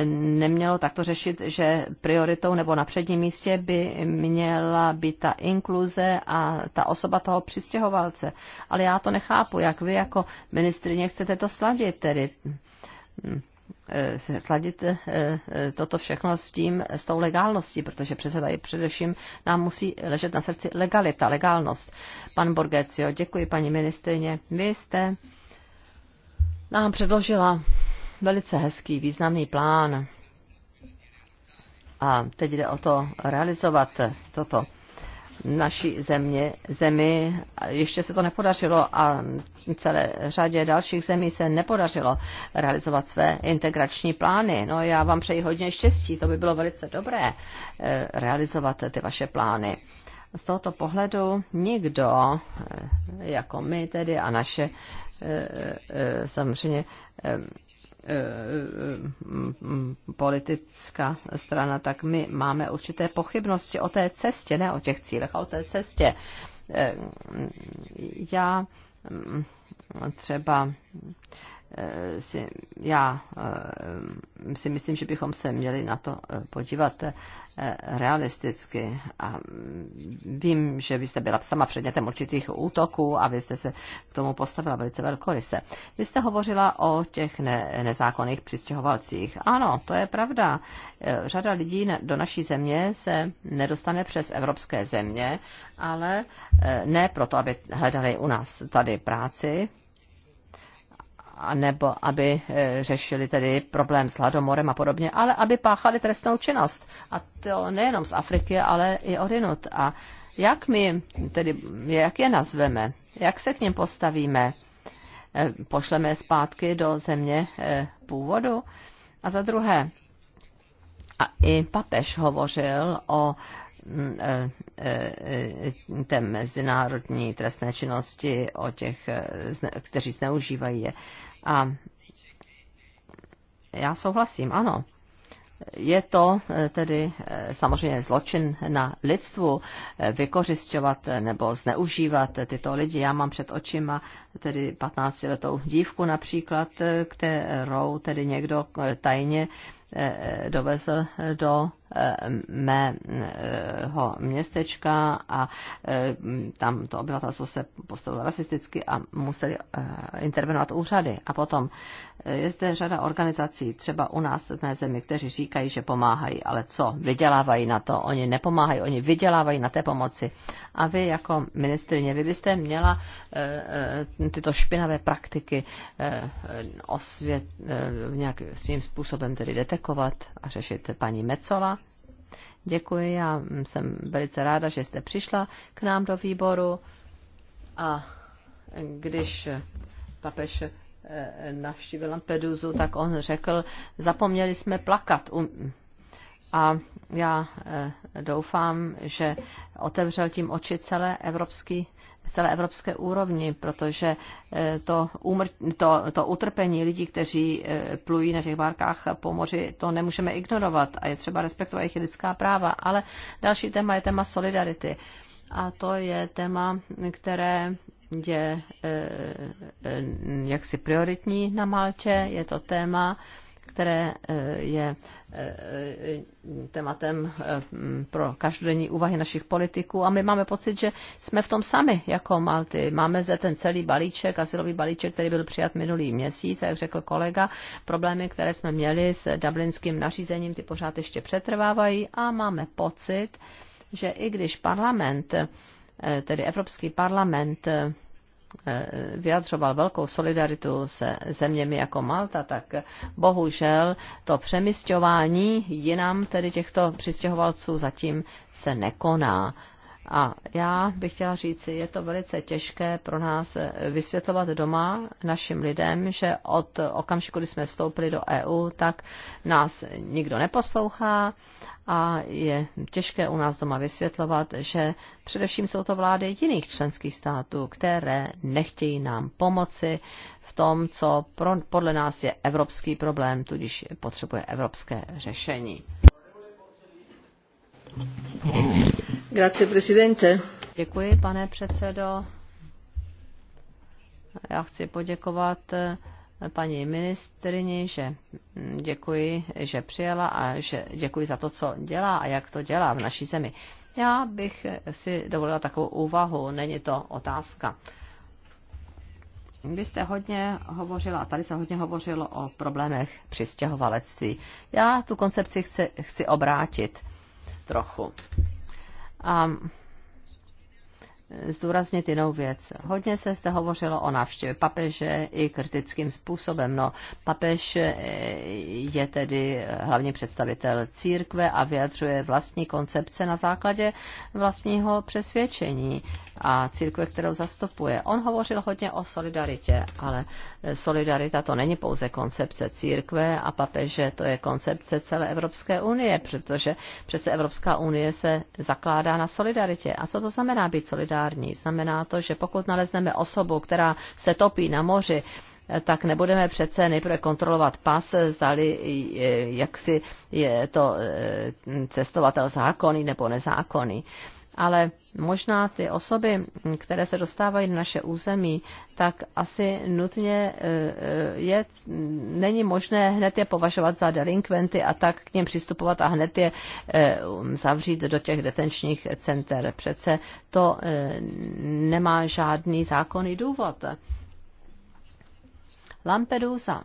nemělo takto řešit, že prioritou nebo na předním místě by měla být ta inkluze a ta osoba toho přistěhovalce. Ale já to nechápu, jak vy jako ministrině chcete to sladit tedy. Hm, Eh, sladit eh, eh, toto všechno s tím, s tou legálností, protože přece tady především nám musí ležet na srdci legalita, legálnost. Pan Borgecio, děkuji paní ministrině. Vy jste nám předložila velice hezký, významný plán. A teď jde o to realizovat toto naší země, zemi. Ještě se to nepodařilo a celé řadě dalších zemí se nepodařilo realizovat své integrační plány. No já vám přeji hodně štěstí, to by bylo velice dobré eh, realizovat ty vaše plány. Z tohoto pohledu nikdo, eh, jako my tedy a naše eh, samozřejmě Eh, eh, politická strana, tak my máme určité pochybnosti o té cestě, ne o těch cílech, ale o té cestě. Eh, já mm, třeba Eh, si, já eh, si myslím, že bychom se měli na to eh, podívat realisticky. A mm, vím, že vy jste byla sama předmětem určitých útoků a vy jste se k tomu postavila velice velkoryse. Vy jste hovořila o těch ne- nezákonných přistěhovalcích. Ano, to je pravda. Řada lidí do naší země se nedostane přes evropské země, ale ne proto, aby hledali u nás tady práci, nebo aby e, řešili tedy problém s hladomorem a podobně, ale aby páchali trestnou činnost. A to nejenom z Afriky, ale i odinut. A jak my, tedy, jak je nazveme, jak se k ním postavíme, e, pošleme je zpátky do země e, původu. A za druhé, a i papež hovořil o mm, té mezinárodní trestné činnosti, o těch, kteří zneužívají je. A já souhlasím, ano. Je to eh, tedy eh, samozřejmě zločin na lidstvu eh, vykořišťovat nebo zneužívat tyto lidi. Já mám před očima tedy 15-letou dívku například, kterou tedy někdo tajně Eh, dovezl do eh, mého městečka a eh, tam to obyvatelstvo se postavilo rasisticky a museli intervenovat úřady. A potom je zde řada organizací, třeba u nás v mé zemi, kteří říkají, že pomáhají, ale co? Vydělávají na to. Oni nepomáhají, oni vydělávají na té pomoci. A vy jako ministrině, vy byste měla eh, eh, tyto špinavé praktiky eh, osvět, nějakým tím způsobem tedy detekovat a řešit paní Mecola. Děkuji, já jsem velice ráda, že jste přišla k nám do výboru a když papež Eh, navštívil Lampedusu, tak on řekl, zapomněli jsme plakat. A já eh, doufám, že otevřel tím oči celé, evropský, celé evropské úrovni, protože eh, to, umr, to, to utrpení lidí, kteří plují na těch bárkách po moři, to nemůžeme ignorovat a je třeba respektovat jejich lidská práva. Ale další téma je téma solidarity. A to je téma, které je eh, eh, jaksi prioritní na Malče, je to téma, které eh, je tématem pro každodenní úvahy našich politiků a my máme pocit, že jsme v tom sami jako Malty. Máme zde ten celý balíček, asilový balíček, který byl přijat minulý měsíc, jak řekl kolega, problémy, které jsme měli s dublinským nařízením, ty pořád ještě přetrvávají a máme pocit, že i když parlament Eh, tedy Evropský parlament eh, eh, vyjadřoval velkou solidaritu se zeměmi jako Malta, tak bohužel to přemysťování jinam, tedy těchto přistěhovalců, zatím se nekoná. A já bych chtěla říct, je to velice těžké pro nás vysvětlovat doma našim lidem, že od okamžiku, kdy jsme vstoupili do EU, tak nás nikdo neposlouchá a je těžké u nás doma vysvětlovat, že především jsou to vlády jiných členských států, které nechtějí nám pomoci v tom, co pro, podle nás je evropský problém, tudíž potřebuje evropské řešení. Děkuji, pane předsedající Já chci poděkovat eh, paní ministryni že hm, děkuji, že přijela a že děkuji za to, co dělá a jak to dělá v naší zemi. Já bych si dovolila takovou úvahu, není to otázka. Vy jste hodně hovořila, a tady se hodně hovořilo o problémech přistěhovalectví. Já tu koncepci chci, chci obrátit trochu. Um zdůraznit jinou věc. Hodně se zde hovořilo o návštěvě papeže i kritickým způsobem. No, papež eh, je tedy eh, hlavní představitel církve a vyjadřuje vlastní koncepce na základě vlastního přesvědčení a církve, kterou zastupuje. On hovořil hodně o solidaritě, ale eh, solidarita to není pouze koncepce církve a papeže, to je koncepce celé Evropské unie, protože přece Evropská unie se zakládá na solidaritě. A co to znamená být solidární? solidární. Znamená to, že pokud nalezneme osobu, která se topí na moři, eh, tak nebudeme přece nejprve kontrolovat pas, eh, zdali, eh, jak si je to cestovatel zákonný nebo nezákonný. Ale možná ty osoby, které se dostávají na naše území, tak asi nutně e, e, je, není možné hned je považovat za delinkventy a tak k něm přistupovat a hned je e, zavřít do těch detenčních center. Přece to nemá žádný zákonný důvod. Lampedusa.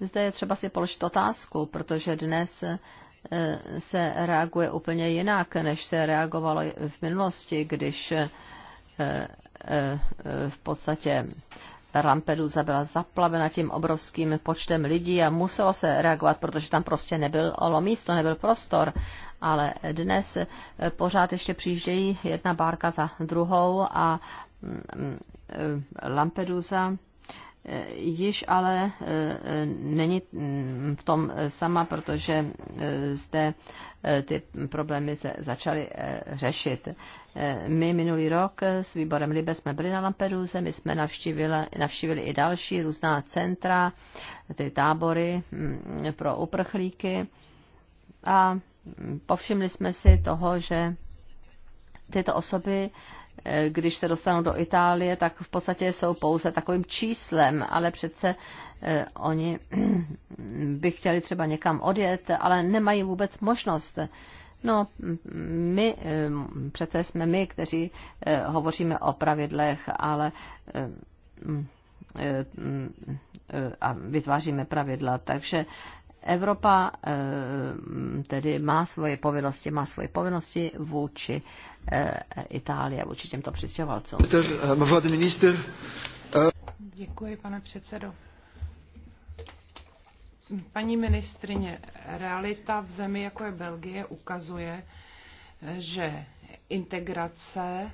Zde je třeba si položit otázku, protože dnes se reaguje úplně jinak, než se reagovalo v minulosti, když eh, eh, v podstatě Lampedusa byla zaplavena tím obrovským počtem lidí a muselo se reagovat, protože tam prostě nebyl olo místo, nebyl prostor. Ale dnes eh, pořád ještě přijíždějí jedna bárka za druhou a mm, mm, Lampedusa již ale eh, není mm, v tom eh, sama, protože eh, zde ty problémy se začaly řešit. My minulý rok s výborem Libe jsme byli na Lampeduze, my jsme navštívili, navštívili i další různá centra, ty tábory mm, pro uprchlíky a mm, povšimli jsme si toho, že tyto osoby Eh, když se dostanou do Itálie, tak v podstatě jsou pouze takovým číslem, ale přece eh, oni by chtěli třeba někam odjet, ale nemají vůbec možnost. No, mm, my eh, přece jsme my, kteří hovoříme o pravidlech, ale mm, mm, a vytváříme pravidla, takže Evropa tedy má svoje povinnosti, má svoje povinnosti vůči E, Itálie vůči těmto přistěhovalcům. E, e- Děkuji, pane předsedo. Paní ministrině, realita v zemi, jako je Belgie, ukazuje, že integrace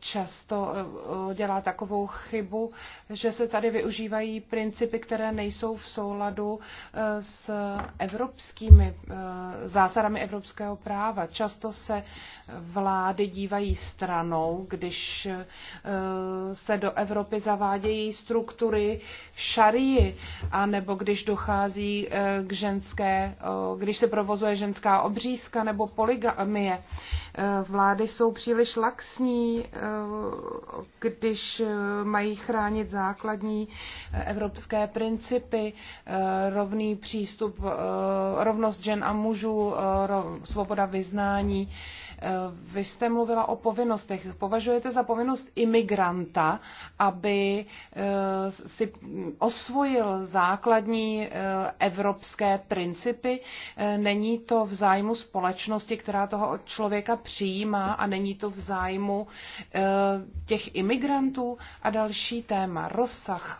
často eh, eh, dělá takovou chybu, že se tady využívají principy, které nejsou v souladu eh, s evropskými zásadami evropského práva. Často se vlády dívají stranou, když se do Evropy zavádějí struktury šarii, anebo když dochází k ženské, když se provozuje ženská obřízka nebo poligamie. Vlády jsou příliš laxní, Eh, když eh, mají chránit základní eh, evropské principy, rovný přístup, rovnost žen a mužů, svoboda vyznání Eh, vy jste mluvila o povinnostech. Považujete za povinnost imigranta, aby eh, si osvojil základní eh, evropské principy? Není to v zájmu společnosti, která toho člověka přijímá a není to v zájmu těch imigrantů? A další téma, rozsah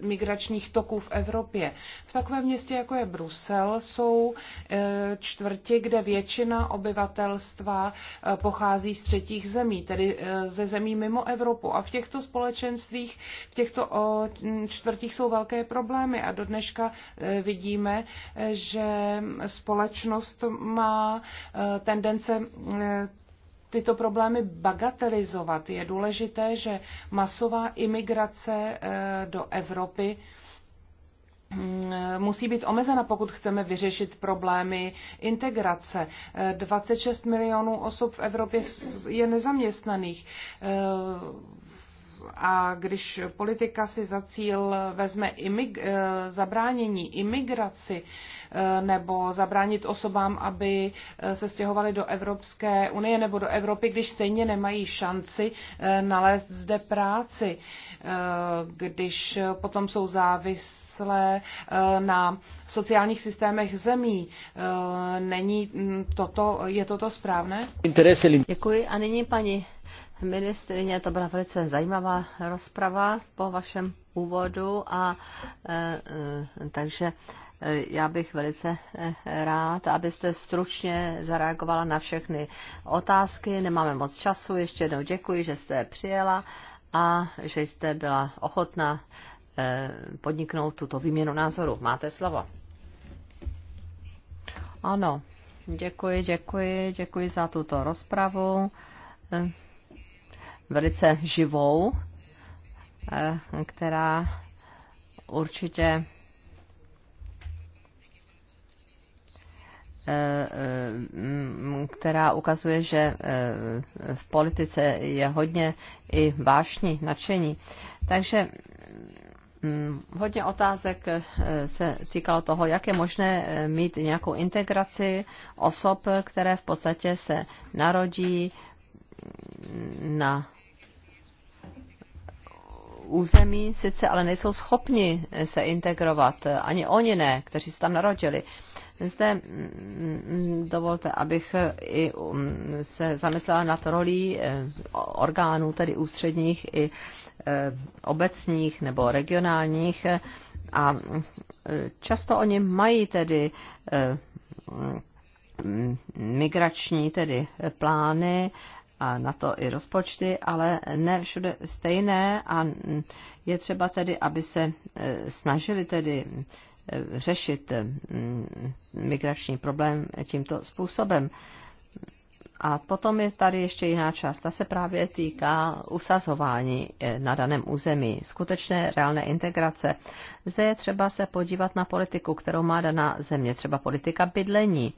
migračních toků v Evropě. V takovém městě, jako je Brusel, jsou čtvrti, kde většina obyvatelstva Eh, pochází z třetích zemí, tedy eh, ze zemí mimo Evropu. A v těchto společenstvích, v těchto čtvrtích jsou velké problémy a do dneška eh, vidíme, že společnost má tendence tyto problémy bagatelizovat. Je důležité, že masová imigrace do Evropy Mm, musí být omezena, pokud chceme vyřešit problémy integrace. 26 eh, milionů osob v Evropě je nezaměstnaných. Eh, a když politika si za cíl vezme imig- eh, zabránění imigraci eh, nebo zabránit osobám, aby eh, se stěhovali do Evropské unie nebo do Evropy, když stejně nemají šanci nalézt zde práci, když potom jsou závislé na sociálních systémech zemí. Není mm, toto, je toto správné? Děkuji a nyní paní ministrině, to byla velice zajímavá rozprava po vašem úvodu a e, e, takže e, já bych velice rád, abyste stručně zareagovala na všechny otázky. Nemáme moc času. Ještě jednou děkuji, že jste přijela a že jste byla ochotná podniknout tuto výměnu názoru. Máte slovo. Ano, děkuji, děkuji, děkuji za tuto rozpravu velice živou, eh, která určitě eh, eh, která ukazuje, že v politice je hodně i vášní, nadšení. Takže hm, Hodně otázek se týkalo toho, jak je možné mít nějakou integraci osob, které v podstatě se narodí hm, na území sice ale nejsou schopni se integrovat, ani oni ne, kteří se tam narodili. Zde mm, mm, dovolte, abych i mm, se zamyslela nad rolí eh, orgánů, tedy ústředních i eh, obecních nebo regionálních. A eh, často oni mají tedy migrační tedy plány a na to i rozpočty, ale ne všude stejné a je třeba tedy, aby se eh, snažili tedy eh, řešit mm, migrační problém tímto způsobem. A potom je tady ještě jiná část, ta se právě týká usazování eh, na daném území, skutečné reálné integrace. Zde je třeba se podívat na politiku, kterou má daná země, třeba politika bydlení.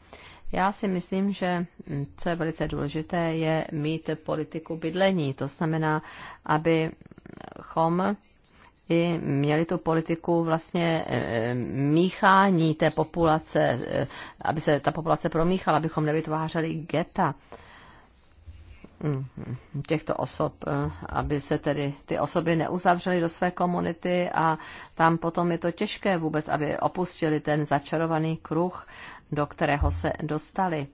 Já si myslím, že hm, co je velice důležité, je mít politiku bydlení. To znamená, abychom i měli tu politiku vlastně e, e, míchání té populace, e, aby se ta populace promíchala, abychom nevytvářeli geta mm, mm, těchto osob, aby se tedy ty osoby neuzavřely do své komunity a tam potom je to těžké vůbec, aby opustili ten začarovaný kruh, do kterého se dostali.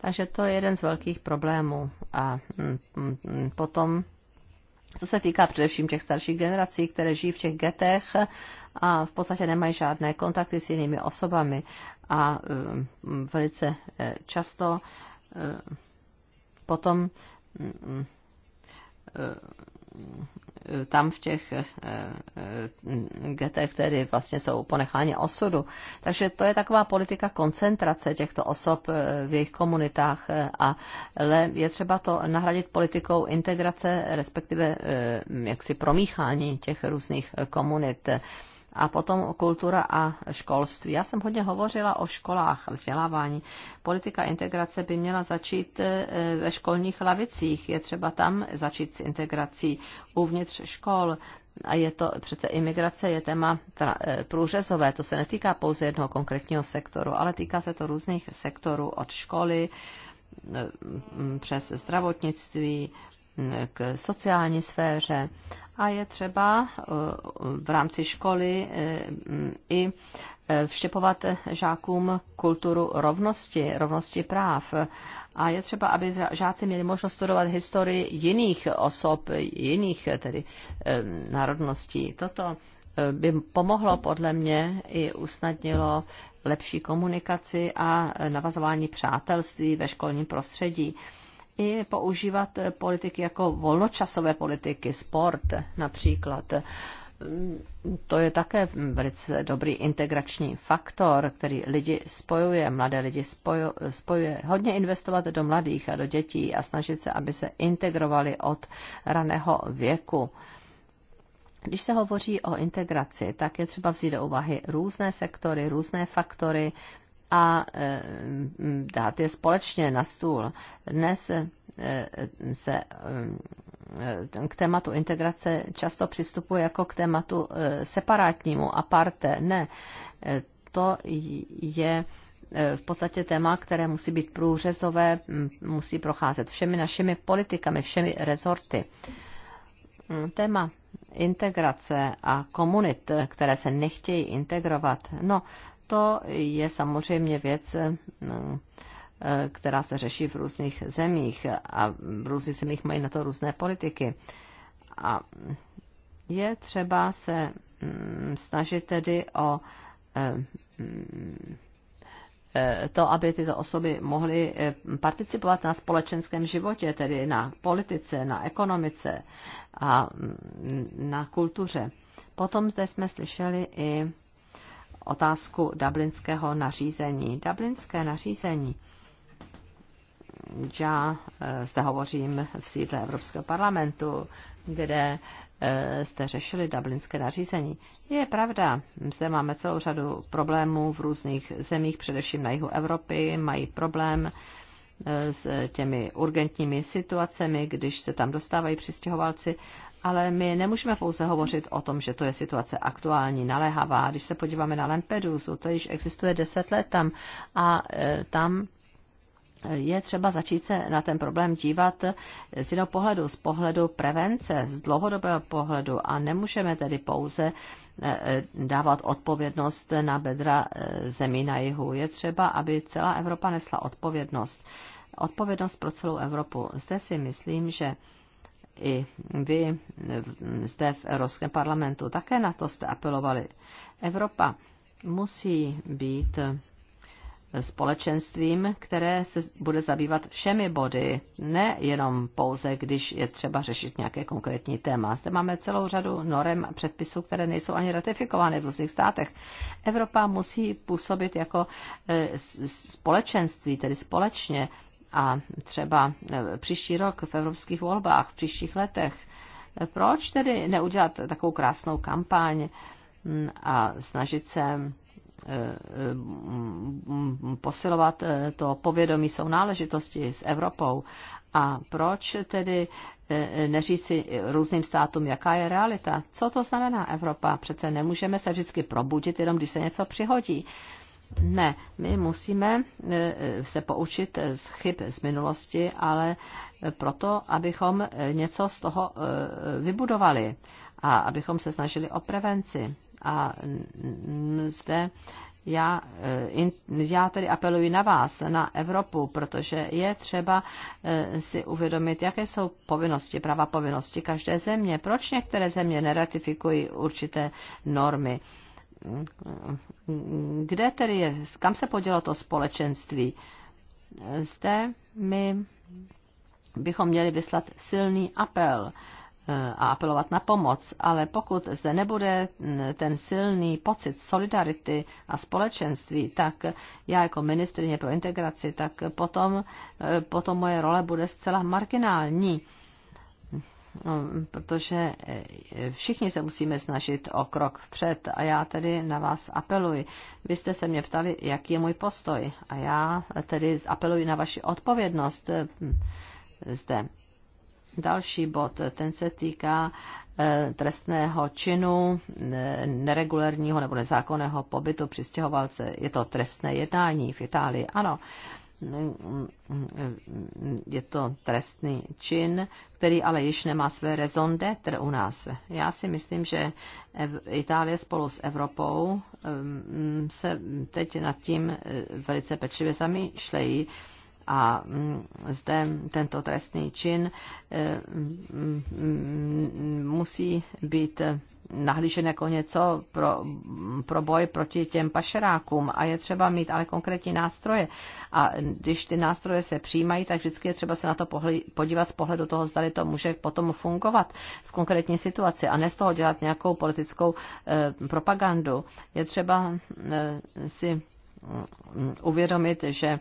Takže to je jeden z velkých problémů. A mm, potom co se týká především těch starších generací, které žijí v těch getech a v podstatě nemají žádné kontakty s jinými osobami a um, velice eh, často eh, potom mm, mm, eh, tam v těch eh, eh, getech které vlastně jsou ponecháni osudu. Takže to je taková politika koncentrace těchto osob eh, v jejich komunitách, a, ale je třeba to nahradit politikou integrace, respektive jaksi promíchání těch různých komunit. A potom kultura a školství. Já jsem hodně hovořila o školách, vzdělávání. Politika integrace by měla začít e, ve školních lavicích. Je třeba tam začít s integrací uvnitř škol a je to přece imigrace je téma tra- e, průřezové, to se netýká pouze jednoho konkrétního sektoru, ale týká se to různých sektorů od školy e, přes zdravotnictví, k sociální sféře a je třeba eh, v rámci školy eh, i eh, vštěpovat žákům kulturu rovnosti, rovnosti práv. A je třeba, aby žáci měli možnost studovat historii jiných osob, jiných tedy národností. Toto by pomohlo podle mě i usnadnilo lepší komunikaci a navazování přátelství ve školním prostředí i používat politiky jako volnočasové politiky, sport například. To je také velice dobrý integrační faktor, který lidi spojuje, mladé lidi spojuje, spojuje. Hodně investovat do mladých a do dětí a snažit se, aby se integrovali od raného věku. Když se hovoří o integraci, tak je třeba vzít do úvahy různé sektory, různé faktory, a e, dát je společně na stůl. Dnes e, se e, k tématu integrace často přistupuje jako k tématu separátnímu, aparte. Ne, to je v podstatě téma, které musí být průřezové, musí procházet všemi našimi politikami, všemi rezorty. Téma integrace a komunit, které se nechtějí integrovat, no to je samozřejmě věc, no, eh, která se řeší v různých zemích a v různých zemích mají na to různé politiky. A je třeba se mm, snažit tedy o eh, mm, eh, to, aby tyto osoby mohly participovat na společenském životě, tedy na politice, na ekonomice a mm, na kultuře. Potom zde jsme slyšeli i otázku dublinského nařízení. Dublinské nařízení, já eh, zde hovořím v sídle Evropského parlamentu, kde eh, jste řešili dublinské nařízení. Je pravda, zde máme celou řadu problémů v různých zemích, především na jihu Evropy, mají problém eh, s těmi urgentními situacemi, když se tam dostávají přistěhovalci ale my nemůžeme pouze hovořit o tom, že to je situace aktuální, naléhavá. Když se podíváme na Lampedusu, to již existuje deset let tam a e, tam e, je třeba začít se na ten problém dívat z jiného pohledu, z pohledu prevence, z dlouhodobého pohledu a nemůžeme tedy pouze e, dávat odpovědnost na bedra zemí na jihu. Je třeba, aby celá Evropa nesla odpovědnost. Odpovědnost pro celou Evropu. Zde si myslím, že i vy jste v Evropském parlamentu také na to jste apelovali. Evropa musí být společenstvím, které se bude zabývat všemi body, ne jenom pouze, když je třeba řešit nějaké konkrétní téma. Zde máme celou řadu norem a předpisů, které nejsou ani ratifikovány v různých státech. Evropa musí působit jako eh, společenství, tedy společně, a třeba eh, příští rok v evropských volbách, v příštích letech. Proč tedy neudělat takovou krásnou kampaň mm, a snažit se eh, mm, posilovat eh, to povědomí sounáležitosti s Evropou a proč tedy neříci různým státům, jaká je realita? Co to znamená Evropa? Přece nemůžeme se vždycky probudit, jenom když se něco přihodí. Ne, my musíme eh, se poučit z chyb z minulosti, ale proto, abychom něco z toho eh, vybudovali a abychom se snažili o prevenci. A zde já, eh, já tedy apeluji na vás, na Evropu, protože je třeba si uvědomit, jaké jsou povinnosti, práva povinnosti každé země. Proč některé země neratifikují určité normy? kde tedy je, kam se podělo to společenství? Zde my bychom měli vyslat silný apel eh, a apelovat na pomoc, ale pokud zde nebude mm, ten silný pocit solidarity a společenství, tak já jako ministrině pro integraci, tak potom, eh, potom moje role bude zcela marginální. No, protože e, všichni se musíme snažit o krok vpřed a já tedy na vás apeluji. Vy jste se mě ptali, jaký je můj postoj a já tedy apeluji na vaši odpovědnost e, zde. Další bod, ten se týká e, trestného činu neregulérního nebo nezákonného pobytu přistěhovalce. Je to trestné jednání v Itálii, ano. No, je to trestný čin, který ale již nemá své raison d'être u nás. Já si myslím, že Itálie spolu s Evropou um, se teď nad tím eh, velice pečlivě zamýšlejí a mm, zde tento trestný čin eh, mm, mm, musí být eh, nahlížen jako něco pro, pro boj proti těm pašerákům a je třeba mít ale konkrétní nástroje. A když ty nástroje se přijímají, tak vždycky je třeba se na to pohli, podívat z pohledu toho, zda to může potom fungovat v konkrétní situaci a ne z toho dělat nějakou politickou eh, propagandu. Je třeba eh, si mm, uvědomit, že eh,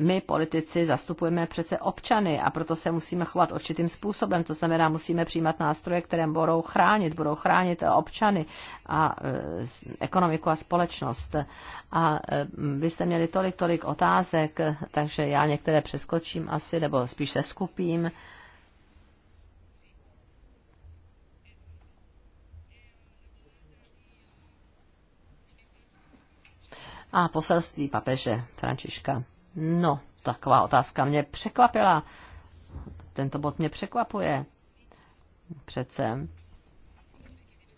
my politici zastupujeme přece občany a proto se musíme chovat určitým způsobem. To znamená, musíme přijímat nástroje, které budou chránit, budou chránit občany a e, ekonomiku a společnost. A e, vy jste měli tolik, tolik otázek, takže já některé přeskočím asi, nebo spíš se skupím. A poselství papeže Františka. No, taková otázka mě překvapila. Tento bod mě překvapuje. Přece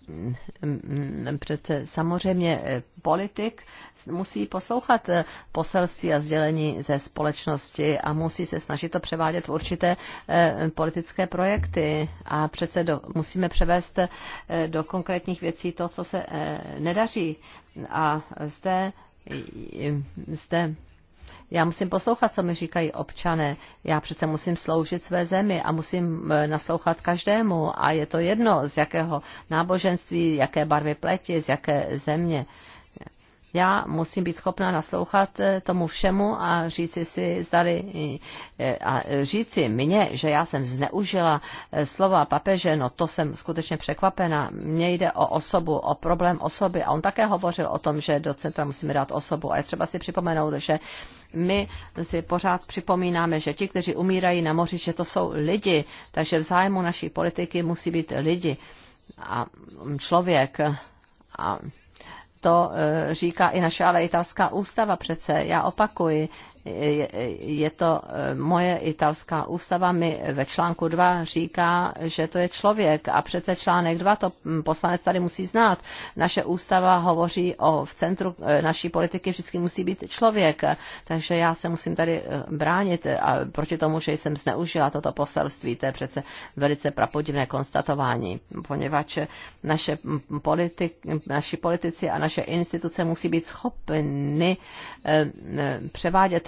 mm, mm, přece samozřejmě eh, politik musí poslouchat eh, poselství a sdělení ze společnosti a musí se snažit to převádět v určité eh, politické projekty a přece do, musíme převést do konkrétních věcí to, co se nedaří. A zde, zde já musím poslouchat, co mi říkají občané. Já přece musím sloužit své zemi a musím e, naslouchat každému. A je to jedno, z jakého náboženství, jaké barvy pleti, z jaké země já musím být schopna naslouchat eh, tomu všemu a říci si, zdali, eh, a říci mně, že já jsem zneužila eh, slova papeže, no to jsem skutečně překvapena. Mně jde o osobu, o problém osoby a on také hovořil o tom, že do centra musíme dát osobu a je třeba si připomenout, že my si pořád připomínáme, že ti, kteří umírají na moři, že to jsou lidi, takže v zájmu naší politiky musí být lidi a člověk a to eh, říká i naše ale italská ústava přece. Já opakuji, je to eh, moje italská ústava, mi ve článku 2 říká, že to je člověk a přece článek 2 to mm, poslanec tady musí znát. Naše ústava hovoří o v centru eh, naší politiky vždycky musí být člověk, takže já se musím tady eh, bránit a proti tomu, že jsem zneužila toto poselství, to je přece velice prapodivné konstatování, poněvadž naše mm, politik, naši politici a naše instituce musí být schopny převádět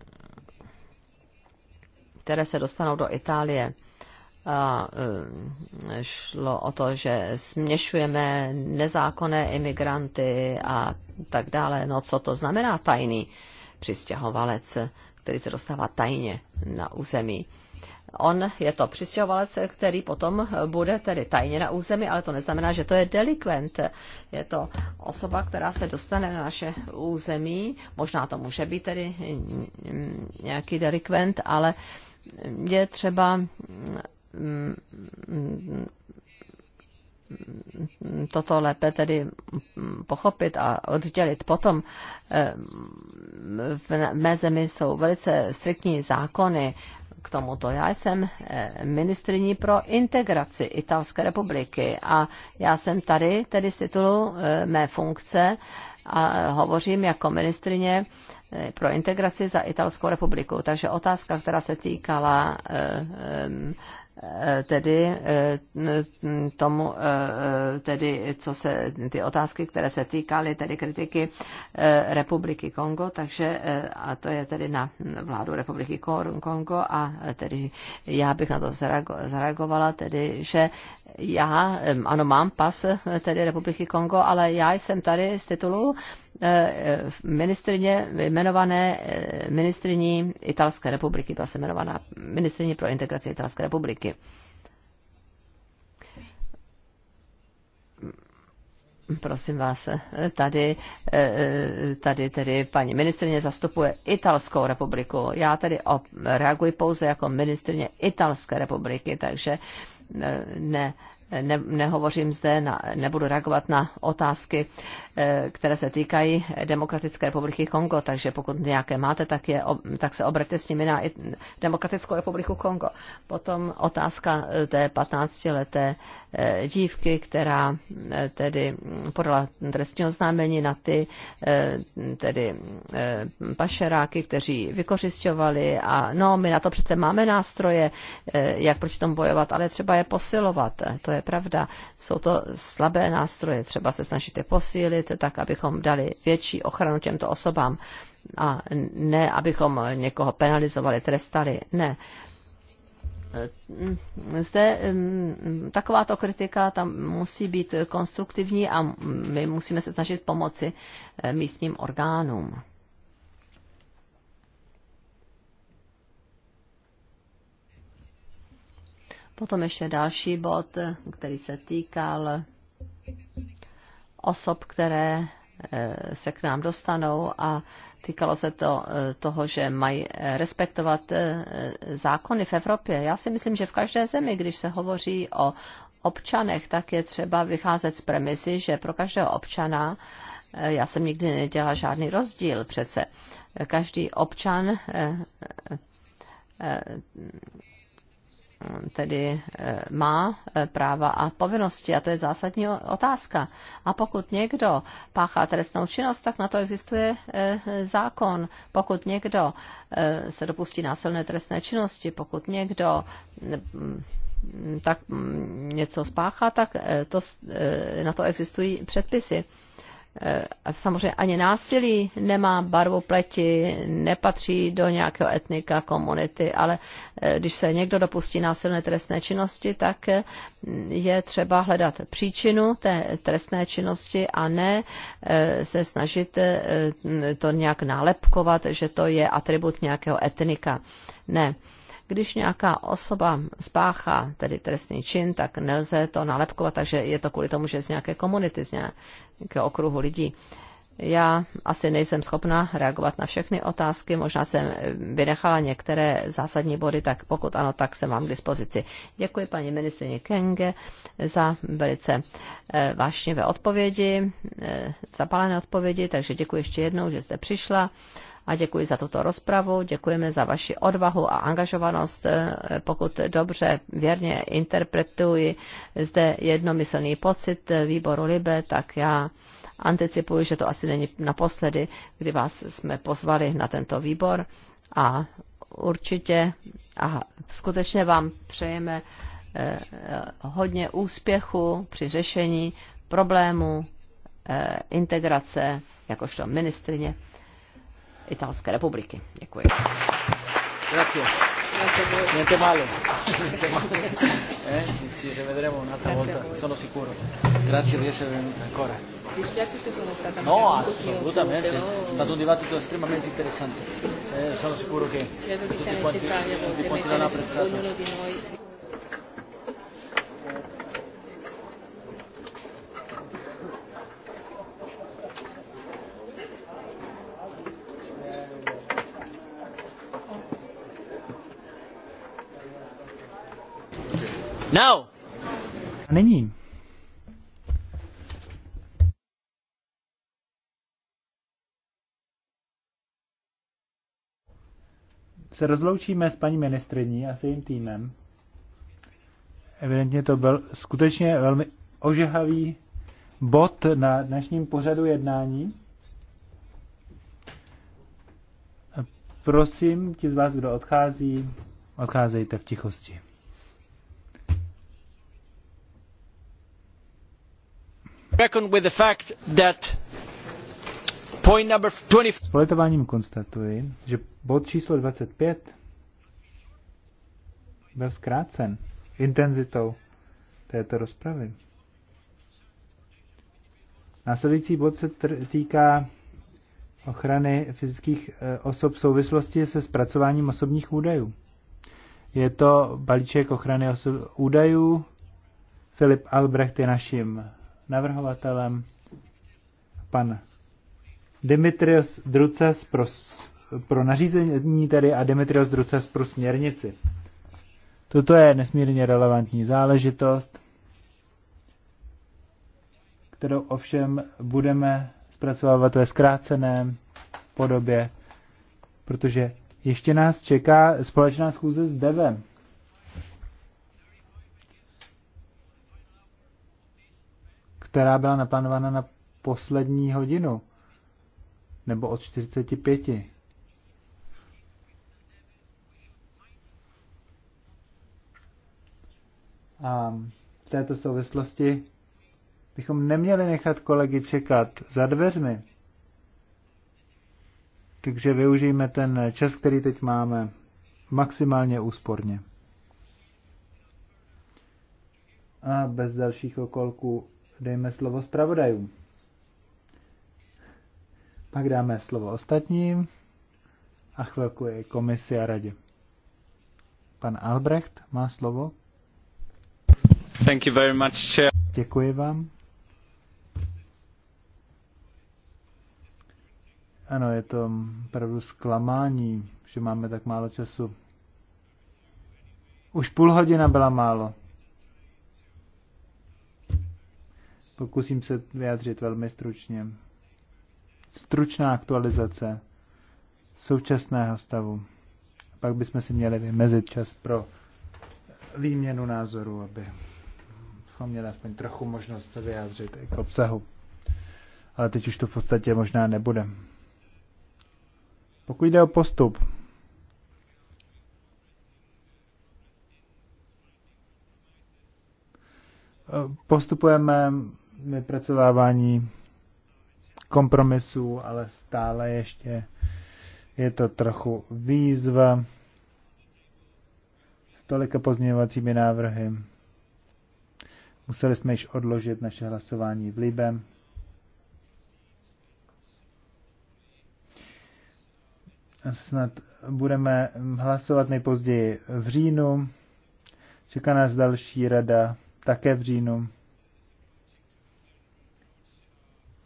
které se dostanou do Itálie. A e, šlo o to, že směšujeme nezákonné imigranty a tak dále. No co to znamená tajný přistěhovalec, který se dostává tajně na území? On je to přistěhovalec, který potom bude tedy tajně na území, ale to neznamená, že to je delikvent. Je to osoba, která se dostane na naše území. Možná to může být tedy nějaký delikvent, ale uh, je třeba mm, toto lépe tedy pochopit a oddělit. Potom eh, v mé zemi jsou velice striktní zákony k tomuto. Já jsem eh, ministriní pro integraci Italské republiky a já jsem tady, tedy z titulu eh, mé funkce, a hovořím jako ministrině Eh, pro integraci za Italskou republiku. Takže otázka, která se týkala eh, eh, tedy tomu, tedy co se, ty otázky, které se týkaly tedy kritiky Republiky Kongo, takže a to je tedy na vládu Republiky Kongo a tedy já bych na to zareagovala, tedy že já, ano, mám pas eh, tedy Republiky Kongo, ale já jsem tady z titulu eh, eh, ministrině jmenované ministrní Italské republiky, byla jsem jmenovaná ministrině pro integraci Italské republiky. prosím vás, tady, tady tedy paní ministrině zastupuje Italskou republiku. Já tedy reaguji pouze jako ministrině Italské republiky, takže ne ne, nehovořím zde, na, nebudu reagovat na otázky, eh, které se týkají Demokratické republiky Kongo, takže pokud nějaké máte, tak, je, tak se obraťte s nimi na Demokratickou republiku Kongo. Potom otázka eh, té 15-leté eh, dívky, která tedy podala trestní oznámení na ty tedy pašeráky, kteří vykořišťovali a no, my na to přece máme nástroje, jak proti tomu bojovat, ale třeba je posilovat, to je je pravda. Jsou to slabé nástroje, třeba se snažíte posílit, tak abychom dali větší ochranu těmto osobám a ne, abychom někoho penalizovali, trestali, ne. Zde mm, takováto kritika tam musí být konstruktivní a my musíme se snažit pomoci eh, místním orgánům. Potom ještě další bod, který se týkal osob, které eh, se k nám dostanou a týkalo se to eh, toho, že mají eh, respektovat zákony v Evropě. Já si myslím, že v každé zemi, když se hovoří o občanech, tak je třeba vycházet z premisy, že pro každého občana, já jsem nikdy nedělala žádný rozdíl přece, každý občan tedy eh, má eh, práva a povinnosti. A to je zásadní otázka. A pokud někdo páchá trestnou činnost, tak na to existuje eh, zákon. Pokud někdo se dopustí násilné trestné činnosti, pokud někdo mm, tak mm, něco spáchá, tak to, na to existují předpisy. Eh, samozřejmě ani násilí nemá barvu pleti, nepatří do nějakého etnika, komunity, ale eh, když se někdo dopustí násilné trestné činnosti, tak eh, je třeba hledat příčinu té trestné činnosti a ne se snažit to nějak nálepkovat, že to je atribut nějakého etnika. Ne když nějaká osoba spáchá tedy trestný čin, tak nelze to nalepkovat, takže je to kvůli tomu, že z nějaké komunity, z nějakého okruhu lidí. Já asi nejsem schopna reagovat na všechny otázky, možná jsem vynechala některé zásadní body, tak pokud ano, tak jsem vám k dispozici. Děkuji paní ministrině Kenge za velice eh, vášnivé odpovědi, eh, zapalené odpovědi, takže děkuji ještě jednou, že jste přišla a děkuji za tuto rozpravu, děkujeme za vaši odvahu a angažovanost. E, pokud dobře, věrně interpretuji zde jednomyslný pocit výboru Libe, tak já anticipuji, že to asi není naposledy, kdy vás jsme pozvali na tento výbor a určitě a skutečně vám přejeme e, hodně úspěchu při řešení problému e, integrace jakožto ministrině Italské republiky. Děkuji. Grazie. Niente male, niente male. Eh, ci, ci rivedremo un'altra volta, sono sicuro. Grazie di essere venuta ancora. Dispiace se sono stata No, assolutamente, è stato un dibattito estremamente interessante. Sì. Eh, sono sicuro che credo che sia necessario tutti quanti l'hanno apprezzato. Ognuno di noi No. Není. Se rozloučíme s paní ministriní a s jejím týmem. Evidentně to byl skutečně velmi ožehavý bod na dnešním pořadu jednání. Prosím, ti z vás, kdo odchází, odcházejte v tichosti. Reckon with the fact that point number S politováním konstatuji, že bod číslo 25 byl zkrácen intenzitou této rozpravy. Následující bod se týká ochrany fyzických eh, osob v souvislosti se zpracováním osobních údajů. Je to balíček ochrany údajů. Filip Albrecht je naším navrhovatelem pan Dimitrios Druces pro, pro nařízení tedy a Dimitrios Druces pro směrnici. Toto je nesmírně relevantní záležitost, kterou ovšem budeme zpracovávat ve zkrácené podobě, protože ještě nás čeká společná schůze s Devem. která byla naplánována na poslední hodinu, nebo od 45. A v této souvislosti bychom neměli nechat kolegy čekat za dveřmi. Takže využijeme ten čas, který teď máme, maximálně úsporně. A bez dalších okolků dejme slovo zpravodajům. Pak dáme slovo ostatním a chvilku je komisi a radě. Pan Albrecht má slovo. Thank you very much, chair. Děkuji vám. Ano, je to opravdu zklamání, že máme tak málo času. Už půl hodina byla málo. Pokusím se vyjádřit velmi stručně. Stručná aktualizace současného stavu. Pak bychom si měli vymezit čas pro výměnu názorů, aby jsme měli aspoň trochu možnost se vyjádřit i k obsahu. Ale teď už to v podstatě možná nebude. Pokud jde o postup, postupujeme vypracovávání kompromisů, ale stále ještě je to trochu výzva s tolika pozměňovacími návrhy. Museli jsme již odložit naše hlasování v Libem. Snad budeme hlasovat nejpozději v říjnu. Čeká nás další rada také v říjnu.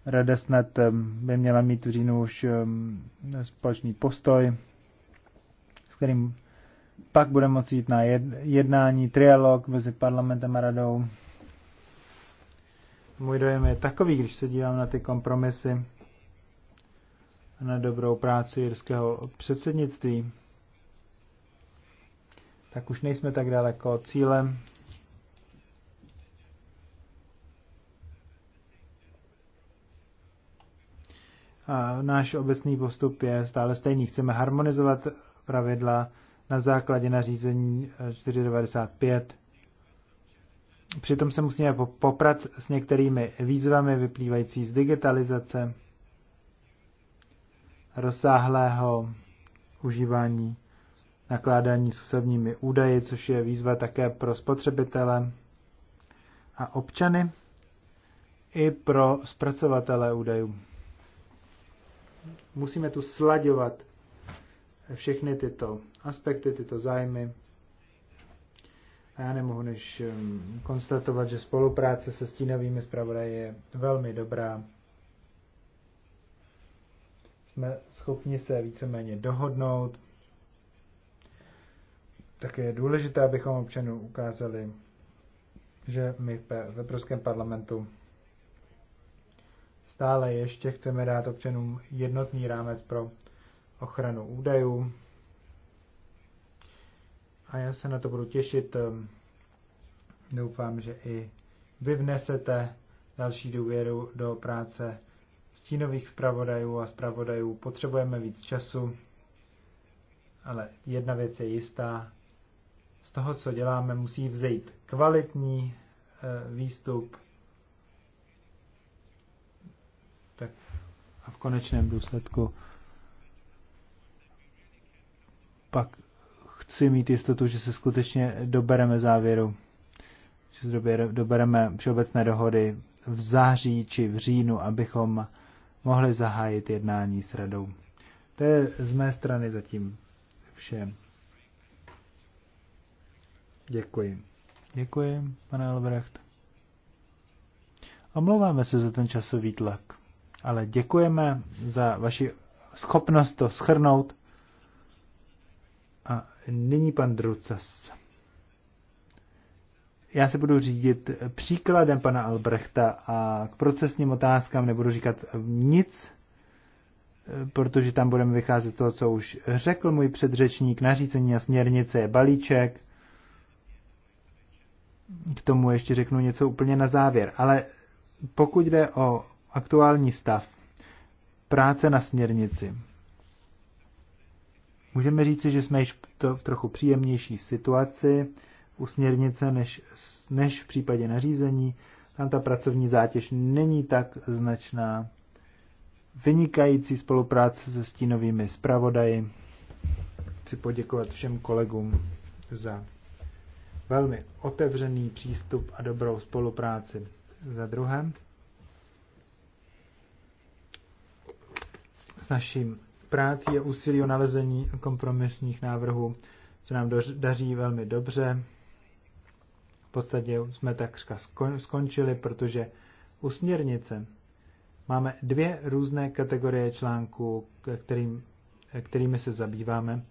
Redesnet ehm, by měla mít v říjnu už ehm, společný postoj, s kterým pak bude moci jít na jednání, trialog mezi parlamentem a radou. Můj dojem je takový, když se dívám na ty kompromisy a na dobrou práci jirského předsednictví, tak už nejsme tak daleko od cíle. A náš obecný postup je stále stejný. Chceme harmonizovat pravidla na základě nařízení 495. Přitom se musíme poprat s některými výzvami vyplývající z digitalizace, rozsáhlého užívání nakládání s osobními údaji, což je výzva také pro spotřebitele a občany i pro zpracovatele údajů musíme tu slaďovat všechny tyto aspekty, tyto zájmy. A já nemohu než konstatovat, že spolupráce se stínovými zpravodaji je velmi dobrá. Jsme schopni se víceméně dohodnout. Také je důležité, abychom občanům ukázali, že my ve Evropském parlamentu Stále ještě chceme dát občanům jednotný rámec pro ochranu údajů. A já se na to budu těšit. Ehm, doufám, že i vy vnesete další důvěru do práce stínových zpravodajů a zpravodajů. Potřebujeme víc času, ale jedna věc je jistá. Z toho, co děláme, musí vzejít kvalitní eh, výstup a v konečném důsledku pak chci mít jistotu, že se skutečně dobereme závěru, že se dobereme všeobecné dohody v září či v říjnu, abychom mohli zahájit jednání s radou. To je z mé strany zatím vše. Děkuji. Děkuji, pane Albrecht. Omlouváme se za ten časový tlak ale děkujeme za vaši schopnost to schrnout. A nyní pan Drucas. Já se budu řídit příkladem pana Albrechta a k procesním otázkám nebudu říkat nic, protože tam budeme vycházet z toho, co už řekl můj předřečník. Nařícení a směrnice je balíček. K tomu ještě řeknu něco úplně na závěr. Ale pokud jde o Aktuální stav. Práce na směrnici. Můžeme říci, že jsme již v trochu příjemnější situaci u směrnice než, než v případě nařízení. Tam ta pracovní zátěž není tak značná. Vynikající spolupráce se stínovými zpravodaji. Chci poděkovat všem kolegům za velmi otevřený přístup a dobrou spolupráci. Za druhé, s naším prácí a úsilí o nalezení kompromisních návrhů se nám daří velmi dobře. V podstatě jsme takřka skončili, protože u směrnice máme dvě různé kategorie článků, kterým, kterými se zabýváme.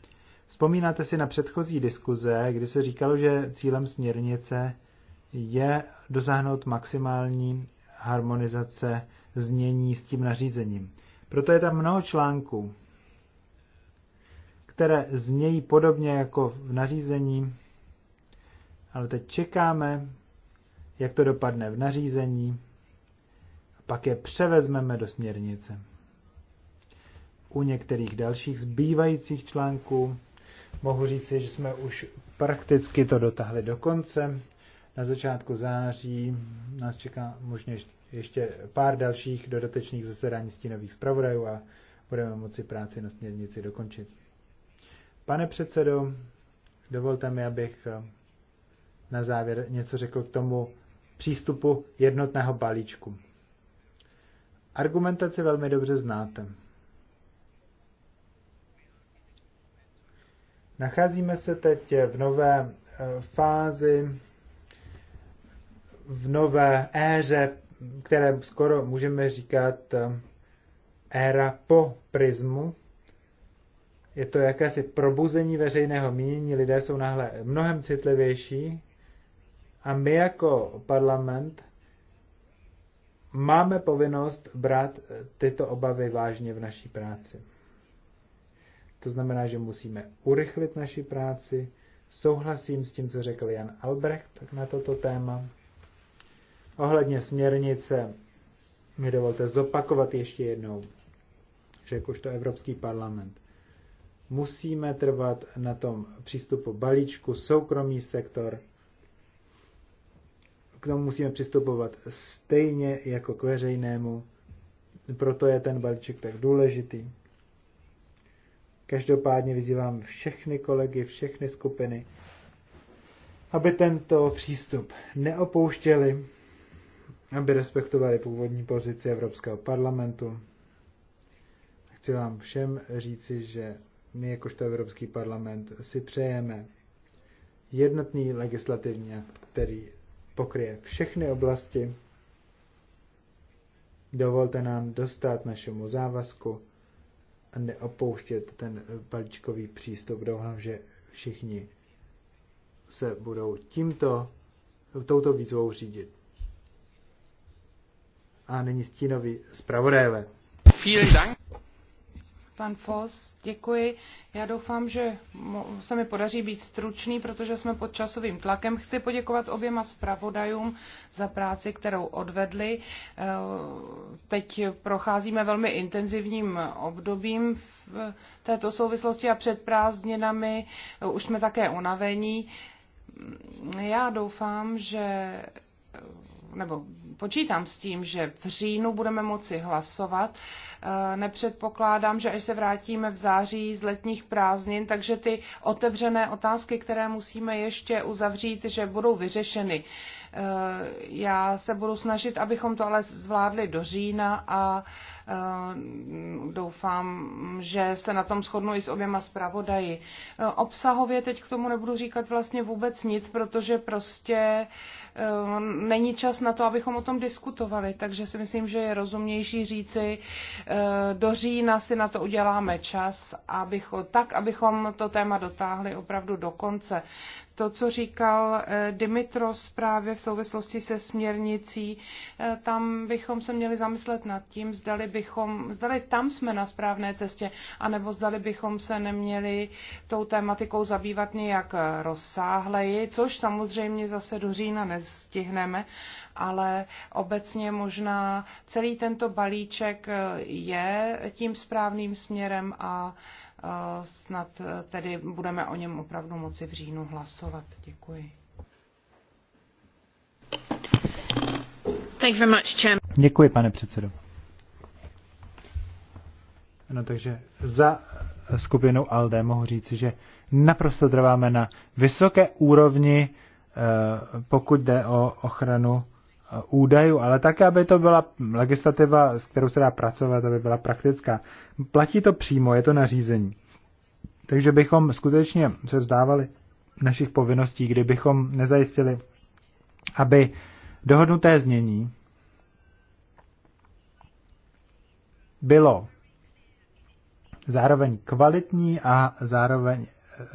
Vzpomínáte si na předchozí diskuze, kdy se říkalo, že cílem směrnice je dosáhnout maximální harmonizace znění s tím nařízením. Proto je tam mnoho článků, které znějí podobně jako v nařízení, ale teď čekáme, jak to dopadne v nařízení, a pak je převezmeme do směrnice. U některých dalších zbývajících článků mohu říci, že jsme už prakticky to dotáhli do konce. Na začátku září nás čeká možná ještě pár dalších dodatečných zasedání stínových zpravodajů a budeme moci práci na směrnici dokončit. Pane předsedo, dovolte mi, abych eh, na závěr něco řekl k tomu přístupu jednotného balíčku. Argumentaci velmi dobře znáte. Nacházíme se teď v nové eh, fázi, v nové éře které skoro můžeme říkat eh, éra po prismu. Je to jakési probuzení veřejného mínění, lidé jsou náhle mnohem citlivější a my jako parlament máme povinnost brát tyto obavy vážně v naší práci. To znamená, že musíme urychlit naši práci. Souhlasím s tím, co řekl Jan Albrecht na toto téma. Ohledně směrnice mi dovolte zopakovat ještě jednou, že jakožto Evropský parlament musíme trvat na tom přístupu balíčku soukromý sektor. K tomu musíme přistupovat stejně jako k veřejnému, proto je ten balíček tak důležitý. Každopádně vyzývám všechny kolegy, všechny skupiny, aby tento přístup neopouštěli, aby respektovali původní pozici Evropského parlamentu. Chci vám všem říci, že my jakožto Evropský parlament si přejeme jednotný legislativní akt, který pokryje všechny oblasti. Dovolte nám dostat našemu závazku a neopouštět ten balíčkový přístup. Doufám, že všichni se budou tímto, touto výzvou řídit a nyní stínoví zpravodajové. Vielen Dank. Pan Fos, děkuji. Já doufám, že se mi podaří být stručný, protože jsme pod časovým tlakem. Chci poděkovat oběma zpravodajům za práci, kterou odvedli. Eh, teď procházíme velmi intenzivním obdobím v této souvislosti a před prázdninami eh, už jsme také unavení. Já doufám, že nebo počítám s tím, že v říjnu budeme moci hlasovat. Eh, nepředpokládám, že až se vrátíme v září z letních prázdnin, takže ty otevřené otázky, které musíme ještě uzavřít, že budou vyřešeny. Eh, já se budu snažit, abychom to ale zvládli do října a eh, doufám, že se na tom shodnu i s oběma zpravodaji. Obsahově teď k tomu nebudu říkat vlastně vůbec nic, protože prostě není čas na to, abychom o tom diskutovali, takže si myslím, že je rozumnější říci, eh, do října si na to uděláme čas, abych, tak, abychom to téma dotáhli opravdu do konce. To, co říkal eh, Dimitros právě v souvislosti se směrnicí, eh, tam bychom se měli zamyslet nad tím, zdali, bychom, zdali tam jsme na správné cestě, anebo zdali bychom se neměli tou tématikou zabývat nějak rozsáhleji, což samozřejmě zase do října nestihneme, ale obecně možná celý tento balíček eh, je tím správným směrem a eh, snad eh, tedy budeme o něm opravdu moci v říjnu hlasovat. Děkuji. Thank you very much, Chair. Děkuji, pane předsedo. No takže za skupinou ALDE mohu říci, že naprosto trváme na vysoké úrovni, pokud jde o ochranu Eh, údajů, ale tak, aby to byla legislativa, s kterou se dá pracovat, aby byla praktická. Platí to přímo, je to nařízení. Takže bychom skutečně se vzdávali našich povinností, kdybychom nezajistili, aby dohodnuté znění bylo zároveň kvalitní a zároveň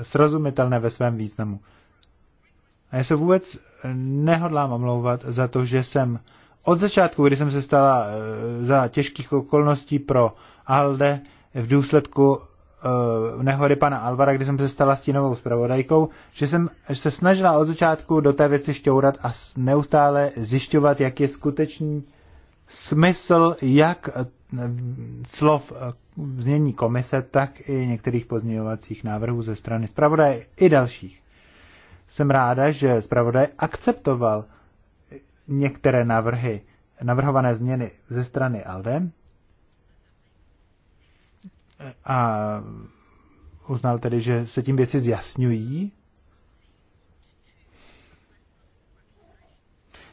srozumitelné ve svém významu. A já vůbec nehodlám omlouvat za to, že jsem od začátku, kdy jsem se stala eh, za těžkých okolností pro ALDE v důsledku eh, nehody pana Alvara, kdy jsem se stala stínovou zpravodajkou, že jsem se snažila od začátku do té věci šťourat a neustále zjišťovat, jak je skutečný smysl jak eh, slov znění komise, tak i některých pozměňovacích návrhů ze strany zpravodaje i dalších. Jsem ráda, že zpravodaj akceptoval některé návrhy, navrhované změny ze strany ALDE a uznal tedy, že se tím věci zjasňují.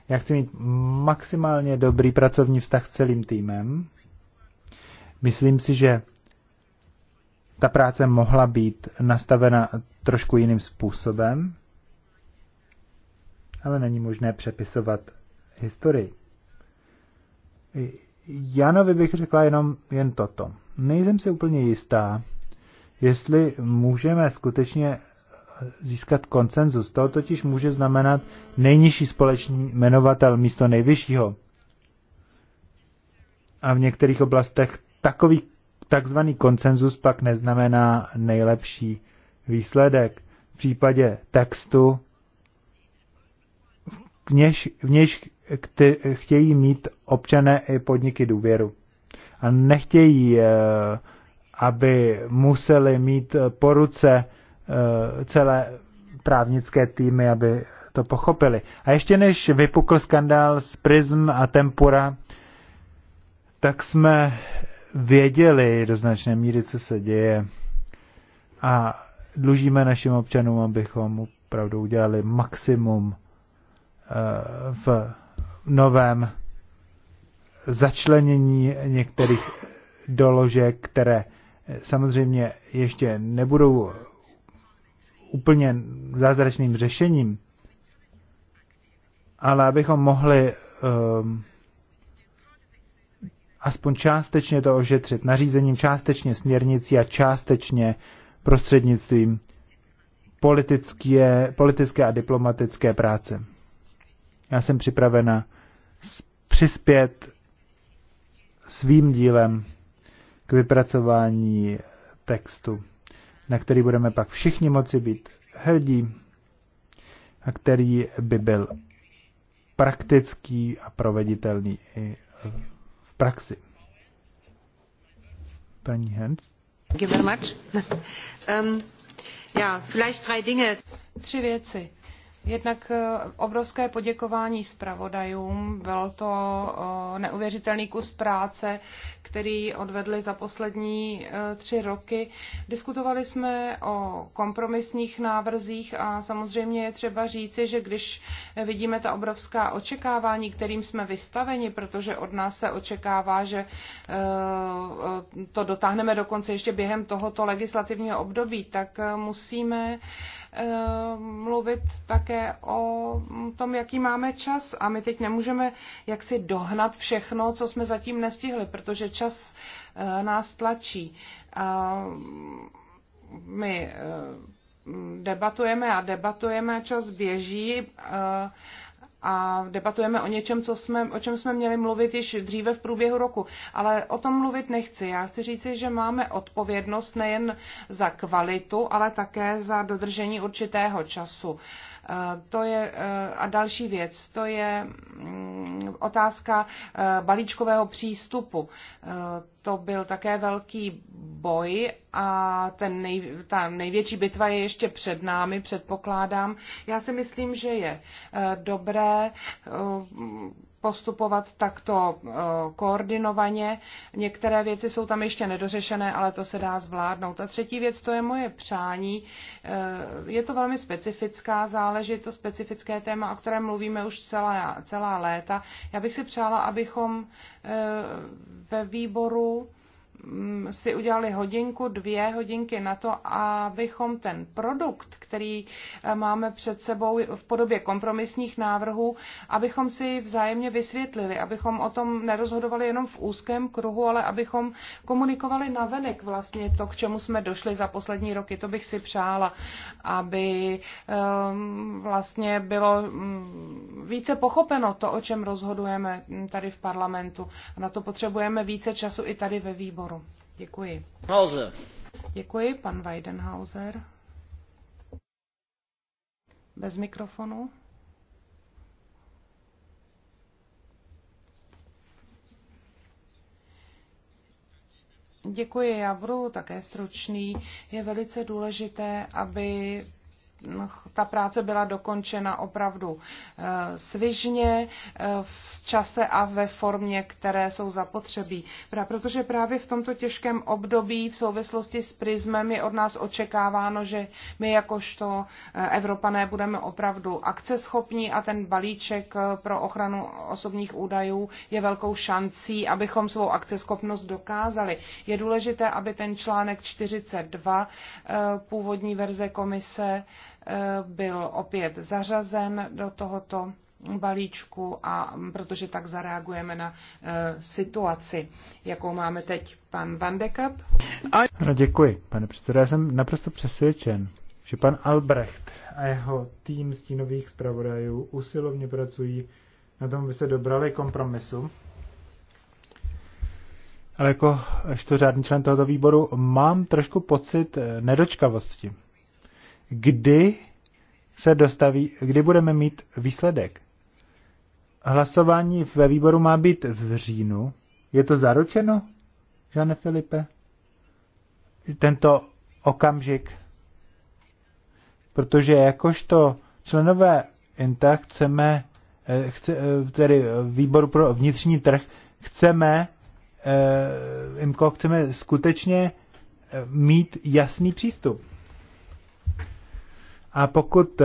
Já chci mít maximálně dobrý pracovní vztah s celým týmem. Myslím si, že ta práce mohla být nastavena trošku jiným způsobem ale není možné přepisovat historii. Janovi bych řekla jenom jen toto. Nejsem si úplně jistá, jestli můžeme skutečně získat konsenzus. To totiž může znamenat nejnižší společný jmenovatel místo nejvyššího. A v některých oblastech takový takzvaný konsenzus pak neznamená nejlepší výsledek. V případě textu něž, v něž chtějí mít občané i podniky důvěru. A nechtějí, eh, aby museli mít po ruce eh, celé právnické týmy, aby to pochopili. A ještě než vypukl skandál s Prism a Tempura, tak jsme věděli do značné míry, co se děje. A dlužíme našim občanům, abychom opravdu udělali maximum v novém začlenění některých doložek, které samozřejmě ještě nebudou úplně zázračným řešením, ale abychom mohli um, aspoň částečně to ošetřit nařízením, částečně směrnicí a částečně prostřednictvím politické, politické a diplomatické práce. Já jsem připravena přispět svým dílem k vypracování textu, na který budeme pak všichni moci být hrdí a který by byl praktický a proveditelný i v praxi. Paní Hens. Thank you very much. um, ja, vielleicht drei Dinge. Tři věci. Jednak eh, obrovské poděkování zpravodajům. Byl to eh, neuvěřitelný kus práce, který odvedli za poslední eh, tři roky. Diskutovali jsme o kompromisních návrzích a samozřejmě je třeba říci, že když vidíme ta obrovská očekávání, kterým jsme vystaveni, protože od nás se očekává, že to dotáhneme dokonce ještě během tohoto legislativního období, tak musíme Eh, mluvit také o tom, jaký máme čas. A my teď nemůžeme jaksi dohnat všechno, co jsme zatím nestihli, protože čas eh, nás tlačí. A my eh, debatujeme a debatujeme, čas běží a debatujeme o něčem, co jsme, o čem jsme měli mluvit již dříve v průběhu roku. Ale o tom mluvit nechci. Já chci říci, že máme odpovědnost nejen za kvalitu, ale také za dodržení určitého času. Uh, Eh, to je eh, a další věc, to je mm, otázka eh, balíčkového přístupu. To byl také velký boj a ten nej, ta největší bitva je ještě před námi, předpokládám. Já si myslím, že je dobré postupovat takto eh, koordinovaně. Některé věci jsou tam ještě nedořešené, ale to se dá zvládnout. A třetí věc, to je moje přání. Eh, je to velmi specifická záležitost, specifické téma, o kterém mluvíme už celá, celá léta. Já bych si přála, abychom eh, ve výboru Mm, si udělali hodinku, dvě hodinky na to, abychom ten produkt, který eh, máme před sebou v podobě kompromisních návrhů, abychom si vzájemně vysvětlili, abychom o tom nerozhodovali jenom v úzkém kruhu, ale abychom komunikovali navenek vlastně to, k čemu jsme došli za poslední roky. To bych si přála, aby ehm, vlastně bylo mm, více pochopeno to, o čem rozhodujeme tady v parlamentu. Na to potřebujeme více času i tady ve výboru výboru. Děkuji. Hauser. Děkuji, pan Weidenhauser. Bez mikrofonu. Děkuji, já budu také stručný. Je velice důležité, aby ta práce byla dokončena opravdu eh, svižně, eh, v čase a ve formě, které jsou zapotřebí. Protože právě v tomto těžkém období v souvislosti s prismem je od nás očekáváno, že my jakožto eh, Evropané budeme opravdu akceschopní a ten balíček pro ochranu osobních údajů je velkou šancí, abychom svou akceschopnost dokázali. Je důležité, aby ten článek 42 původní verze komise byl opět zařazen do tohoto balíčku a protože tak zareagujeme na e, situaci, jakou máme teď pan Van de Kapp. No, děkuji, pane předsedo. Já jsem naprosto přesvědčen, že pan Albrecht a jeho tým stínových zpravodajů usilovně pracují na tom, aby se dobrali kompromisu. Ale jako až to řádný člen tohoto výboru mám trošku pocit nedočkavosti kdy se dostaví, kdy budeme mít výsledek. Hlasování ve výboru má být v říjnu. Je to zaručeno, Žane Filipe? Tento okamžik. Protože jakožto členové INTA chceme, eh, chce, eh, tedy výboru pro vnitřní trh, chceme, eh, IMCO, chceme skutečně mít jasný přístup. A pokud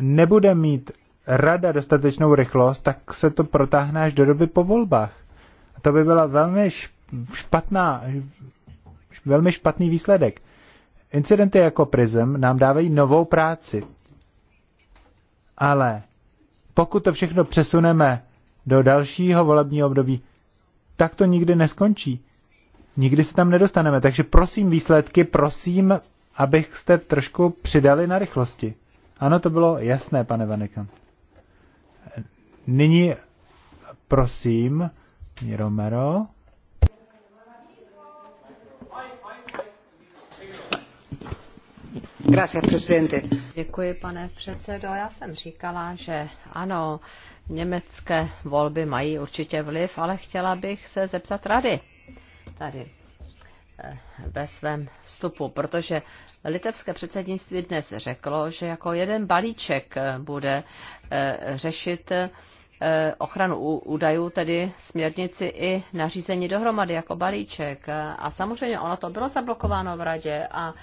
nebude mít rada dostatečnou rychlost, tak se to protáhne až do doby po volbách. A to by byla velmi špatná, velmi špatný výsledek. Incidenty jako prism nám dávají novou práci. Ale pokud to všechno přesuneme do dalšího volebního období, tak to nikdy neskončí. Nikdy se tam nedostaneme. Takže prosím výsledky, prosím abyste trošku přidali na rychlosti. Ano, to bylo jasné, pane Vanekan. Nyní prosím, Romero. Děkuji, pane předsedo. Já jsem říkala, že ano, německé volby mají určitě vliv, ale chtěla bych se zeptat rady. Tady ve svém vstupu, protože litevské předsednictví dnes řeklo, že jako jeden balíček eh, bude eh, řešit eh, ochranu údajů, tedy směrnici i nařízení dohromady jako balíček. A samozřejmě ono to bylo zablokováno v radě a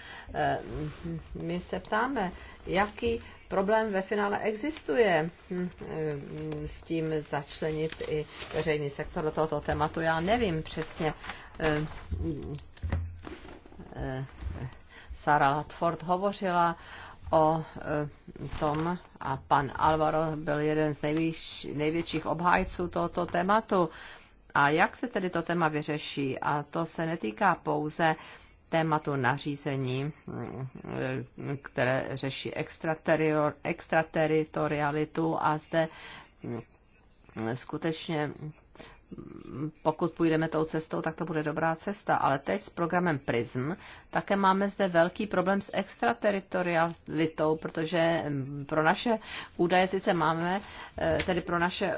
my se ptáme, jaký problém ve finále existuje hm, hm, s tím začlenit i veřejný sektor do tohoto tématu. Já nevím přesně, Eh, eh, Sara Latford hovořila o eh, tom a pan Alvaro byl jeden z největších obhájců tohoto tématu. A jak se tedy to téma vyřeší? A to se netýká pouze tématu nařízení, které řeší extrateritorialitu a zde hm, skutečně pokud půjdeme tou cestou, tak to bude dobrá cesta. Ale teď s programem PRISM také máme zde velký problém s extrateritorialitou, protože mm, pro naše údaje sice máme, eh, tedy pro naše,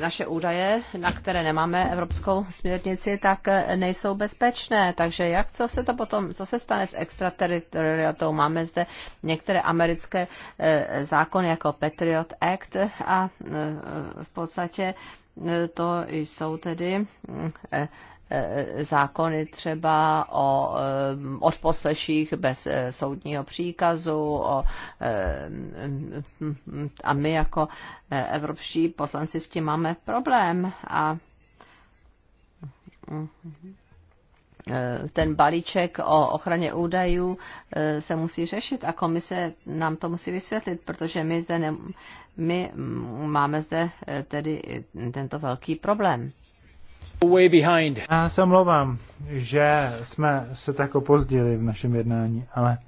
naše údaje, na které nemáme evropskou směrnici, tak eh, nejsou bezpečné. Takže jak, co se to potom, co se stane s extrateritorialitou? Máme zde některé americké eh, zákony jako Patriot Act a v podstatě to jsou tedy eh, eh, zákony třeba o eh, odposleších bez soudního příkazu o, a my jako evropští poslanci s tím máme problém a Eh, ten balíček o ochraně údajů eh, se musí řešit a komise nám to musí vysvětlit, protože my zde ne, my mm, máme zde eh, tedy tento velký problém. Way behind. Já se mluvám, že jsme se tak opozdili v našem jednání, ale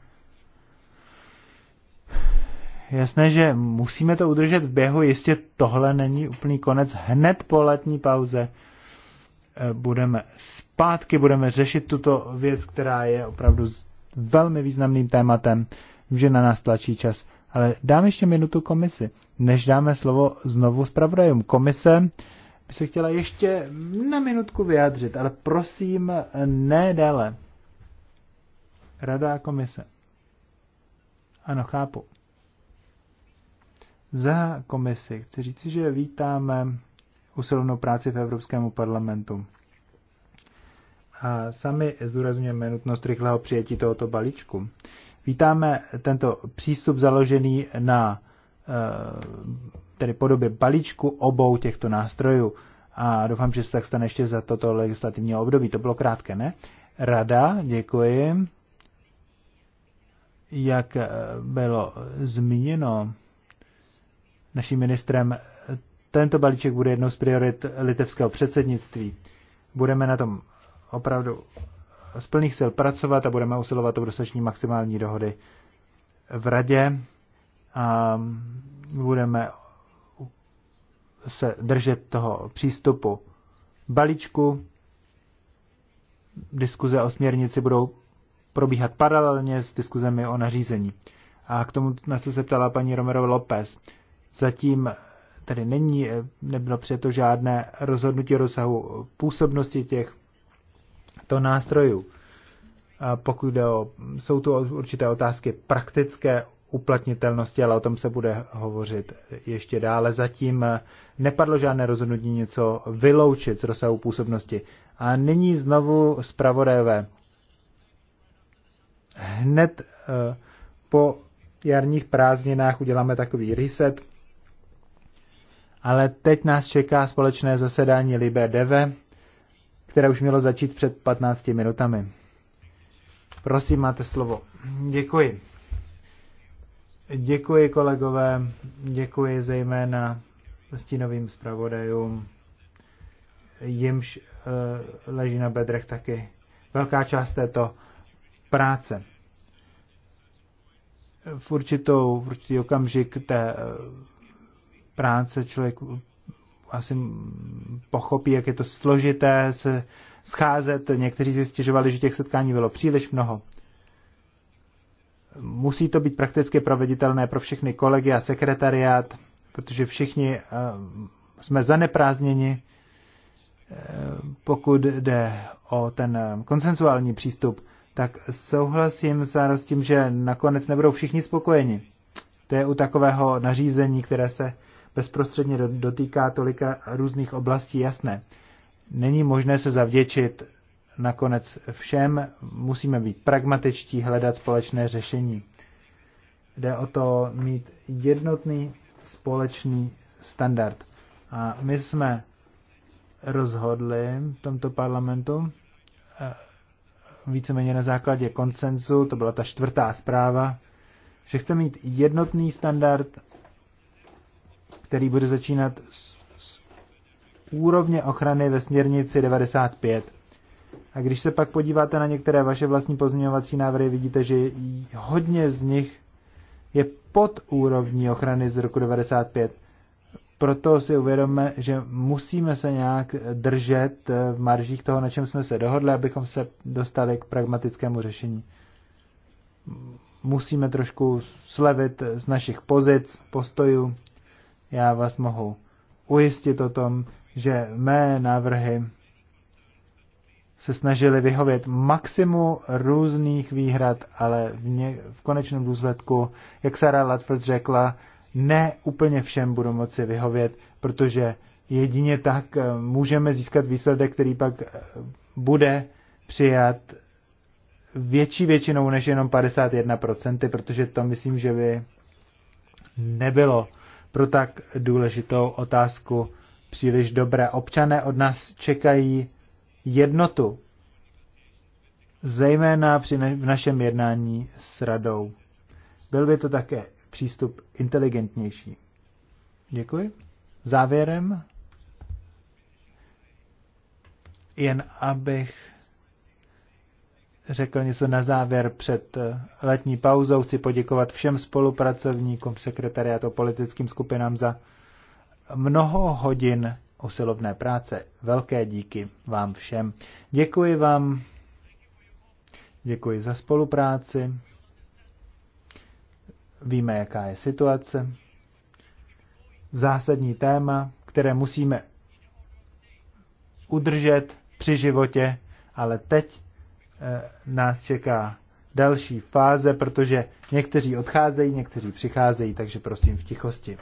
jasné, že musíme to udržet v běhu, jistě tohle není úplný konec hned po letní pauze. Eh, budeme zpátky, budeme řešit tuto věc, která je opravdu velmi významným tématem. že na nás tlačí čas, ale dám ještě minutu komisi, než dáme slovo znovu zpravodajům. Komise by se chtěla ještě na minutku vyjádřit, ale prosím, ne déle. Rada a komise. Ano, chápu. Za komisi chci říct, že vítáme usilovnou práci v Evropskému parlamentu. A sami zdůrazňujeme nutnost rychlého přijetí tohoto balíčku. Vítáme tento přístup založený na eh, tedy podobě balíčku obou těchto nástrojů a doufám, že se tak stane ještě za toto legislativní období. To bylo krátké, ne? Rada, děkuji. Jak eh, bylo zmíněno naším ministrem tento balíček bude jednou z priorit litevského předsednictví. Budeme na tom opravdu z plných sil pracovat a budeme usilovat o dosažení maximální dohody v radě a budeme se držet toho přístupu balíčku. Diskuze o směrnici budou probíhat paralelně s diskuzemi o nařízení. A k tomu, na co se ptala paní Romero López, zatím tady není, eh, nebylo přijeto žádné rozhodnutí rozsahu působnosti těch to nástrojů. A pokud jde o, jsou tu určité otázky praktické uplatnitelnosti, ale o tom se bude hovořit ještě dále. Zatím eh, nepadlo žádné rozhodnutí něco vyloučit z rozsahu působnosti. A nyní znovu zpravodajové. Hned eh, po jarních prázdninách uděláme takový reset ale teď nás čeká společné zasedání Libe Deve, které už mělo začít před 15 minutami. Prosím, máte slovo. Děkuji. Děkuji kolegové, děkuji zejména stínovým zpravodajům, jimž uh, leží na bedrech taky velká část této práce. V, určitou, v určitý okamžik té eh, práce člověk asi pochopí, jak je to složité se scházet. Někteří si stěžovali, že těch setkání bylo příliš mnoho. Musí to být prakticky proveditelné pro všechny kolegy a sekretariát, protože všichni eh, jsme zaneprázdněni, eh, pokud jde o ten eh, konsensuální přístup, tak souhlasím s tím, že nakonec nebudou všichni spokojeni. To je u takového nařízení, které se bezprostředně dotýká tolika různých oblastí, jasné. Není možné se zavděčit nakonec všem, musíme být pragmatičtí, hledat společné řešení. Jde o to mít jednotný společný standard. A my jsme rozhodli v tomto parlamentu eh, víceméně na základě konsenzu, to byla ta čtvrtá zpráva, že chce mít jednotný standard který bude začínat s, s úrovně ochrany ve směrnici 95. A když se pak podíváte na některé vaše vlastní pozměňovací návrhy, vidíte, že hodně z nich je pod úrovní ochrany z roku 95. Proto si uvědomme, že musíme se nějak držet eh, v maržích toho, na čem jsme se dohodli, abychom se dostali k pragmatickému řešení. Musíme trošku slevit z našich pozic, postojů já vás mohu ujistit o tom, že mé návrhy se snažili vyhovět maximu různých výhrad, ale v, ně, v konečném důsledku, jak Sarah Latford řekla, ne úplně všem budu moci vyhovět, protože jedině tak eh, můžeme získat výsledek, který pak eh, bude přijat větší většinou než jenom 51%, protože to myslím, že by nebylo pro tak důležitou otázku příliš dobré. Občané od nás čekají jednotu, zejména při ne- v našem jednání s radou. Byl by to také přístup inteligentnější. Děkuji. Závěrem, jen abych řekl něco na závěr před eh, letní pauzou. Chci poděkovat všem spolupracovníkům, sekretariátu, politickým skupinám za mnoho hodin usilovné práce. Velké díky vám všem. Děkuji vám. Děkuji za spolupráci. Víme, jaká je situace. Zásadní téma, které musíme udržet při životě, ale teď Eh, nás čeká další fáze, protože někteří odcházejí, někteří přicházejí, takže prosím v tichosti.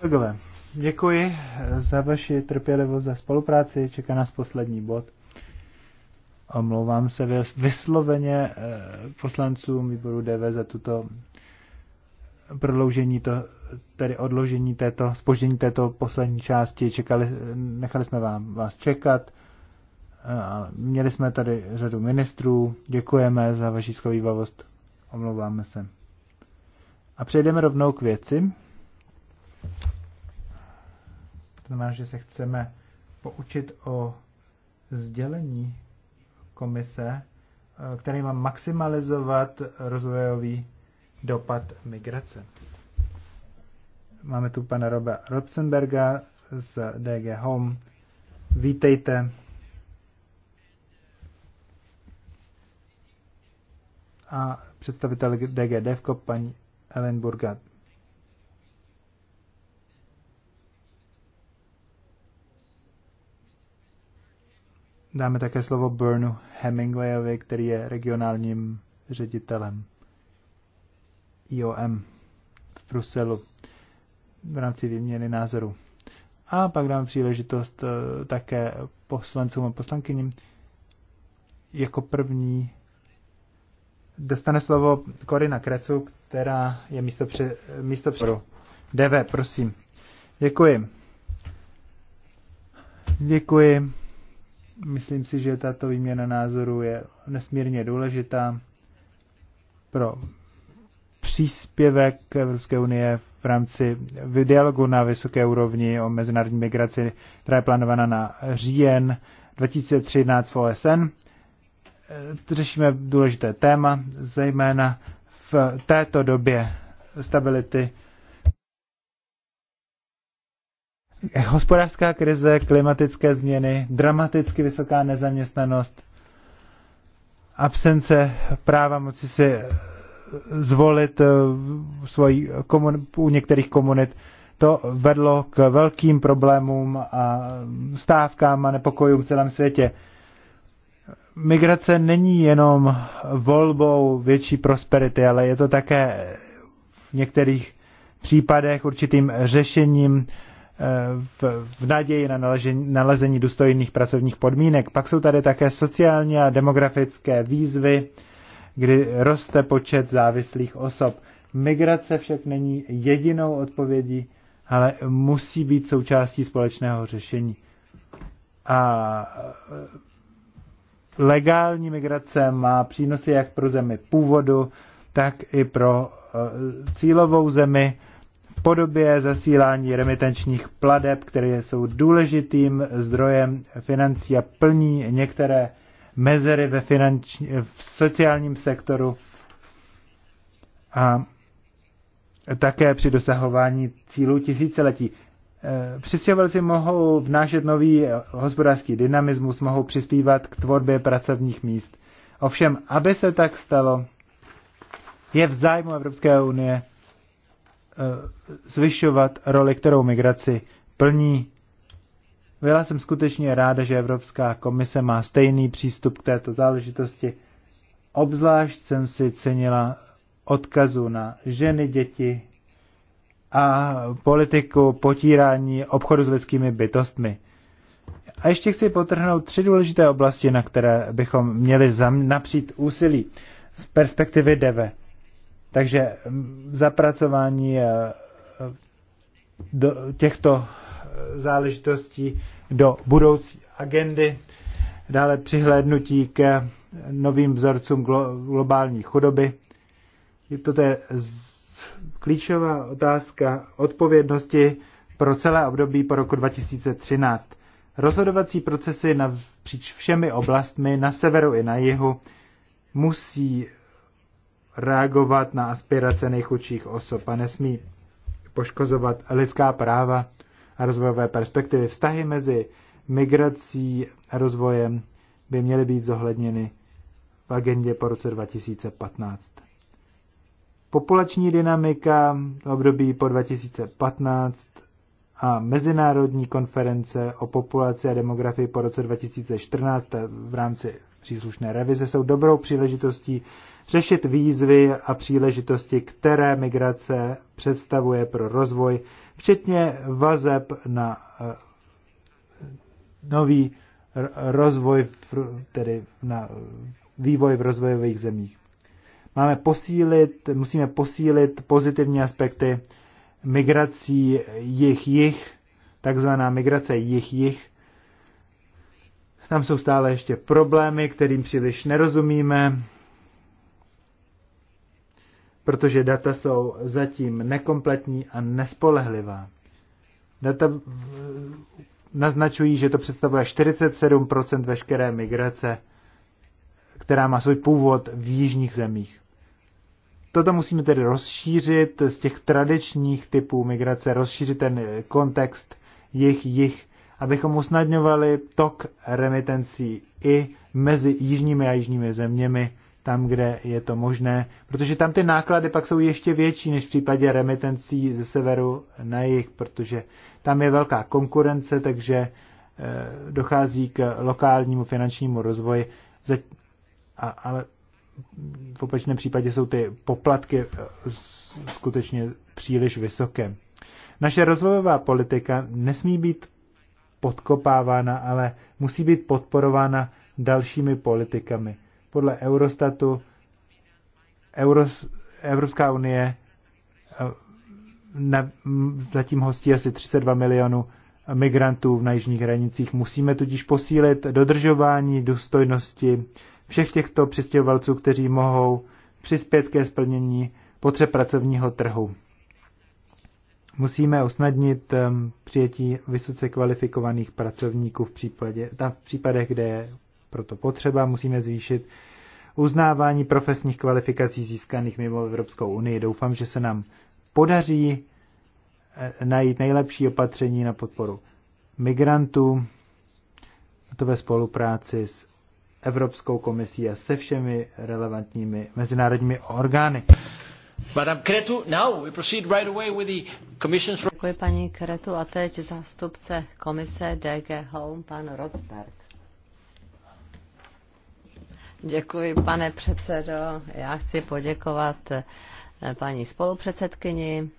Kolegové, děkuji za vaši trpělivost za spolupráci. Čeká nás poslední bod. Omlouvám se vysloveně eh, poslancům výboru DV za tuto prodloužení to, tedy odložení této, spoždění této poslední části. Čekali, nechali jsme vám, vás čekat. Eh, měli jsme tady řadu ministrů. Děkujeme za vaši schovývavost. Omlouváme se. A přejdeme rovnou k věci. To znamená, že se chceme poučit o sdělení komise, eh, který má maximalizovat rozvojový dopad migrace. Máme tu pana Roba Robsenberga z DG Home. Vítejte. A představitel DG Devko, paní Ellen Burgat. Dáme také slovo Bernu Hemingwayovi, který je regionálním ředitelem IOM v Bruselu v rámci výměny názoru. A pak dám příležitost eh, také poslancům a poslankyním. Jako první dostane slovo Korina Krecu, která je místo, pře, místo pře, DV, prosím. Děkuji. Děkuji. Myslím si, že tato výměna názorů je nesmírně důležitá pro příspěvek Evropské unie v rámci dialogu na vysoké úrovni o mezinárodní migraci, která je plánovaná na říjen 2013 v OSN. Řešíme důležité téma, zejména v této době stability. Hospodářská krize, klimatické změny, dramaticky vysoká nezaměstnanost, absence práva moci si zvolit eh, svoji komun- u některých komunit, to vedlo k velkým problémům a stávkám a nepokojům v celém světě migrace není jenom volbou větší prosperity, ale je to také v některých případech určitým řešením eh, v, v naději na nalezení důstojných pracovních podmínek. Pak jsou tady také sociální a demografické výzvy, kdy roste počet závislých osob. Migrace však není jedinou odpovědí, ale musí být součástí společného řešení. A legální migrace má přínosy jak pro zemi původu, tak i pro eh, cílovou zemi v podobě zasílání remitenčních pladeb, které jsou důležitým zdrojem financí a plní některé mezery ve finanční, v sociálním sektoru a také při dosahování cílů tisíciletí. Eh, přistěhovalci mohou vnášet nový eh, hospodářský dynamismus, mohou přispívat k tvorbě pracovních míst. Ovšem, aby se tak stalo, je v zájmu Evropské unie eh, zvyšovat roli, kterou migraci plní. Byla jsem skutečně ráda, že Evropská komise má stejný přístup k této záležitosti. Obzvlášť jsem si cenila odkazu na ženy, děti a politiku potírání obchodu s lidskými bytostmi. A ještě chci potrhnout tři důležité oblasti, na které bychom měli napřít úsilí z perspektivy DEVE. Takže mm, zapracování eh, do těchto eh, záležitostí do budoucí agendy, dále přihlédnutí k novým vzorcům globální chudoby. Toto je klíčová otázka odpovědnosti pro celé období po roku 2013. Rozhodovací procesy napříč všemi oblastmi na severu i na jihu musí reagovat na aspirace nejchudších osob a nesmí poškozovat lidská práva a rozvojové perspektivy. Vztahy mezi migrací a rozvojem by měly být zohledněny v agendě po roce 2015 populační dynamika období po 2015 a mezinárodní konference o populaci a demografii po roce 2014 v rámci příslušné revize jsou dobrou příležitostí řešit výzvy a příležitosti, které migrace představuje pro rozvoj, včetně vazeb na eh, nový rozvoj, tedy na eh, vývoj v rozvojových zemích. Máme posílit, musíme posílit pozitivní aspekty migrací jich-jich, takzvaná migrace jich-jich. Tam jsou stále ještě problémy, kterým příliš nerozumíme, protože data jsou zatím nekompletní a nespolehlivá. Data naznačují, že to představuje 47% veškeré migrace která má svůj původ v jižních zemích. Toto musíme tedy rozšířit z těch tradičních typů migrace, rozšířit ten kontext jich, jich, abychom usnadňovali tok remitencí i mezi jižními a jižními zeměmi, tam, kde je to možné, protože tam ty náklady pak jsou ještě větší než v případě remitencí ze severu na jih, protože tam je velká konkurence, takže eh, dochází k lokálnímu finančnímu rozvoji, a, ale v opačném případě jsou ty poplatky eh, skutečně příliš vysoké. Naše rozvojová politika nesmí být podkopávána, ale musí být podporována dalšími politikami. Podle Eurostatu Euros, Evropská unie eh, na, zatím hostí asi 32 milionů migrantů na jižních hranicích. Musíme tudíž posílit dodržování důstojnosti všech těchto přistěhovalců, kteří mohou přispět ke splnění potřeb pracovního trhu. Musíme usnadnit přijetí vysoce kvalifikovaných pracovníků v, případě, tam v případech, kde je proto potřeba. Musíme zvýšit uznávání profesních kvalifikací získaných mimo Evropskou unii. Doufám, že se nám podaří e, najít nejlepší opatření na podporu migrantů, a to ve spolupráci s Evropskou komisí a se všemi relevantními mezinárodními orgány. Madame Kretu, now we proceed right away with the commission's... Děkuji paní Kretu a teď zástupce komise DG Home, pan Rothberg. Děkuji, pane předsedo. Já chci poděkovat eh, paní spolupředsedkyni,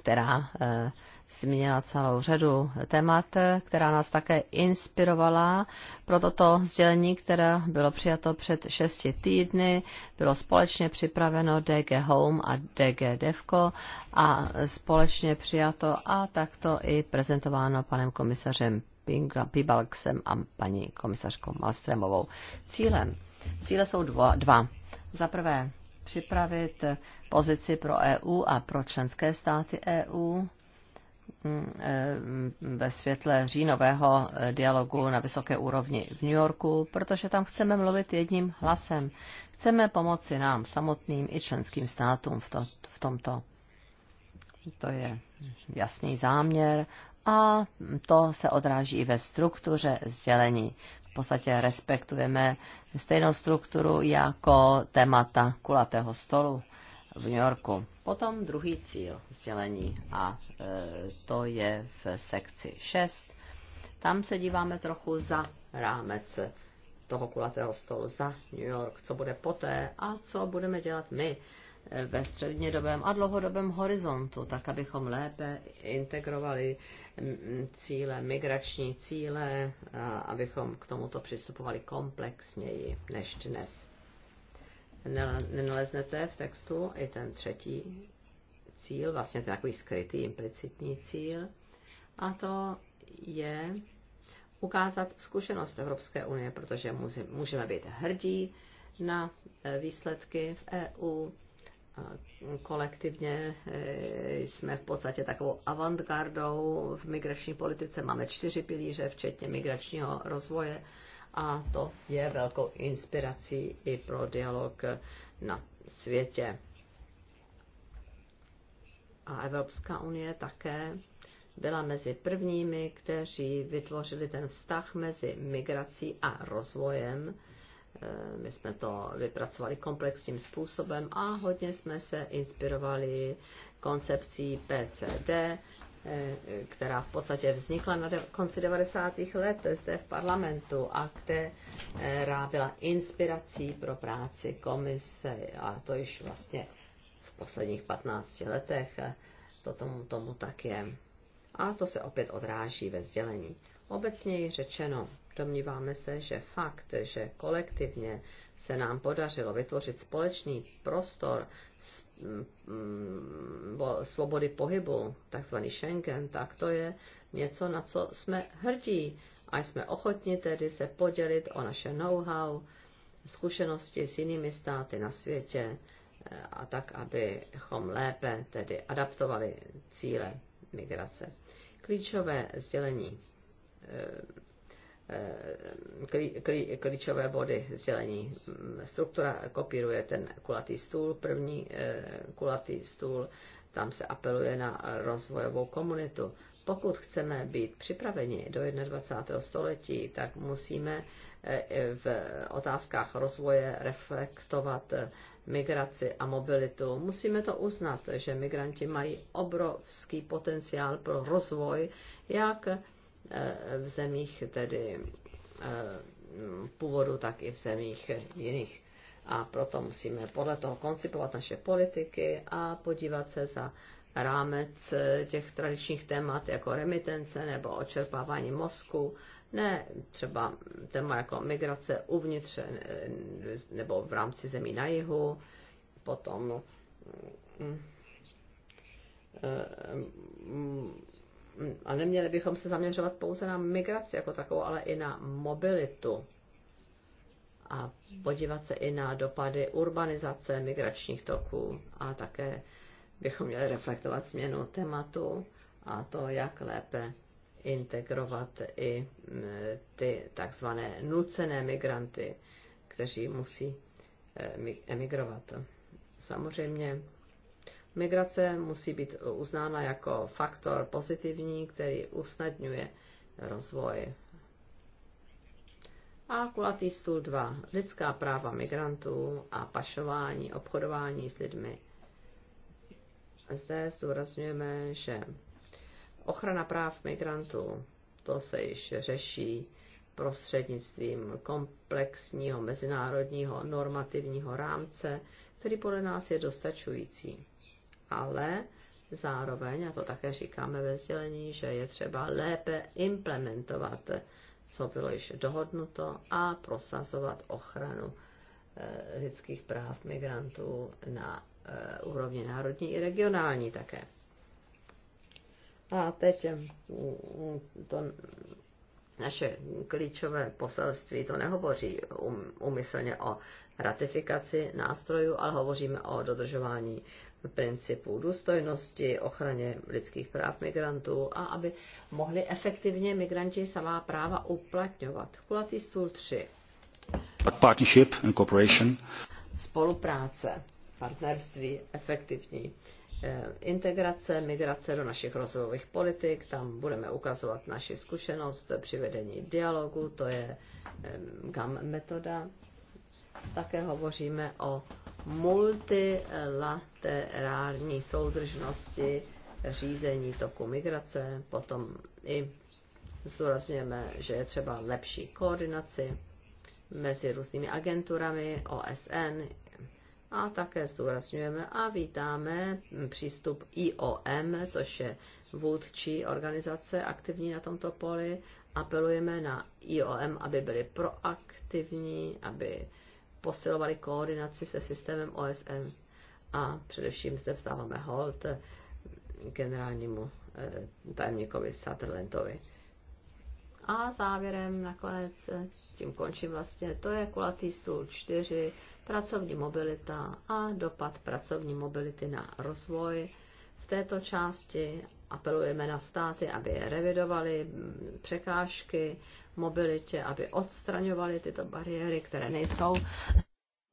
která eh, zmínila celou řadu témat, která nás také inspirovala pro toto sdělení, které bylo přijato před šesti týdny. Bylo společně připraveno DG Home a DG Devco a společně přijato a takto i prezentováno panem komisařem Pibalksem a paní komisařkou Malstremovou. Cílem. Cíle jsou dva. dva. Za prvé připravit pozici pro EU a pro členské státy EU Mm, eh, ve světle říjnového eh, dialogu na vysoké úrovni v New Yorku, protože tam chceme mluvit jedním hlasem. Chceme pomoci nám samotným i členským státům v, to, v tomto. To je jasný záměr a to se odráží i ve struktuře sdělení. V podstatě respektujeme stejnou strukturu jako témata kulatého stolu v New Yorku. Potom druhý cíl sdělení a e, to je v sekci 6. Tam se díváme trochu za rámec toho kulatého stolu, za New York, co bude poté a co budeme dělat my e, ve střednědobém a dlouhodobém horizontu, tak abychom lépe integrovali cíle, migrační cíle, a abychom k tomuto přistupovali komplexněji než dnes nenaleznete v textu i ten třetí cíl, vlastně ten takový skrytý, implicitní cíl, a to je ukázat zkušenost Evropské unie, protože můžeme být hrdí na eh, výsledky v EU. Kolektivně eh, jsme v podstatě takovou avantgardou v migrační politice. Máme čtyři pilíře, včetně migračního rozvoje a to je velkou inspirací i pro dialog na světě. A Evropská unie také byla mezi prvními, kteří vytvořili ten vztah mezi migrací a rozvojem. Eh, my jsme to vypracovali komplexním způsobem a hodně jsme se inspirovali koncepcí PCD, Eh, která v podstatě vznikla na konci 90. let zde v parlamentu a která byla inspirací pro práci komise a to již vlastně v posledních 15 letech to tomu, tomu tak je. A to se opět odráží ve sdělení. Obecněji řečeno, Domníváme se, že fakt, že kolektivně se nám podařilo vytvořit společný prostor mm, svobody pohybu, takzvaný Schengen, tak to je něco, na co jsme hrdí a jsme ochotni tedy se podělit o naše know-how, zkušenosti s jinými státy na světě eh, a tak, abychom lépe tedy adaptovali cíle migrace. Klíčové sdělení eh, klíčové body sdělení. Struktura kopíruje ten kulatý stůl, první eh, kulatý stůl, tam se apeluje na rozvojovou komunitu. Pokud chceme být připraveni do 21. století, tak musíme eh, v otázkách rozvoje reflektovat eh, migraci a mobilitu. Musíme to uznat, že migranti mají obrovský potenciál pro rozvoj, jak v zemích tedy eh, původu, tak i v zemích jiných. A proto musíme podle toho koncipovat naše politiky a podívat se za rámec těch tradičních témat jako remitence nebo očerpávání mozku, ne třeba téma jako migrace uvnitř eh, nebo v rámci zemí na jihu, potom eh, a neměli bychom se zaměřovat pouze na migraci jako takovou, ale i na mobilitu a podívat se i na dopady urbanizace migračních toků a také bychom měli reflektovat změnu tématu a to, jak lépe integrovat i ty takzvané nucené migranty, kteří musí e, emigrovat. Samozřejmě Migrace musí být uznána jako faktor pozitivní, který usnadňuje rozvoj. A kulatý stůl 2. Lidská práva migrantů a pašování, obchodování s lidmi. Zde zdůrazňujeme, že ochrana práv migrantů, to se již řeší prostřednictvím komplexního mezinárodního normativního rámce, který podle nás je dostačující ale zároveň, a to také říkáme ve sdělení, že je třeba lépe implementovat, co bylo již dohodnuto, a prosazovat ochranu eh, lidských práv migrantů na eh, úrovni národní i regionální také. A teď eh, to naše klíčové poselství, to nehovoří um, umyslně o ratifikaci nástrojů, ale hovoříme o dodržování principu důstojnosti, ochraně lidských práv migrantů a aby mohli efektivně migranti samá práva uplatňovat. Kulatý stůl 3. Partnership and cooperation. Spolupráce, partnerství, efektivní eh, integrace, migrace do našich rozvojových politik, tam budeme ukazovat naši zkušenost při vedení dialogu, to je GAM metoda. Také hovoříme o multilaterální soudržnosti řízení toku migrace, potom i zdůrazňujeme, že je třeba lepší koordinaci mezi různými agenturami OSN a také zdůrazňujeme a vítáme přístup IOM, což je vůdčí organizace aktivní na tomto poli. Apelujeme na IOM, aby byli proaktivní, aby posilovali koordinaci se systémem OSN. A především zde vstáváme hold eh, generálnímu eh, tajemníkovi Sutherlandovi. A závěrem nakonec, eh, tím končím vlastně, to je kulatý stůl 4, pracovní mobilita a dopad pracovní mobility na rozvoj. V této části apelujeme na státy, aby revidovali mm, překážky mobilitě, aby odstraňovali tyto bariéry, které nejsou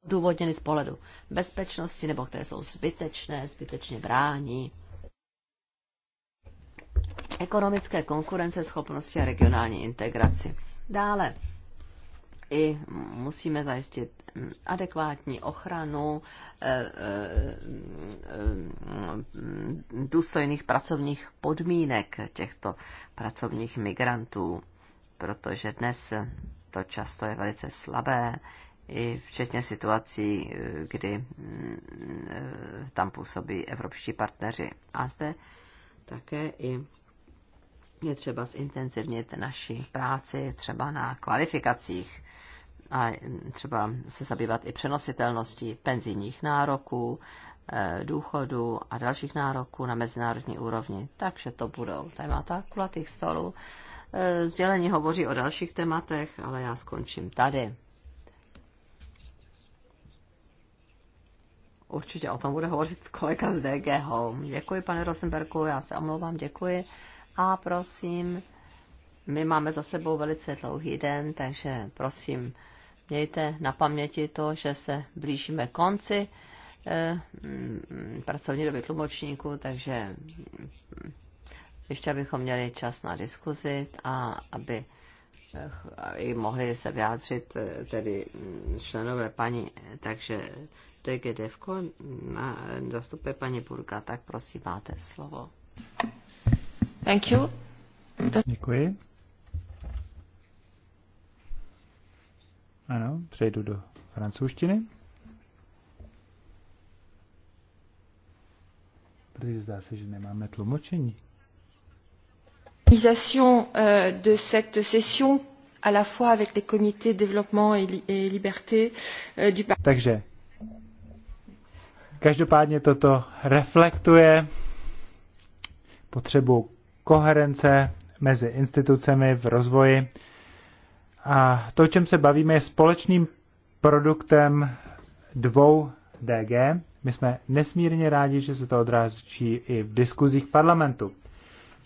důvodněny z pohledu bezpečnosti nebo které jsou zbytečné, zbytečně brání ekonomické schopnosti a regionální integraci. Dále i musíme zajistit adekvátní ochranu eh, eh, důstojných pracovních podmínek těchto pracovních migrantů protože dnes to často je velice slabé, i včetně situací, kdy mm, tam působí evropští partneři. A zde také i je třeba zintenzivnit naši práci třeba na kvalifikacích a třeba se zabývat i přenositelností penzijních nároků, eh, důchodu a dalších nároků na mezinárodní úrovni. Takže to budou témata kulatých stolů Eh, sdělení hovoří o dalších tématech, ale já skončím tady. Určitě o tom bude hovořit kolega z DG Home. Děkuji, pane Rosenberku, já se omlouvám, děkuji. A prosím, my máme za sebou velice dlouhý den, takže prosím, mějte na paměti to, že se blížíme konci eh, pracovní doby tlumočníku, takže ještě abychom měli čas na diskuzi a aby eh, i mohli se vyjádřit eh, tedy mm, členové paní, takže DG na zastupuje paní Burka, tak prosím, máte slovo. Thank you. Děkuji. Ano, přejdu do francouzštiny. Protože zdá se, že nemáme tlumočení. L'organisation euh, de cette session à la fois avec les comités développement et, li et liberté euh, du Takže každopádně toto reflektuje potřebu koherence mezi institucemi v rozvoji a to, o čem se bavíme, je společným produktem dvou DG. My jsme nesmírně rádi, že se to odráží i v diskuzích parlamentu.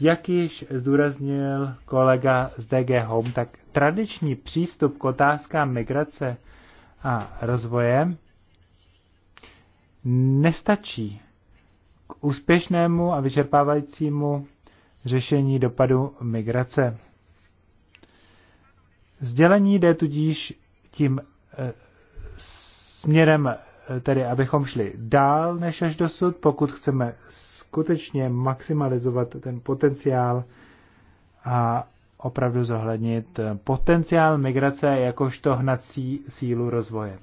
Jak již zdůraznil kolega z DG Home, tak tradiční přístup k otázkám migrace a rozvoje nestačí k úspěšnému a vyčerpávajícímu řešení dopadu migrace. Sdělení jde tudíž tím e, směrem, eh, tedy abychom šli dál než až dosud, pokud chceme skutečně maximalizovat ten potenciál a opravdu zohlednit potenciál migrace jakožto hnací sílu rozvoje.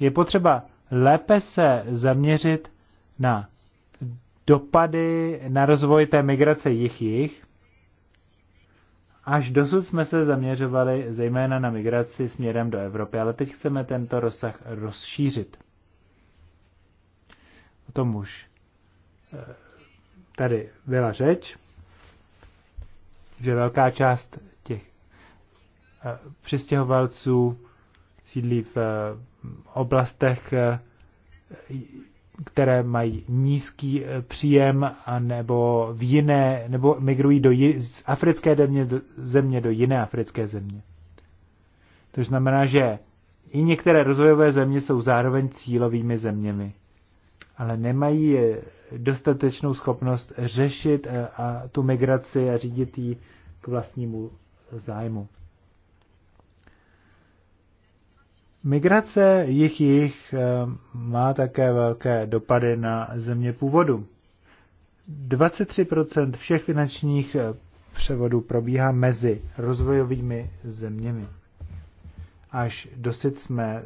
Je potřeba lépe se zaměřit na dopady na rozvoj té migrace jich jich. Až dosud jsme se zaměřovali zejména na migraci směrem do Evropy, ale teď chceme tento rozsah rozšířit. O tom už Eh, tady byla řeč, že velká část těch eh, přistěhovalců sídlí v eh, oblastech, které mají nízký příjem, nebo v jiné, nebo migrují do, z africké země do, země do jiné africké země. To znamená, že i některé rozvojové země jsou zároveň cílovými zeměmi ale nemají dostatečnou schopnost řešit eh, a tu migraci a řídit ji k vlastnímu zájmu. Migrace jich jich eh, má také velké dopady na země původu. 23% všech finančních eh, převodů probíhá mezi rozvojovými zeměmi. Až dosud jsme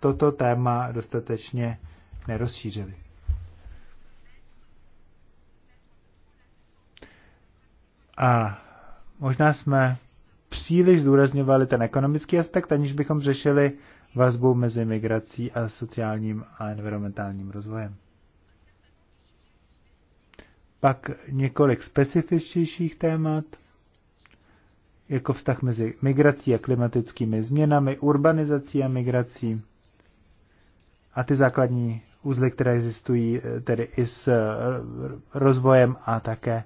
toto téma dostatečně nerozšířili. A možná jsme příliš zdůrazňovali ten ekonomický aspekt, aniž bychom řešili vazbu mezi migrací a sociálním a environmentálním rozvojem. Pak několik specifičtějších témat, jako vztah mezi migrací a klimatickými změnami, urbanizací a migrací a ty základní uzly, které existují eh, tedy i s eh, rozvojem a také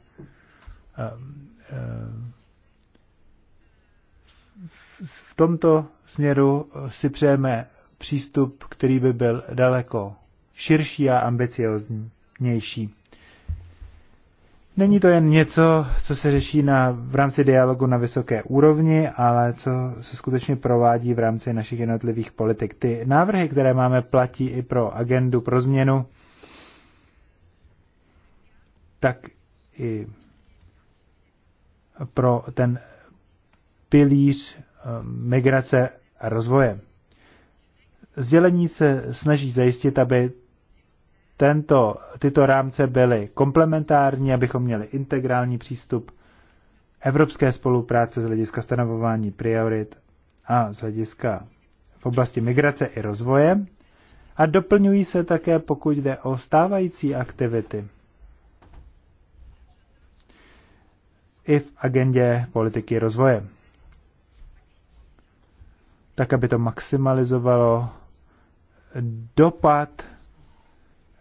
v tomto směru si přejeme přístup, který by byl daleko širší a ambicioznější. Není to jen něco, co se řeší na, v rámci dialogu na vysoké úrovni, ale co se skutečně provádí v rámci našich jednotlivých politik. Ty návrhy, které máme, platí i pro agendu pro změnu, tak i pro ten pilíř eh, migrace a rozvoje. Sdělení se snaží zajistit, aby tento, tyto rámce byly komplementární, abychom měli integrální přístup evropské spolupráce z hlediska stanovování priorit a z hlediska v oblasti migrace i rozvoje. A doplňují se také, pokud jde o stávající aktivity i v agendě politiky rozvoje. Tak, aby to maximalizovalo dopad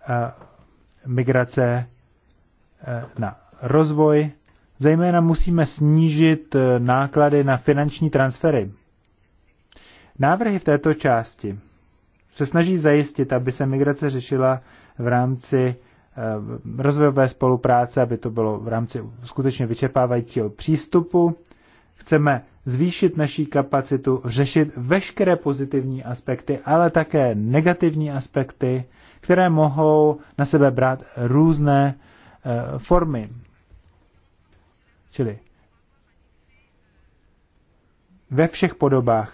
eh, migrace eh, na rozvoj. Zejména musíme snížit eh, náklady na finanční transfery. Návrhy v této části se snaží zajistit, aby se migrace řešila v rámci Eh, rozvojové spolupráce, aby to bylo v rámci skutečně vyčerpávajícího přístupu. Chceme zvýšit naší kapacitu, řešit veškeré pozitivní aspekty, ale také negativní aspekty, které mohou na sebe brát různé eh, formy. Čili ve všech podobách,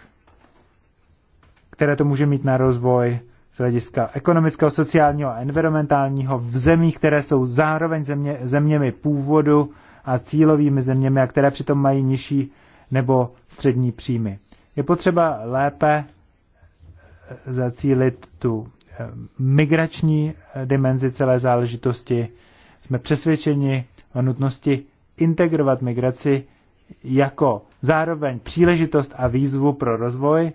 které to může mít na rozvoj, hlediska ekonomického, sociálního a environmentálního v zemích, které jsou zároveň země, zeměmi původu a cílovými zeměmi a které přitom mají nižší nebo střední příjmy. Je potřeba lépe eh, zacílit tu eh, migrační eh, dimenzi celé záležitosti. Jsme přesvědčeni o nutnosti integrovat migraci jako zároveň příležitost a výzvu pro rozvoj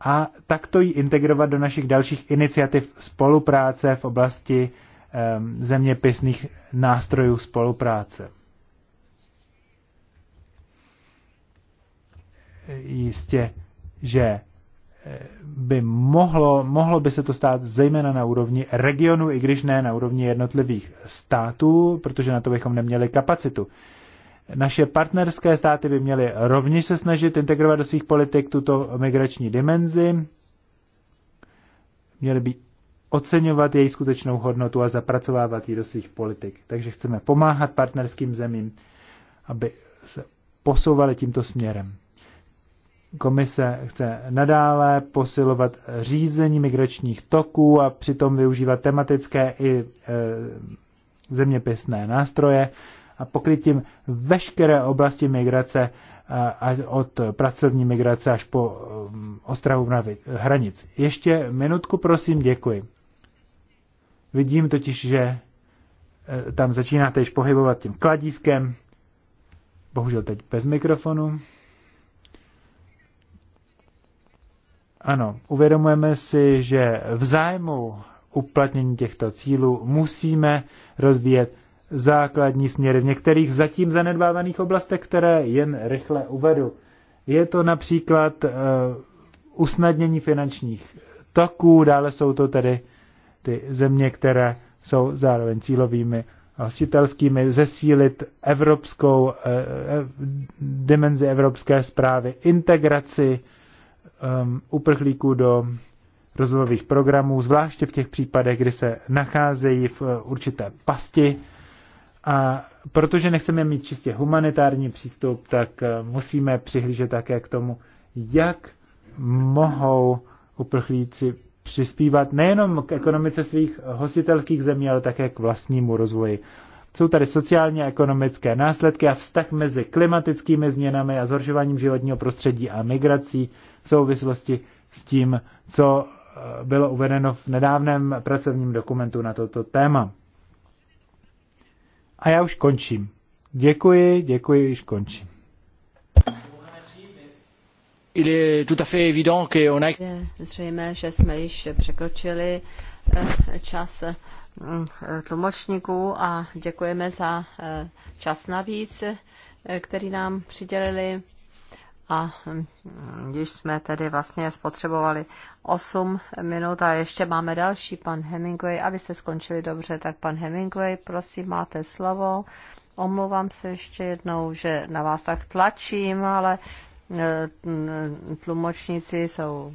a takto ji integrovat do našich dalších iniciativ spolupráce v oblasti ehm, zeměpisných nástrojů spolupráce. Jistě, že eh, by mohlo, mohlo by se to stát zejména na úrovni regionu, i když ne na úrovni jednotlivých států, protože na to bychom neměli kapacitu. Naše partnerské státy by měly rovněž se snažit integrovat do svých politik tuto migrační dimenzi, měly by oceňovat její skutečnou hodnotu a zapracovávat ji do svých politik. Takže chceme pomáhat partnerským zemím, aby se posouvali tímto směrem. Komise chce nadále posilovat řízení migračních toků a přitom využívat tematické i e, zeměpisné nástroje, a pokrytím tím veškeré oblasti migrace, a od pracovní migrace až po um, ostrahu na hranic. Ještě minutku, prosím, děkuji. Vidím totiž, že e, tam začínáte již pohybovat tím kladívkem. Bohužel teď bez mikrofonu. Ano, uvědomujeme si, že v zájmu uplatnění těchto cílů musíme rozvíjet základní směry v některých zatím zanedbávaných oblastech, které jen rychle uvedu. Je to například eh, usnadnění finančních toků, dále jsou to tedy ty země, které jsou zároveň cílovými hostitelskými, zesílit evropskou eh, eh, dimenzi evropské zprávy, integraci ehm, uprchlíků do rozvojových programů, zvláště v těch případech, kdy se nacházejí v určité pasti a protože nechceme mít čistě humanitární přístup, tak eh, musíme přihlížet také k tomu, jak mohou uprchlíci přispívat nejenom k ekonomice svých hostitelských zemí, ale také k vlastnímu rozvoji. Jsou tady sociálně a ekonomické následky a vztah mezi klimatickými změnami a zhoršováním životního prostředí a migrací v souvislosti s tím, co eh, bylo uvedeno v nedávném pracovním dokumentu na toto téma. A já už končím. Děkuji, děkuji, už končím. Je zřejmé, že jsme již překročili eh, čas eh, tlumočníků a děkujeme za eh, čas navíc, který nám přidělili. A hm, když jsme tedy vlastně spotřebovali 8 minut a ještě máme další, pan Hemingway, Aby se skončili dobře, tak pan Hemingway, prosím, máte slovo. Omlouvám se ještě jednou, že na vás tak tlačím, ale hm, hm, tlumočníci jsou,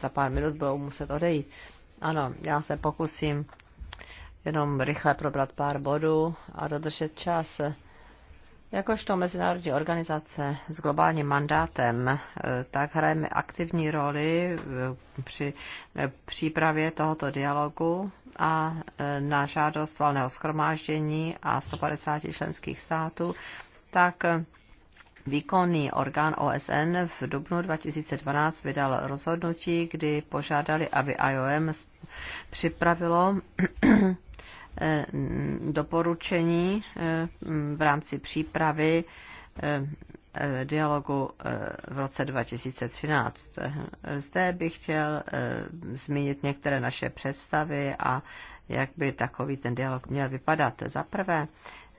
za pár minut budou muset odejít. Ano, já se pokusím jenom rychle probrat pár bodů a dodržet čas. Jakožto mezinárodní organizace s globálním mandátem, eh, tak hrajeme aktivní roli eh, při eh, přípravě tohoto dialogu a na žádost valného schromáždění a 150 členských států, tak Výkonný orgán OSN v dubnu 2012 vydal rozhodnutí, kdy požádali, aby IOM připravilo Eh, doporučení eh, v rámci přípravy eh, dialogu v roce 2013. Zde bych chtěl zmínit některé naše představy a jak by takový ten dialog měl vypadat. Za prvé,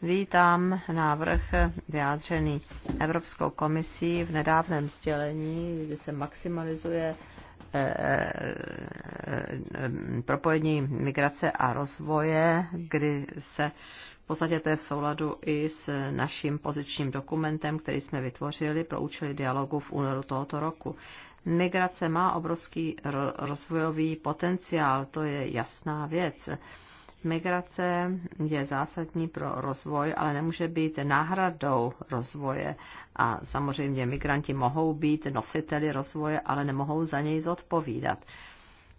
vítám návrh vyjádřený Evropskou komisí v nedávném sdělení, kdy se maximalizuje Eh, propojení migrace a rozvoje, kdy se v podstatě to je v souladu i s naším pozičním dokumentem, který jsme vytvořili pro účely dialogu v únoru tohoto roku. Migrace má obrovský rozvojový potenciál, to je jasná věc. Migrace je zásadní pro rozvoj, ale nemůže být náhradou rozvoje. A samozřejmě migranti mohou být nositeli rozvoje, ale nemohou za něj zodpovídat.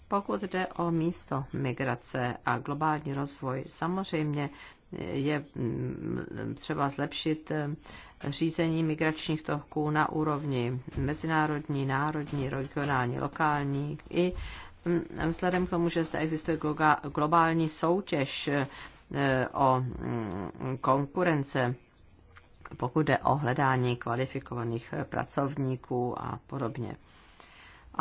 Pokud jde o místo migrace a globální rozvoj, samozřejmě je mm, třeba zlepšit eh, řízení migračních toků na úrovni mezinárodní, národní, regionální, lokální i vzhledem k tomu, že zde existuje globální soutěž eh, o mm, konkurence, pokud jde o hledání kvalifikovaných eh, pracovníků a podobně.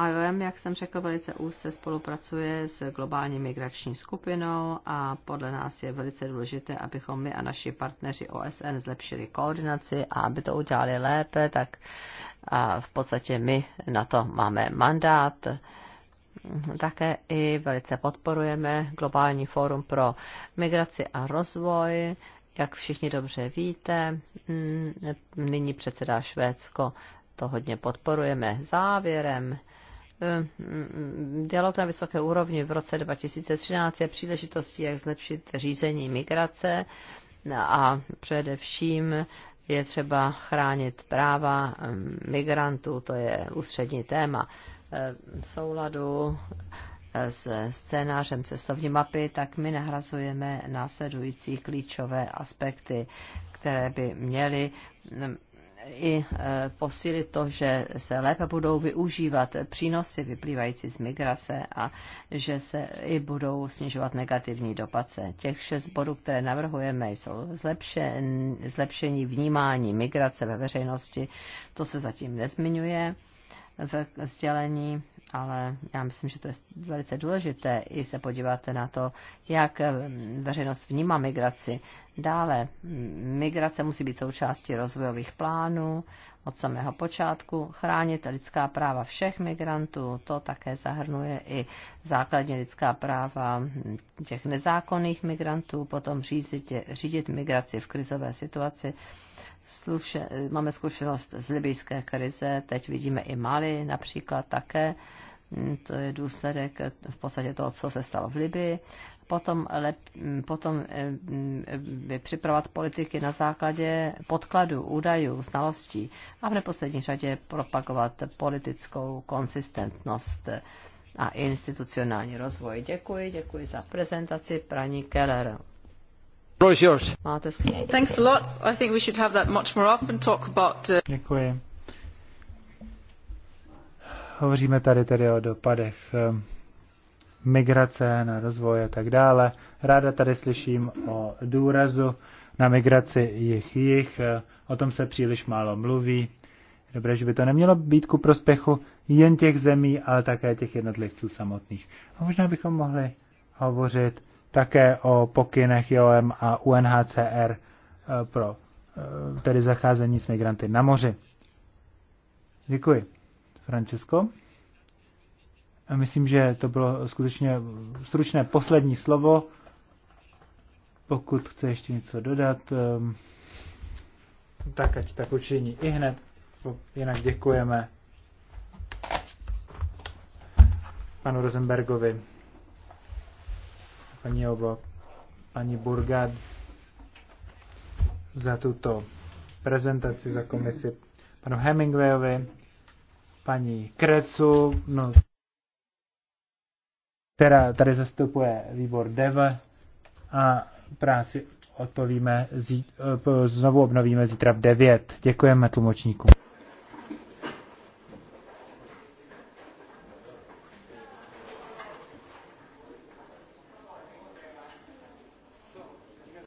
IOM, jak jsem řekl, velice úzce spolupracuje s globální migrační skupinou a podle nás je velice důležité, abychom my a naši partneři OSN zlepšili koordinaci a aby to udělali lépe, tak a v podstatě my na to máme mandát také i velice podporujeme Globální fórum pro migraci a rozvoj. Jak všichni dobře víte, mm, nyní předsedá Švédsko. To hodně podporujeme. Závěrem, mm, Dialog na vysoké úrovni v roce 2013 je příležitostí, jak zlepšit řízení migrace a především je třeba chránit práva mm, migrantů, to je ústřední téma souladu eh, s scénářem cestovní mapy, tak my nahrazujeme následující klíčové aspekty, které by měly mm, i eh, posílit to, že se lépe budou využívat přínosy vyplývající z migrace a že se i budou snižovat negativní dopace. Těch šest bodů, které navrhujeme, jsou zlepšení, zlepšení vnímání migrace ve veřejnosti, to se zatím nezmiňuje v sdělení, ale já myslím, že to je velice důležité i se podívat na to, jak veřejnost vnímá migraci. Dále, migrace musí být součástí rozvojových plánů od samého počátku, chránit lidská práva všech migrantů, to také zahrnuje i základní lidská práva těch nezákonných migrantů, potom řízit, řídit migraci v krizové situaci, Sluše, máme zkušenost z libijské krize, teď vidíme i Mali například také, mm, to je důsledek eh, v podstatě toho, co se stalo v Libii. Potom, lep, mm, potom eh, mm, eh, připravovat politiky na základě podkladů, údajů, znalostí a v neposlední řadě propagovat politickou konsistentnost a institucionální rozvoj. Děkuji, děkuji za prezentaci, Praní Keller. Thanks a lot. I think we should have that much more often talk about... Uh, Hovoříme tady tedy o dopadech um, migrace, na rozvoj a tak dále. Ráda tady slyším o důrazu na migraci jich, jich. Uh, o tom se příliš málo mluví. Dobré, že by to nemělo být ku prospěchu jen těch zemí, ale také těch jednotlivců samotných. A možná bychom mohli hovořit také o pokynech JOM a UNHCR eh, pro eh, tedy zacházení s migranty na moři. Děkuji. Francesco? Myslím, že to bylo skutečně stručné poslední slovo. Pokud chce ještě něco dodat, eh, tak ať tak učiní i hned. Jinak děkujeme panu Rosenbergovi paní Oba, paní Burgad za tuto prezentaci za komisi, panu Hemingwayovi, paní Krecu, no, která tady zastupuje výbor DEV a práci odpovíme, eh, znovu obnovíme zítra v 9. Děkujeme tlumočníkům.